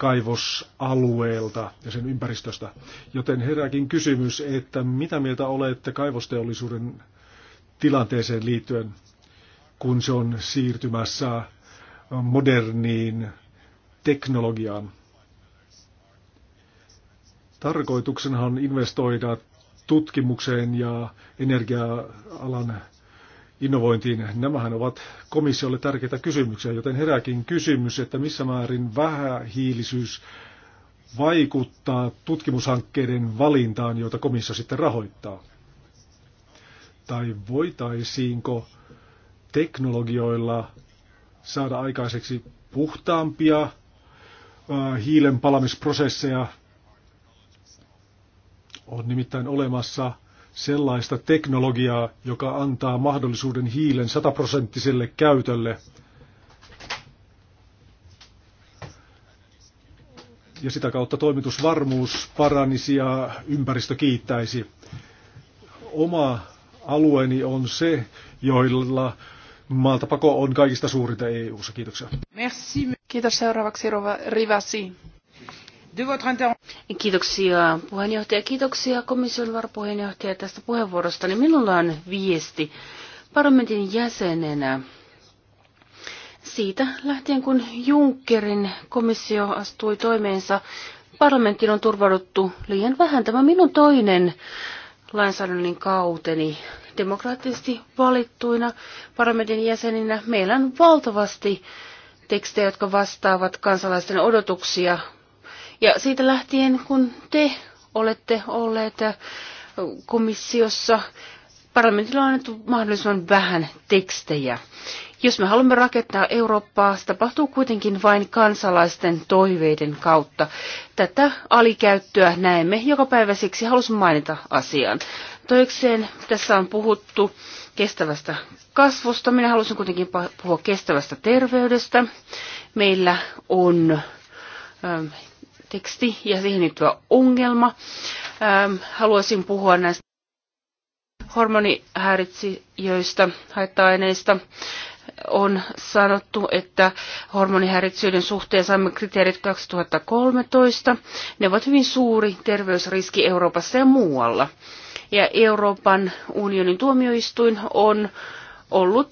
kaivosalueelta ja sen ympäristöstä. Joten herääkin kysymys, että mitä mieltä olette kaivosteollisuuden tilanteeseen liittyen, kun se on siirtymässä moderniin teknologiaan. Tarkoituksenhan investoida tutkimukseen ja energia-alan innovointiin. Nämähän ovat komissiolle tärkeitä kysymyksiä, joten herääkin kysymys, että missä määrin vähähiilisyys vaikuttaa tutkimushankkeiden valintaan, joita komissio sitten rahoittaa? Tai voitaisiinko teknologioilla saada aikaiseksi puhtaampia hiilen palamisprosesseja? On nimittäin olemassa sellaista teknologiaa, joka antaa mahdollisuuden hiilen sataprosenttiselle käytölle. Ja sitä kautta toimitusvarmuus paranisi ja ympäristö kiittäisi. Oma alueeni on se, joilla maaltapako on kaikista suurinta EU-ssa. Kiitoksia. Merci. Kiitos seuraavaksi Rova Rivasi. Kiitoksia puheenjohtaja, kiitoksia komission varapuheenjohtaja tästä puheenvuorosta. Niin minulla on viesti parlamentin jäsenenä siitä lähtien, kun Junckerin komissio astui toimeensa. Parlamenttiin on turvauduttu liian vähän. Tämä minun toinen lainsäädännön kauteni demokraattisesti valittuina parlamentin jäseninä. Meillä on valtavasti tekstejä, jotka vastaavat kansalaisten odotuksia ja siitä lähtien, kun te olette olleet komissiossa, parlamentilla on annettu mahdollisimman vähän tekstejä. Jos me haluamme rakentaa Eurooppaa, se tapahtuu kuitenkin vain kansalaisten toiveiden kautta. Tätä alikäyttöä näemme joka päivä, siksi halusin mainita asian. Toikseen tässä on puhuttu kestävästä kasvusta. Minä halusin kuitenkin puhua kestävästä terveydestä. Meillä on ähm, teksti ja siihen liittyvä ongelma. Ähm, haluaisin puhua näistä hormonihäiritsijöistä, haitta-aineista. On sanottu, että hormonihäiritsijöiden suhteen saimme kriteerit 2013. Ne ovat hyvin suuri terveysriski Euroopassa ja muualla. Ja Euroopan unionin tuomioistuin on äh, ollut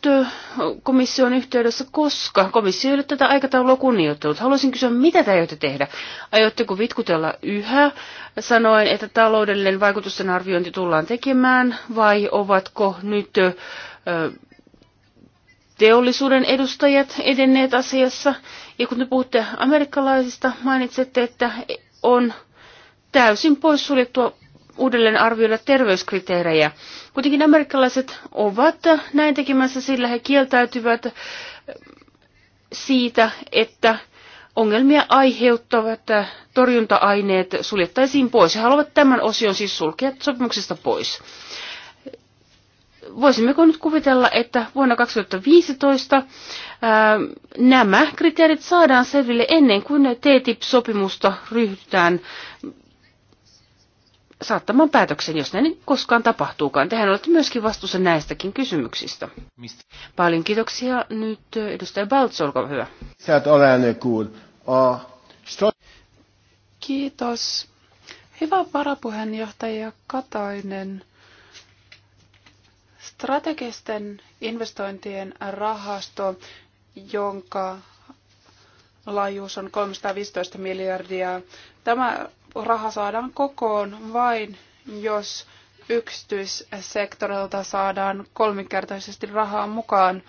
komission yhteydessä, koska komissio ei ole tätä aikataulua kunnioittanut. Haluaisin kysyä, mitä te aiotte tehdä? Aiotteko vitkutella yhä sanoen, että taloudellinen vaikutusten arviointi tullaan tekemään, vai ovatko nyt teollisuuden edustajat edenneet asiassa? Ja kun te puhutte amerikkalaisista, mainitsette, että on täysin poissuljettua uudelleen arvioida terveyskriteerejä. Kuitenkin amerikkalaiset ovat näin tekemässä, sillä he kieltäytyvät siitä, että ongelmia aiheuttavat torjunta-aineet suljettaisiin pois. He haluavat tämän osion siis sulkea sopimuksesta pois. Voisimmeko nyt kuvitella, että vuonna 2015 ää, nämä kriteerit saadaan selville ennen kuin TTIP-sopimusta ryhdytään saattamaan päätöksen, jos näin koskaan tapahtuukaan. Tehän olette myöskin vastuussa näistäkin kysymyksistä. Mistä? Paljon kiitoksia. Nyt eh, edustaja Baltz, olkaa hyvä. Kiitos. Hyvä varapuheenjohtaja Katainen. Strategisten investointien rahasto, jonka laajuus on 315 miljardia. Tämä raha saadaan kokoon vain, jos yksityissektorilta saadaan kolminkertaisesti rahaa mukaan.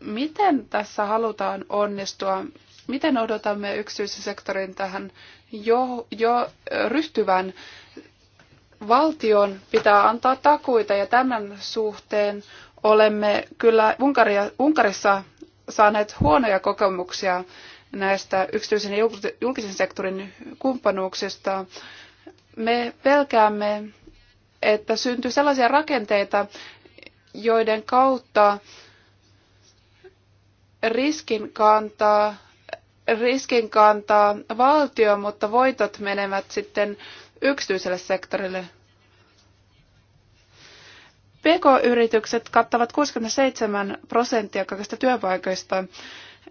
Miten tässä halutaan onnistua? Miten odotamme yksityissektorin tähän jo, jo ryhtyvän? Valtion pitää antaa takuita ja tämän suhteen olemme kyllä Unkaria, Unkarissa saaneet huonoja kokemuksia näistä yksityisen ja julkisen sektorin kumppanuuksista. Me pelkäämme, että syntyy sellaisia rakenteita, joiden kautta riskin kantaa, riskin kantaa valtio, mutta voitot menevät sitten yksityiselle sektorille. PK-yritykset kattavat 67 prosenttia kaikista työpaikoista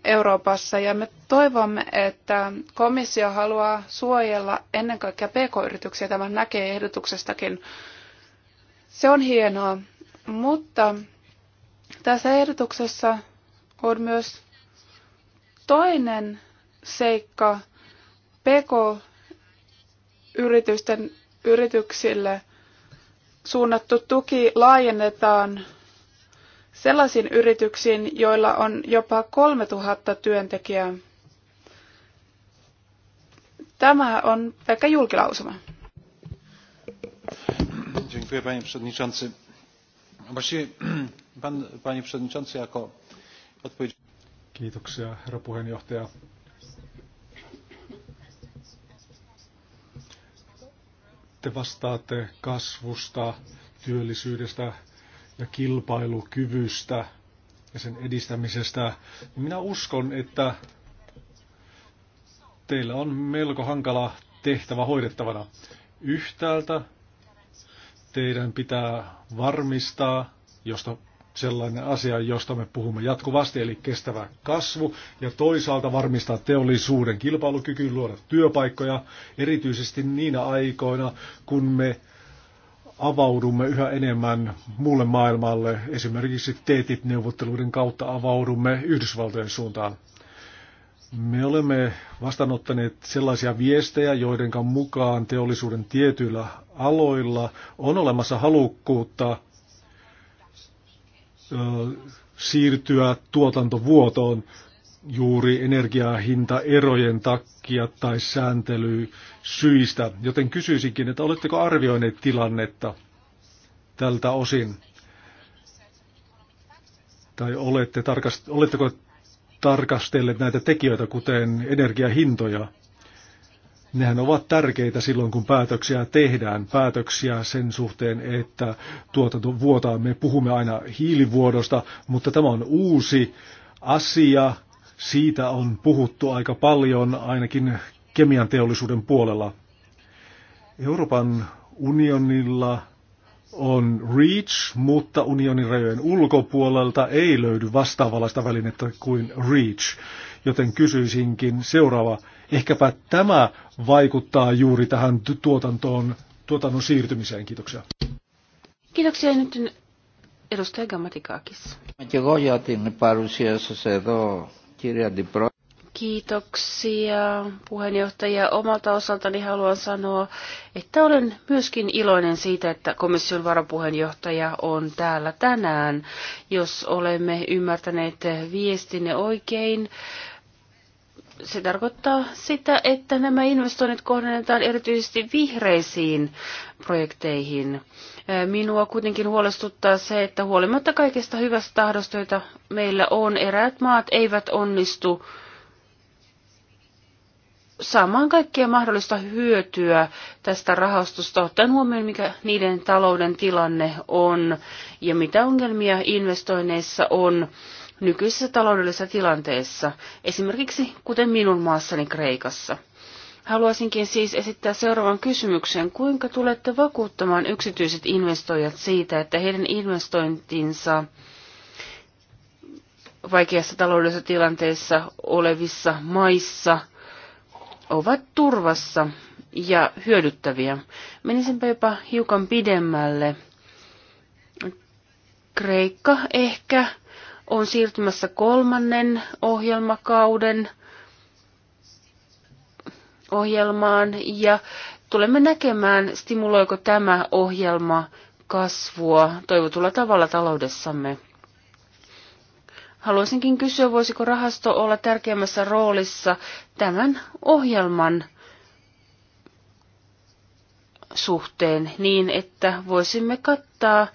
Euroopassa ja me toivomme, että komissio haluaa suojella ennen kaikkea pk-yrityksiä. Tämän näkee ehdotuksestakin. Se on hienoa, mutta tässä ehdotuksessa on myös toinen seikka pk-yritysten yrityksille suunnattu tuki laajennetaan sellaisiin yrityksiin, joilla on jopa 3000 työntekijää. Tämä on Pekka Julkilausuma. Dziękuję panie przewodniczący. Właściwie pan, panie przewodniczący, jako Kiitoksia, herra puheenjohtaja. Te vastaatte kasvusta, työllisyydestä, ja kilpailukyvystä ja sen edistämisestä, niin minä uskon, että teillä on melko hankala tehtävä hoidettavana. Yhtäältä teidän pitää varmistaa, josta sellainen asia, josta me puhumme jatkuvasti, eli kestävä kasvu, ja toisaalta varmistaa teollisuuden kilpailukyky, luoda työpaikkoja, erityisesti niinä aikoina, kun me avaudumme yhä enemmän muulle maailmalle, esimerkiksi TTIP-neuvotteluiden kautta avaudumme Yhdysvaltojen suuntaan. Me olemme vastaanottaneet sellaisia viestejä, joiden mukaan teollisuuden tietyillä aloilla on olemassa halukkuutta siirtyä tuotantovuotoon juuri energiahintaerojen takia tai sääntely syistä, joten kysyisinkin, että oletteko arvioineet tilannetta tältä osin? Tai olette tarkast- oletteko tarkastelleet näitä tekijöitä, kuten energiahintoja? Nehän ovat tärkeitä silloin, kun päätöksiä tehdään. Päätöksiä sen suhteen, että tuotanto tuota vuotaa. Me puhumme aina hiilivuodosta, mutta tämä on uusi asia, siitä on puhuttu aika paljon ainakin kemian teollisuuden puolella. Euroopan unionilla on REACH, mutta unionin rajojen ulkopuolelta ei löydy vastaavallaista välinettä kuin REACH. Joten kysyisinkin seuraava. Ehkäpä tämä vaikuttaa juuri tähän tuotantoon, tuotannon siirtymiseen. Kiitoksia. Kiitoksia nyt edustaja Gammatikakis. Kiitoksia puheenjohtaja. Omalta osaltani haluan sanoa, että olen myöskin iloinen siitä, että komission varapuheenjohtaja on täällä tänään. Jos olemme ymmärtäneet viestinne oikein, se tarkoittaa sitä, että nämä investoinnit kohdennetaan erityisesti vihreisiin projekteihin. Minua kuitenkin huolestuttaa se, että huolimatta kaikesta hyvästä tahdosta, joita meillä on, eräät maat eivät onnistu saamaan kaikkea mahdollista hyötyä tästä rahastosta, ottaen huomioon, mikä niiden talouden tilanne on ja mitä ongelmia investoinneissa on nykyisessä taloudellisessa tilanteessa, esimerkiksi kuten minun maassani Kreikassa. Haluaisinkin siis esittää seuraavan kysymyksen. Kuinka tulette vakuuttamaan yksityiset investoijat siitä, että heidän investointinsa vaikeassa taloudellisessa tilanteessa olevissa maissa ovat turvassa ja hyödyttäviä? Menisinpä jopa hiukan pidemmälle. Kreikka ehkä on siirtymässä kolmannen ohjelmakauden – ohjelmaan ja tulemme näkemään, stimuloiko tämä ohjelma kasvua toivotulla tavalla taloudessamme. Haluaisinkin kysyä, voisiko rahasto olla tärkeämmässä roolissa tämän ohjelman suhteen niin, että voisimme kattaa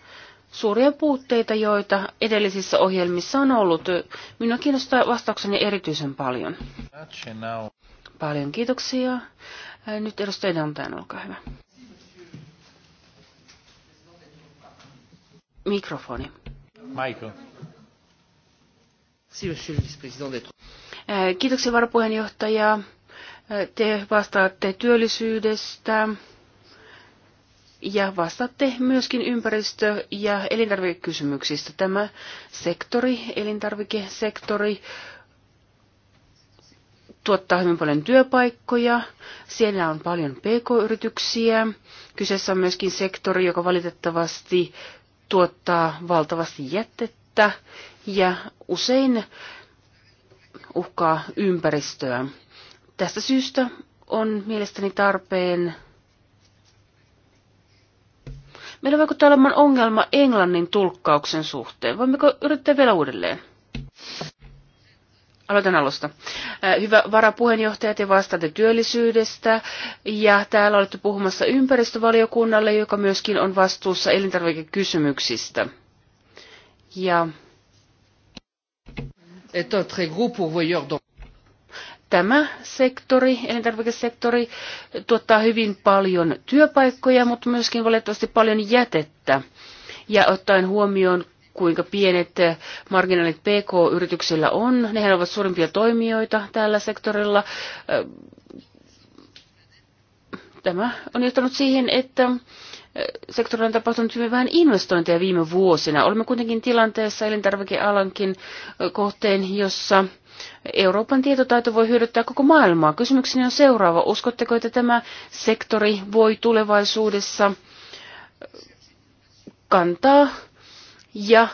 suuria puutteita, joita edellisissä ohjelmissa on ollut. Minua kiinnostaa vastaukseni erityisen paljon. Paljon kiitoksia. Nyt edustaja Dantain, olkaa hyvä. Mikrofoni. Michael. Kiitoksia varapuheenjohtaja. Te vastaatte työllisyydestä ja vastaatte myöskin ympäristö- ja elintarvikekysymyksistä. Tämä sektori, elintarvikesektori, tuottaa hyvin paljon työpaikkoja. Siellä on paljon pk-yrityksiä. Kyseessä on myöskin sektori, joka valitettavasti tuottaa valtavasti jätettä ja usein uhkaa ympäristöä. Tästä syystä on mielestäni tarpeen. Meillä vaikuttaa olemaan ongelma englannin tulkkauksen suhteen. Voimmeko yrittää vielä uudelleen? Aloitan alusta. Hyvä varapuheenjohtaja, te vastaatte työllisyydestä ja täällä olette puhumassa ympäristövaliokunnalle, joka myöskin on vastuussa elintarvikekysymyksistä. Ja Tämä sektori, elintarvikesektori, tuottaa hyvin paljon työpaikkoja, mutta myöskin valitettavasti paljon jätettä. Ja ottaen huomioon kuinka pienet marginaalit PK-yrityksillä on. Nehän ovat suurimpia toimijoita tällä sektorilla. Tämä on johtanut siihen, että sektorilla on tapahtunut hyvin vähän investointeja viime vuosina. Olemme kuitenkin tilanteessa elintarvikealankin kohteen, jossa Euroopan tietotaito voi hyödyttää koko maailmaa. Kysymykseni on seuraava. Uskotteko, että tämä sektori voi tulevaisuudessa kantaa ja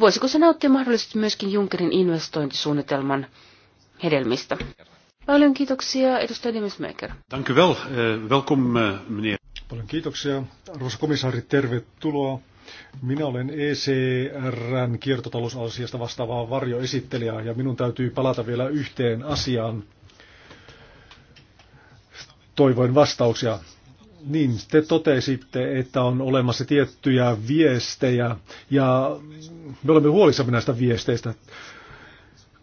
voisiko se nauttia mahdollisesti myöskin Junckerin investointisuunnitelman hedelmistä? Paljon kiitoksia, edustaja Demesmaker. Dank u wel. Eh, welkom, eh, meneer. Paljon kiitoksia. Arvoisa komissaari, tervetuloa. Minä olen ECRn kiertotalousasiasta vastaava varjoesittelijä ja minun täytyy palata vielä yhteen asiaan. Toivoin vastauksia. Niin, te totesitte, että on olemassa tiettyjä viestejä ja me olemme huolissamme näistä viesteistä.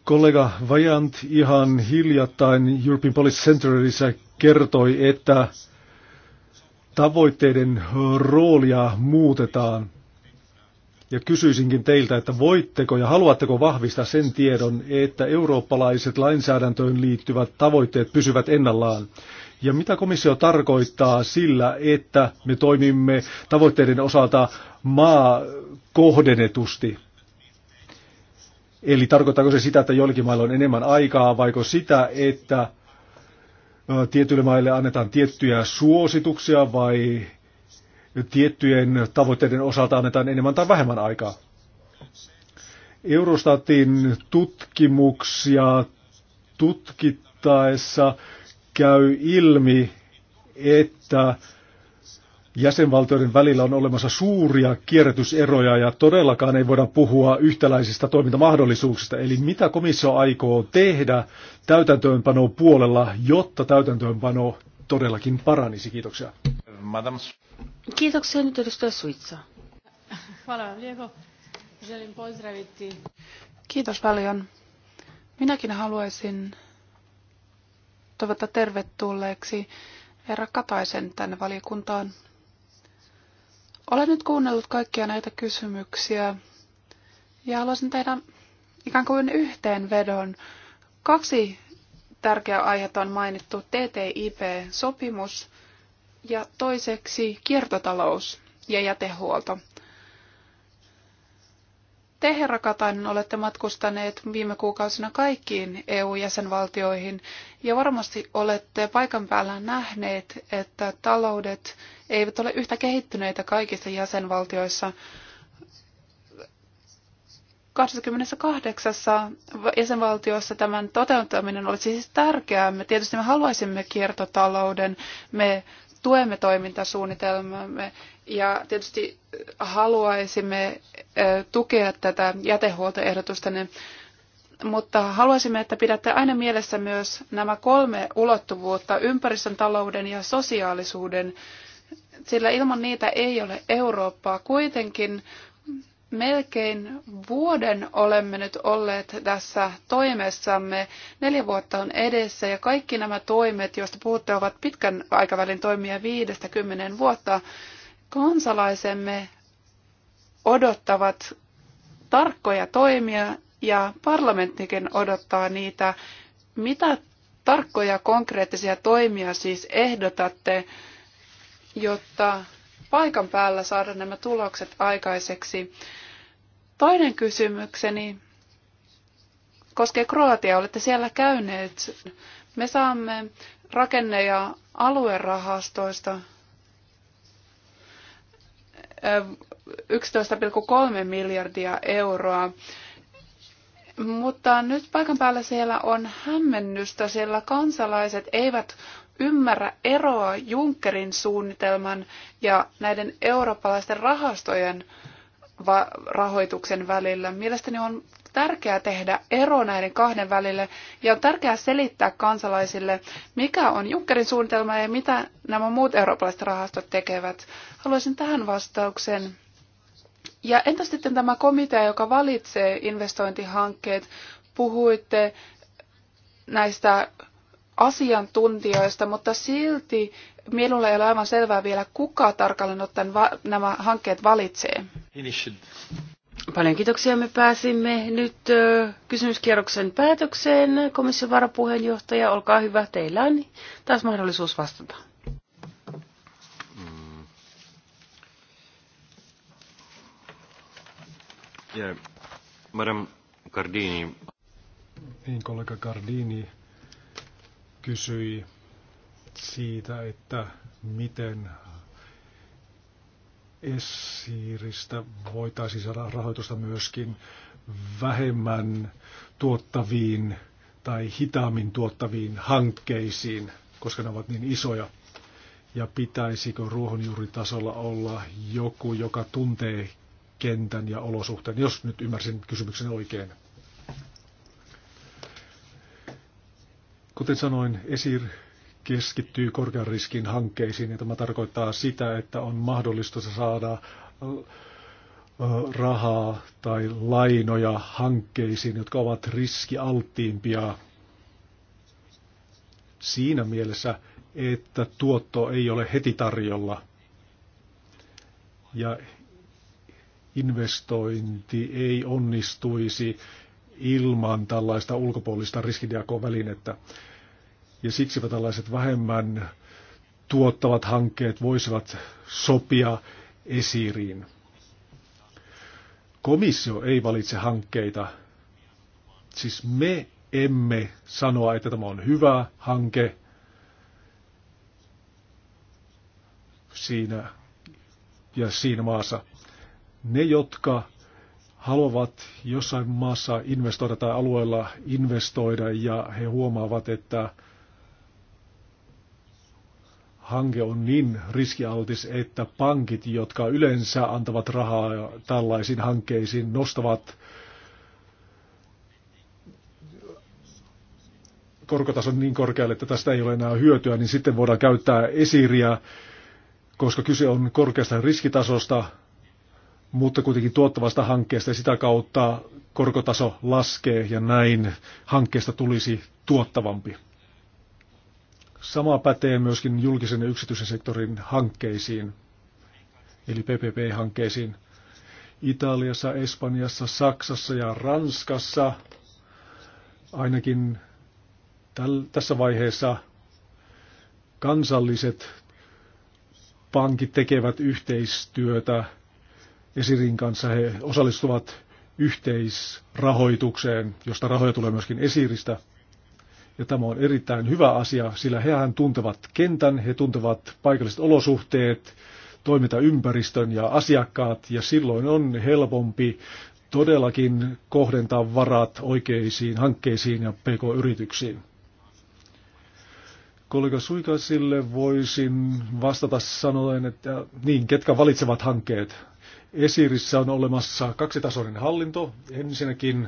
Kollega Vajant ihan hiljattain European Police Centerissa kertoi, että tavoitteiden roolia muutetaan. Ja kysyisinkin teiltä, että voitteko ja haluatteko vahvistaa sen tiedon, että eurooppalaiset lainsäädäntöön liittyvät tavoitteet pysyvät ennallaan. Ja mitä komissio tarkoittaa sillä, että me toimimme tavoitteiden osalta maa kohdennetusti? Eli tarkoittaako se sitä, että joillekin mailla on enemmän aikaa, vaiko sitä, että tietyille maille annetaan tiettyjä suosituksia vai tiettyjen tavoitteiden osalta annetaan enemmän tai vähemmän aikaa? Eurostatin tutkimuksia tutkittaessa käy ilmi, että jäsenvaltioiden välillä on olemassa suuria kierrätyseroja ja todellakaan ei voida puhua yhtäläisistä toimintamahdollisuuksista. Eli mitä komissio aikoo tehdä täytäntöönpano puolella, jotta täytäntöönpano todellakin paranisi? Kiitoksia. Madame. Kiitoksia nyt edustaja Suitsa. Kiitos paljon. Minäkin haluaisin toivottaa tervetulleeksi herra Kataisen tänne valiokuntaan. Olen nyt kuunnellut kaikkia näitä kysymyksiä ja haluaisin tehdä ikään kuin yhteenvedon. Kaksi tärkeää aihetta on mainittu, TTIP-sopimus ja toiseksi kiertotalous ja jätehuolto. Te, herra Katainen, olette matkustaneet viime kuukausina kaikkiin EU-jäsenvaltioihin ja varmasti olette paikan päällä nähneet, että taloudet eivät ole yhtä kehittyneitä kaikissa jäsenvaltioissa. 28 jäsenvaltiossa tämän toteuttaminen olisi siis tärkeää. Me tietysti me haluaisimme kiertotalouden, me tuemme toimintasuunnitelmaamme ja tietysti haluaisimme tukea tätä jätehuoltoehdotusta, mutta haluaisimme, että pidätte aina mielessä myös nämä kolme ulottuvuutta, ympäristön, talouden ja sosiaalisuuden, sillä ilman niitä ei ole Eurooppaa. Kuitenkin melkein vuoden olemme nyt olleet tässä toimessamme. Neljä vuotta on edessä ja kaikki nämä toimet, joista puhutte, ovat pitkän aikavälin toimia viidestä kymmeneen vuotta. Kansalaisemme odottavat tarkkoja toimia ja parlamenttikin odottaa niitä. Mitä tarkkoja konkreettisia toimia siis ehdotatte, jotta paikan päällä saada nämä tulokset aikaiseksi? Toinen kysymykseni koskee Kroatiaa. Olette siellä käyneet. Me saamme rakenne- ja aluerahastoista 11,3 miljardia euroa. Mutta nyt paikan päällä siellä on hämmennystä, sillä kansalaiset eivät ymmärrä eroa Junckerin suunnitelman ja näiden eurooppalaisten rahastojen rahoituksen välillä. Mielestäni on tärkeää tehdä ero näiden kahden välille ja on tärkeää selittää kansalaisille, mikä on Junckerin suunnitelma ja mitä nämä muut eurooppalaiset rahastot tekevät. Haluaisin tähän vastauksen. Ja entä sitten tämä komitea, joka valitsee investointihankkeet? Puhuitte näistä asiantuntijoista, mutta silti minulle ei ole aivan selvää vielä, kuka tarkalleen ottaen nämä hankkeet valitsee. Paljon kiitoksia. Me pääsimme nyt kysymyskierroksen päätökseen. Komission varapuheenjohtaja, olkaa hyvä. Teillä on taas mahdollisuus vastata. Mm. Madam Cardini. Niin, kollega Cardini kysyi siitä, että miten esiiristä voitaisiin saada rahoitusta myöskin vähemmän tuottaviin tai hitaammin tuottaviin hankkeisiin, koska ne ovat niin isoja. Ja pitäisikö ruohonjuuritasolla olla joku, joka tuntee kentän ja olosuhteen, jos nyt ymmärsin kysymyksen oikein. Kuten sanoin, esir keskittyy korkean riskin hankkeisiin ja tämä tarkoittaa sitä, että on mahdollista saada rahaa tai lainoja hankkeisiin, jotka ovat riskialttiimpia siinä mielessä, että tuotto ei ole heti tarjolla ja investointi ei onnistuisi ilman tällaista ulkopuolista riskidiakovälinettä. välinettä ja siksipä tällaiset vähemmän tuottavat hankkeet voisivat sopia esiriin. Komissio ei valitse hankkeita. Siis me emme sanoa, että tämä on hyvä hanke. Siinä ja siinä maassa. Ne, jotka haluavat jossain maassa investoida tai alueella investoida ja he huomaavat, että hanke on niin riskialtis, että pankit, jotka yleensä antavat rahaa tällaisiin hankkeisiin, nostavat korkotason niin korkealle, että tästä ei ole enää hyötyä, niin sitten voidaan käyttää esiriä, koska kyse on korkeasta riskitasosta, mutta kuitenkin tuottavasta hankkeesta ja sitä kautta korkotaso laskee ja näin hankkeesta tulisi tuottavampi. Sama pätee myöskin julkisen ja yksityisen sektorin hankkeisiin, eli PPP-hankkeisiin. Italiassa, Espanjassa, Saksassa ja Ranskassa ainakin täl, tässä vaiheessa kansalliset pankit tekevät yhteistyötä Esirin kanssa. He osallistuvat yhteisrahoitukseen, josta rahoja tulee myöskin Esiristä – ja tämä on erittäin hyvä asia, sillä hehän tuntevat kentän, he tuntevat paikalliset olosuhteet, toimintaympäristön ja asiakkaat, ja silloin on helpompi todellakin kohdentaa varat oikeisiin hankkeisiin ja pk-yrityksiin. Kollega Suikasille voisin vastata sanoen, että niin, ketkä valitsevat hankkeet. Esirissä on olemassa kaksitasoinen hallinto. Ensinnäkin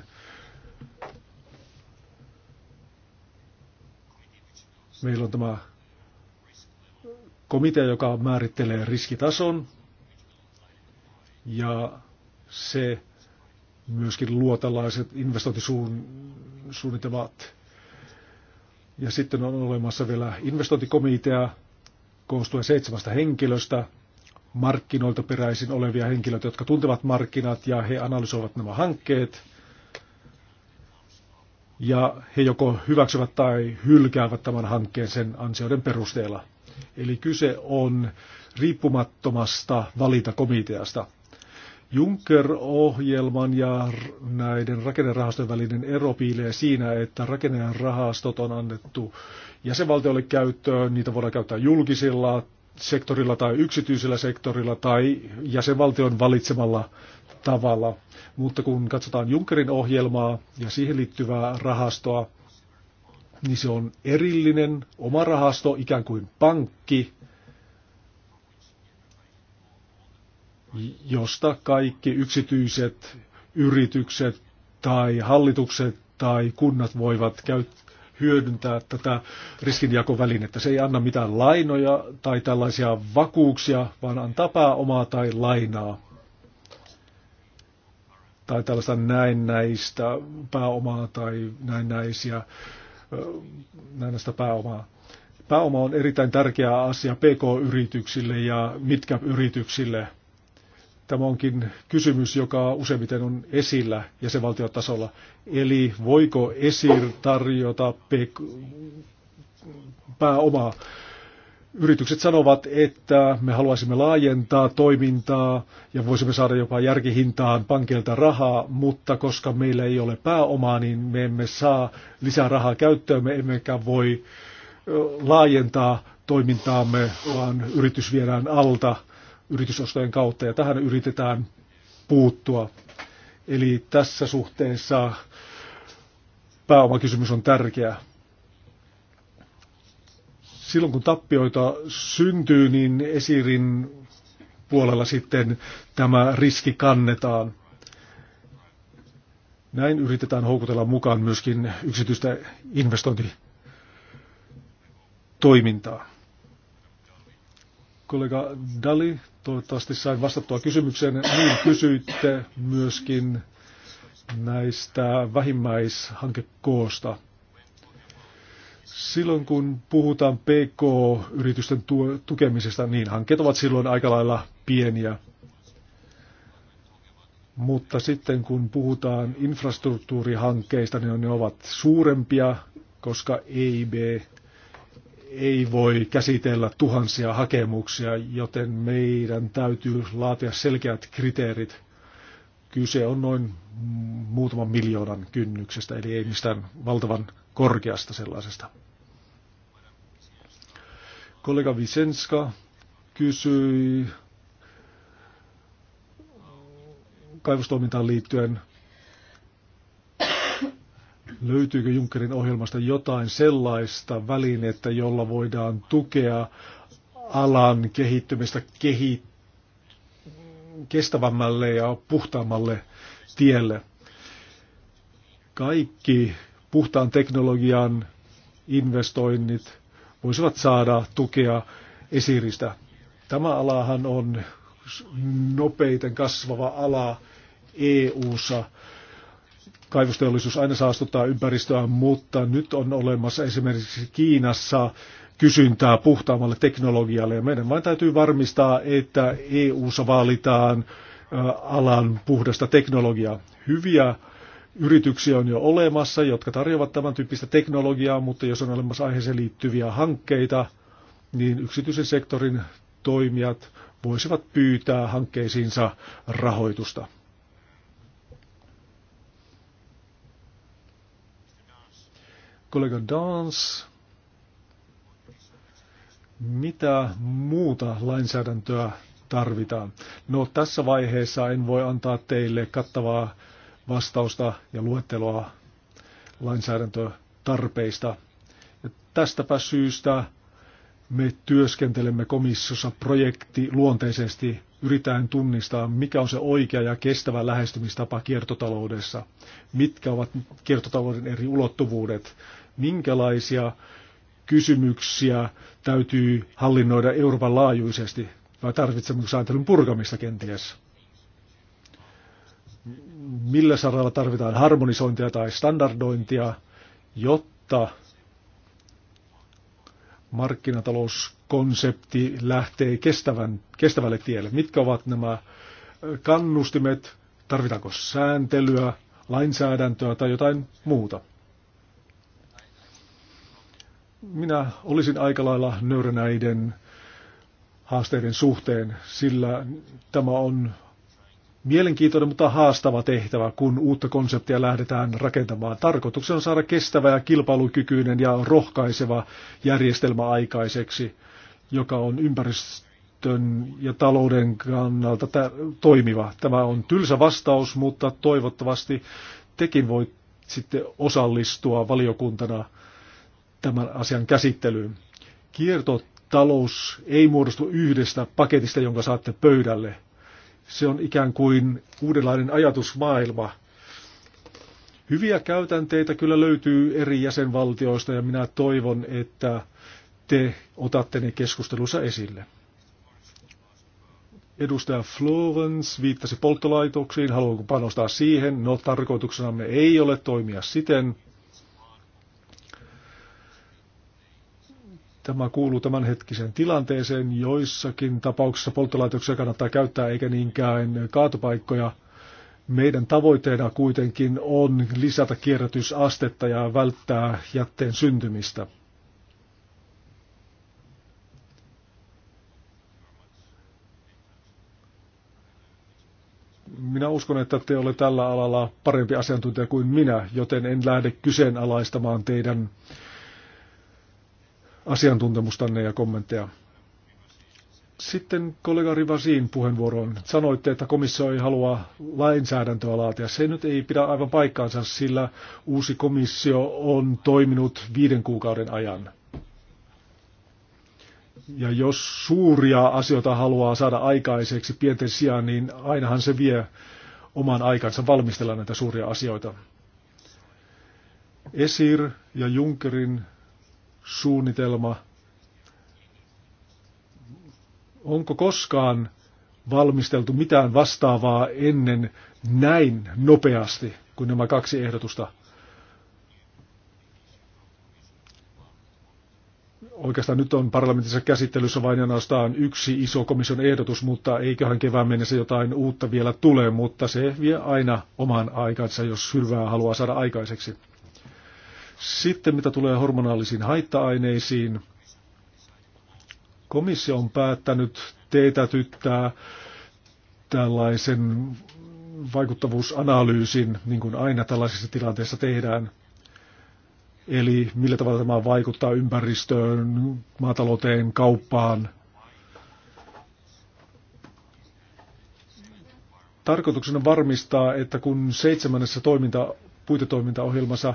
Meillä on tämä komitea, joka määrittelee riskitason ja se myöskin luo tällaiset investointisuunnitelmat. Ja sitten on olemassa vielä investointikomitea, koostuen seitsemästä henkilöstä, markkinoilta peräisin olevia henkilöitä, jotka tuntevat markkinat ja he analysoivat nämä hankkeet ja he joko hyväksyvät tai hylkäävät tämän hankkeen sen ansioiden perusteella. Eli kyse on riippumattomasta valintakomiteasta. Juncker-ohjelman ja näiden rakennerahastojen välinen ero piilee siinä, että rakennerahastot on annettu jäsenvaltioille käyttöön, niitä voidaan käyttää julkisilla sektorilla tai yksityisellä sektorilla tai jäsenvaltion valitsemalla tavalla. Mutta kun katsotaan Junckerin ohjelmaa ja siihen liittyvää rahastoa, niin se on erillinen oma rahasto, ikään kuin pankki, josta kaikki yksityiset yritykset tai hallitukset tai kunnat voivat käyttää hyödyntää tätä riskinjakovälinettä. Se ei anna mitään lainoja tai tällaisia vakuuksia, vaan antaa pääomaa tai lainaa tai tällaista näistä pääomaa tai näennäisiä, näistä pääomaa. Pääoma on erittäin tärkeä asia PK-yrityksille ja mitkä yrityksille. Tämä onkin kysymys, joka useimmiten on esillä jäsenvaltiotasolla. Eli voiko ESIR tarjota pääomaa? Yritykset sanovat, että me haluaisimme laajentaa toimintaa ja voisimme saada jopa järkihintaan pankilta rahaa, mutta koska meillä ei ole pääomaa, niin me emme saa lisää rahaa käyttöön, me emmekä voi laajentaa toimintaamme, vaan yritys viedään alta yritysostojen kautta ja tähän yritetään puuttua. Eli tässä suhteessa pääomakysymys on tärkeä silloin kun tappioita syntyy, niin esirin puolella sitten tämä riski kannetaan. Näin yritetään houkutella mukaan myöskin yksityistä investointitoimintaa. Kollega Dali, toivottavasti sain vastattua kysymykseen. Niin kysyitte myöskin näistä vähimmäishankekoosta. Silloin kun puhutaan PK-yritysten tukemisesta, niin hankkeet ovat silloin aika lailla pieniä. Mutta sitten kun puhutaan infrastruktuurihankkeista, niin ne ovat suurempia, koska EIB ei voi käsitellä tuhansia hakemuksia, joten meidän täytyy laatia selkeät kriteerit. Kyse on noin muutaman miljoonan kynnyksestä, eli ei mistään valtavan korkeasta sellaisesta. Kollega Visenska kysyi kaivostoimintaan liittyen, löytyykö Junckerin ohjelmasta jotain sellaista välinettä, jolla voidaan tukea alan kehittymistä kehi- kestävämmälle ja puhtaammalle tielle. Kaikki puhtaan teknologian investoinnit voisivat saada tukea esiristä. Tämä alahan on nopeiten kasvava ala EU-ssa. Kaivosteollisuus aina saastuttaa ympäristöä, mutta nyt on olemassa esimerkiksi Kiinassa kysyntää puhtaammalle teknologialle. Ja meidän vain täytyy varmistaa, että EU-ssa vaalitaan alan puhdasta teknologiaa. Hyviä Yrityksiä on jo olemassa, jotka tarjoavat tämän tyyppistä teknologiaa, mutta jos on olemassa aiheeseen liittyviä hankkeita, niin yksityisen sektorin toimijat voisivat pyytää hankkeisiinsa rahoitusta. kollega Dans, mitä muuta lainsäädäntöä tarvitaan? No tässä vaiheessa en voi antaa teille kattavaa vastausta ja luetteloa lainsäädäntötarpeista. Ja tästäpä syystä me työskentelemme komissiossa projekti luonteisesti yritäen tunnistaa, mikä on se oikea ja kestävä lähestymistapa kiertotaloudessa, mitkä ovat kiertotalouden eri ulottuvuudet, minkälaisia kysymyksiä täytyy hallinnoida Euroopan laajuisesti, vai tarvitsemmeko sääntelyn purkamista kenties millä saralla tarvitaan harmonisointia tai standardointia, jotta markkinatalouskonsepti lähtee kestävän, kestävälle tielle. Mitkä ovat nämä kannustimet, tarvitaanko sääntelyä, lainsäädäntöä tai jotain muuta? Minä olisin aika lailla nöyränäiden haasteiden suhteen, sillä tämä on mielenkiintoinen, mutta haastava tehtävä, kun uutta konseptia lähdetään rakentamaan. Tarkoituksena on saada kestävä ja kilpailukykyinen ja rohkaiseva järjestelmä aikaiseksi, joka on ympäristön ja talouden kannalta toimiva. Tämä on tylsä vastaus, mutta toivottavasti tekin voit sitten osallistua valiokuntana tämän asian käsittelyyn. Kiertotalous ei muodostu yhdestä paketista, jonka saatte pöydälle – se on ikään kuin uudenlainen ajatusmaailma. Hyviä käytänteitä kyllä löytyy eri jäsenvaltioista ja minä toivon, että te otatte ne keskustelussa esille. Edustaja Florence viittasi polttolaitoksiin, haluanko panostaa siihen? No, tarkoituksenamme ei ole toimia siten, Tämä kuuluu tämänhetkisen tilanteeseen. Joissakin tapauksissa polttolaitoksia kannattaa käyttää eikä niinkään kaatopaikkoja. Meidän tavoitteena kuitenkin on lisätä kierrätysastetta ja välttää jätteen syntymistä. minä uskon, että te olette tällä alalla parempi asiantuntija kuin minä, joten en lähde kyseenalaistamaan teidän asiantuntemustanne ja kommentteja. Sitten kollega Rivasiin puheenvuoroon. Sanoitte, että komissio ei halua lainsäädäntöä laatia. Se nyt ei pidä aivan paikkaansa, sillä uusi komissio on toiminut viiden kuukauden ajan. Ja jos suuria asioita haluaa saada aikaiseksi pienten sijaan, niin ainahan se vie oman aikansa valmistella näitä suuria asioita. Esir ja Junckerin suunnitelma. Onko koskaan valmisteltu mitään vastaavaa ennen näin nopeasti kuin nämä kaksi ehdotusta? Oikeastaan nyt on parlamentissa käsittelyssä vain ainoastaan yksi iso komission ehdotus, mutta eiköhän kevään mennessä jotain uutta vielä tule, mutta se vie aina oman aikansa, jos hyvää haluaa saada aikaiseksi. Sitten mitä tulee hormonaalisiin haitta-aineisiin, komissio on päättänyt teetätyttää tällaisen vaikuttavuusanalyysin, niin kuin aina tällaisissa tilanteissa tehdään. Eli millä tavalla tämä vaikuttaa ympäristöön, maatalouteen, kauppaan. Tarkoituksena varmistaa, että kun seitsemännessä toiminta, puitetoimintaohjelmassa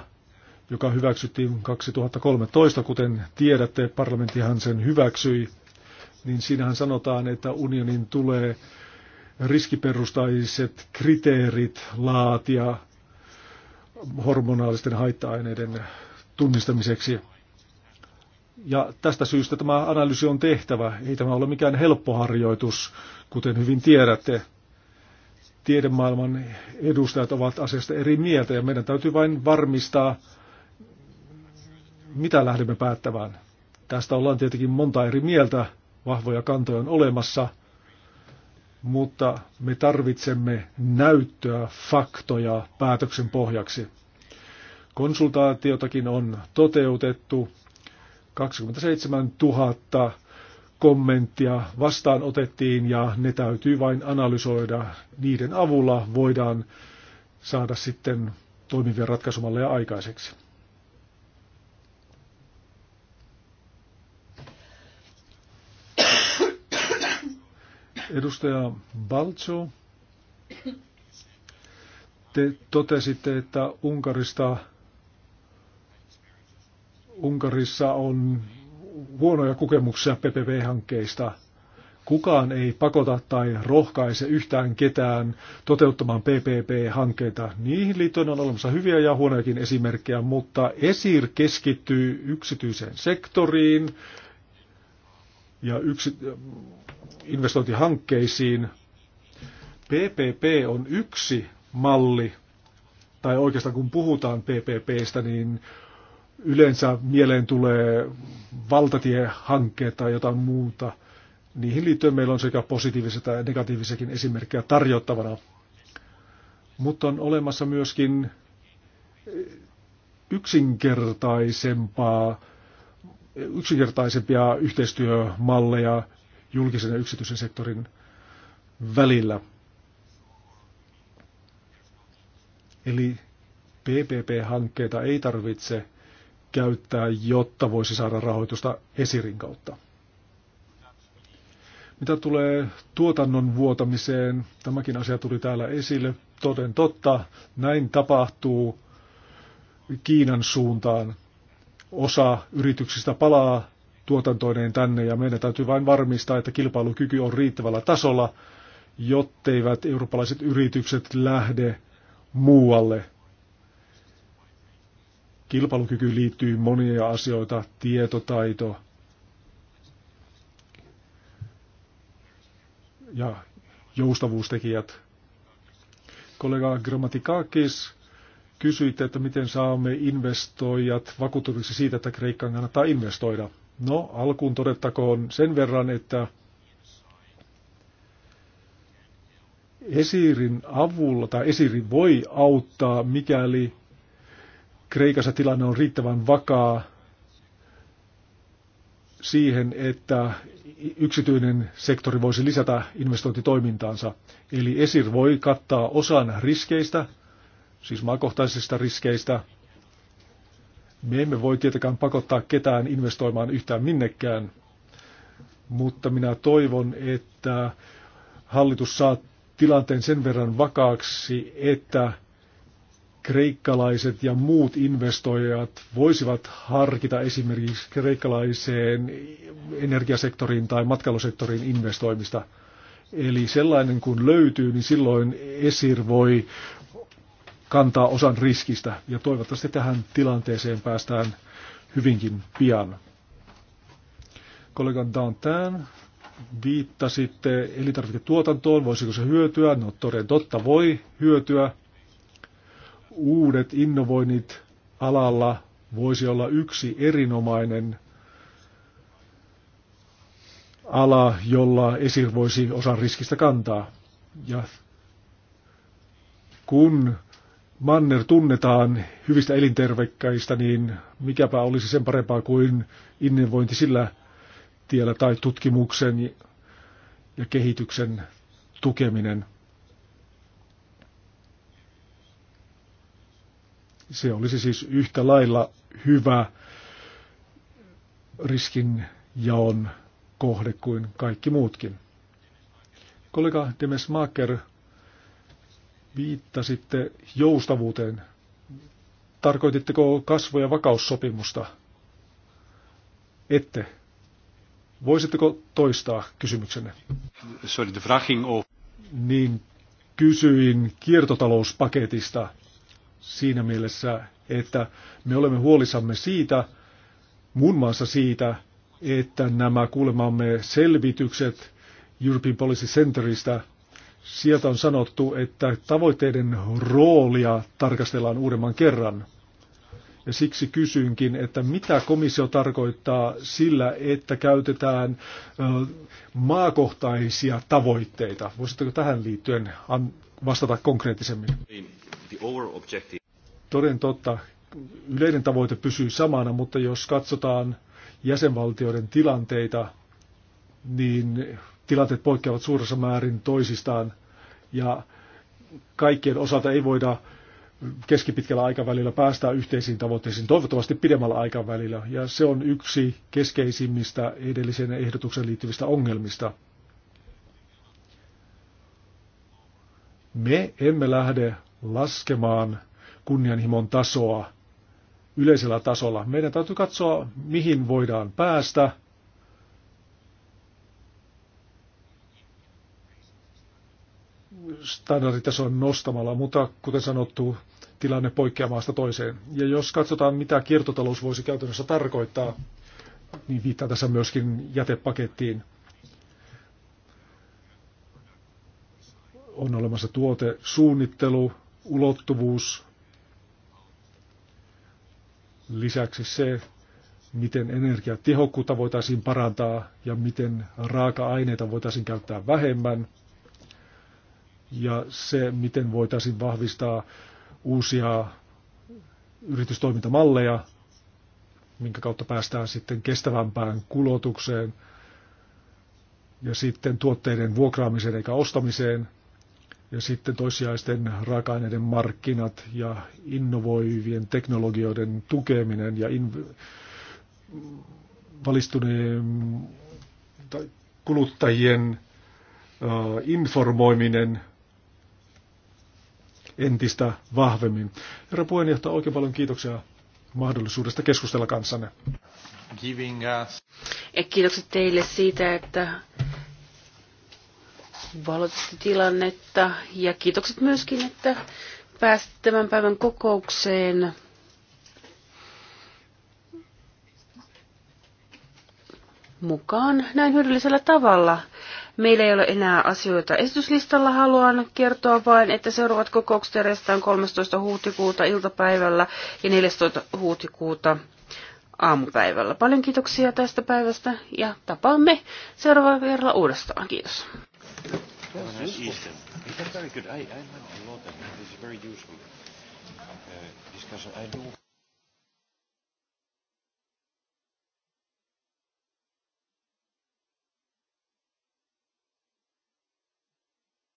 joka hyväksyttiin 2013, kuten tiedätte, parlamenttihan sen hyväksyi, niin siinähän sanotaan, että unionin tulee riskiperustaiset kriteerit laatia hormonaalisten haitta-aineiden tunnistamiseksi. Ja tästä syystä tämä analyysi on tehtävä. Ei tämä ole mikään helppo harjoitus, kuten hyvin tiedätte. Tiedemaailman edustajat ovat asiasta eri mieltä ja meidän täytyy vain varmistaa, mitä lähdemme päättämään. Tästä ollaan tietenkin monta eri mieltä, vahvoja kantoja on olemassa, mutta me tarvitsemme näyttöä, faktoja päätöksen pohjaksi. Konsultaatiotakin on toteutettu. 27 000 kommenttia vastaan otettiin ja ne täytyy vain analysoida. Niiden avulla voidaan saada sitten toimivia ratkaisumalleja aikaiseksi. Edustaja Balcho, te totesitte, että Unkarista, Unkarissa on huonoja kokemuksia PPV-hankkeista. Kukaan ei pakota tai rohkaise yhtään ketään toteuttamaan PPP-hankkeita. Niihin liittyen on olemassa hyviä ja huonojakin esimerkkejä, mutta ESIR keskittyy yksityiseen sektoriin, ja yksi, äh, investointihankkeisiin. PPP on yksi malli, tai oikeastaan kun puhutaan PPPstä, niin yleensä mieleen tulee valtatiehankkeita tai jotain muuta. Niihin liittyen meillä on sekä positiivisia että negatiivisiakin esimerkkejä tarjottavana. Mutta on olemassa myöskin yksinkertaisempaa yksinkertaisempia yhteistyömalleja julkisen ja yksityisen sektorin välillä. Eli PPP-hankkeita ei tarvitse käyttää, jotta voisi saada rahoitusta esirin kautta. Mitä tulee tuotannon vuotamiseen, tämäkin asia tuli täällä esille. Toden totta, näin tapahtuu Kiinan suuntaan. Osa yrityksistä palaa tuotantoineen tänne ja meidän täytyy vain varmistaa, että kilpailukyky on riittävällä tasolla, jotteivät eurooppalaiset yritykset lähde muualle. Kilpailukyky liittyy monia asioita, tietotaito ja joustavuustekijät. Kollega Grammatikakis Kysyitte, että miten saamme investoijat vakuuttuneeksi siitä, että Kreikkaan kannattaa investoida. No, alkuun todettakoon sen verran, että esirin avulla tai esiri voi auttaa, mikäli Kreikassa tilanne on riittävän vakaa siihen, että yksityinen sektori voisi lisätä investointitoimintaansa. Eli ESIR voi kattaa osan riskeistä siis maakohtaisista riskeistä. Me emme voi tietenkään pakottaa ketään investoimaan yhtään minnekään, mutta minä toivon, että hallitus saa tilanteen sen verran vakaaksi, että kreikkalaiset ja muut investoijat voisivat harkita esimerkiksi kreikkalaiseen energiasektoriin tai matkailusektoriin investoimista. Eli sellainen kun löytyy, niin silloin ESIR voi kantaa osan riskistä ja toivottavasti tähän tilanteeseen päästään hyvinkin pian. Kollega Dantin viittasitte elintarviketuotantoon, voisiko se hyötyä? No toden totta voi hyötyä. Uudet innovoinnit alalla voisi olla yksi erinomainen ala, jolla esir voisi osan riskistä kantaa. Ja kun manner tunnetaan hyvistä elintervekkäistä, niin mikäpä olisi sen parempaa kuin innovointi sillä tiellä tai tutkimuksen ja kehityksen tukeminen. Se olisi siis yhtä lailla hyvä jaon kohde kuin kaikki muutkin. Kollega Maker Viittasitte joustavuuteen. Tarkoititteko kasvoja ja vakaussopimusta? Ette. Voisitteko toistaa kysymyksenne? Sorry, the fracking of... Niin kysyin kiertotalouspaketista siinä mielessä, että me olemme huolissamme siitä, muun muassa siitä, että nämä kuulemamme selvitykset European Policy Centerista Sieltä on sanottu, että tavoitteiden roolia tarkastellaan uudemman kerran. Ja siksi kysyinkin, että mitä komissio tarkoittaa sillä, että käytetään maakohtaisia tavoitteita. Voisitteko tähän liittyen vastata konkreettisemmin? Toden totta, yleinen tavoite pysyy samana, mutta jos katsotaan jäsenvaltioiden tilanteita, niin tilanteet poikkeavat suuressa määrin toisistaan ja kaikkien osalta ei voida keskipitkällä aikavälillä päästään yhteisiin tavoitteisiin, toivottavasti pidemmällä aikavälillä, ja se on yksi keskeisimmistä edellisen ehdotuksen liittyvistä ongelmista. Me emme lähde laskemaan kunnianhimon tasoa yleisellä tasolla. Meidän täytyy katsoa, mihin voidaan päästä, standarditason nostamalla, mutta kuten sanottu, tilanne poikkeaa maasta toiseen. Ja jos katsotaan, mitä kiertotalous voisi käytännössä tarkoittaa, niin viittaa tässä myöskin jätepakettiin. On olemassa tuote, suunnittelu, ulottuvuus, lisäksi se, miten energiatehokkuutta voitaisiin parantaa ja miten raaka-aineita voitaisiin käyttää vähemmän – ja se, miten voitaisiin vahvistaa uusia yritystoimintamalleja, minkä kautta päästään sitten kestävämpään kulutukseen ja sitten tuotteiden vuokraamiseen eikä ostamiseen ja sitten toissijaisten raaka-aineiden markkinat ja innovoivien teknologioiden tukeminen ja valistuneen tai kuluttajien informoiminen entistä vahvemmin. Herra puheenjohtaja, oikein paljon kiitoksia mahdollisuudesta keskustella kanssanne. Kiitokset teille siitä, että valotitte tilannetta ja kiitokset myöskin, että pääsitte tämän päivän kokoukseen. mukaan näin hyödyllisellä tavalla. Meillä ei ole enää asioita esityslistalla. Haluan kertoa vain, että seuraavat kokoukset järjestetään 13. huhtikuuta iltapäivällä ja 14. huhtikuuta aamupäivällä. Paljon kiitoksia tästä päivästä ja tapaamme seuraavalla kerralla uudestaan. Kiitos.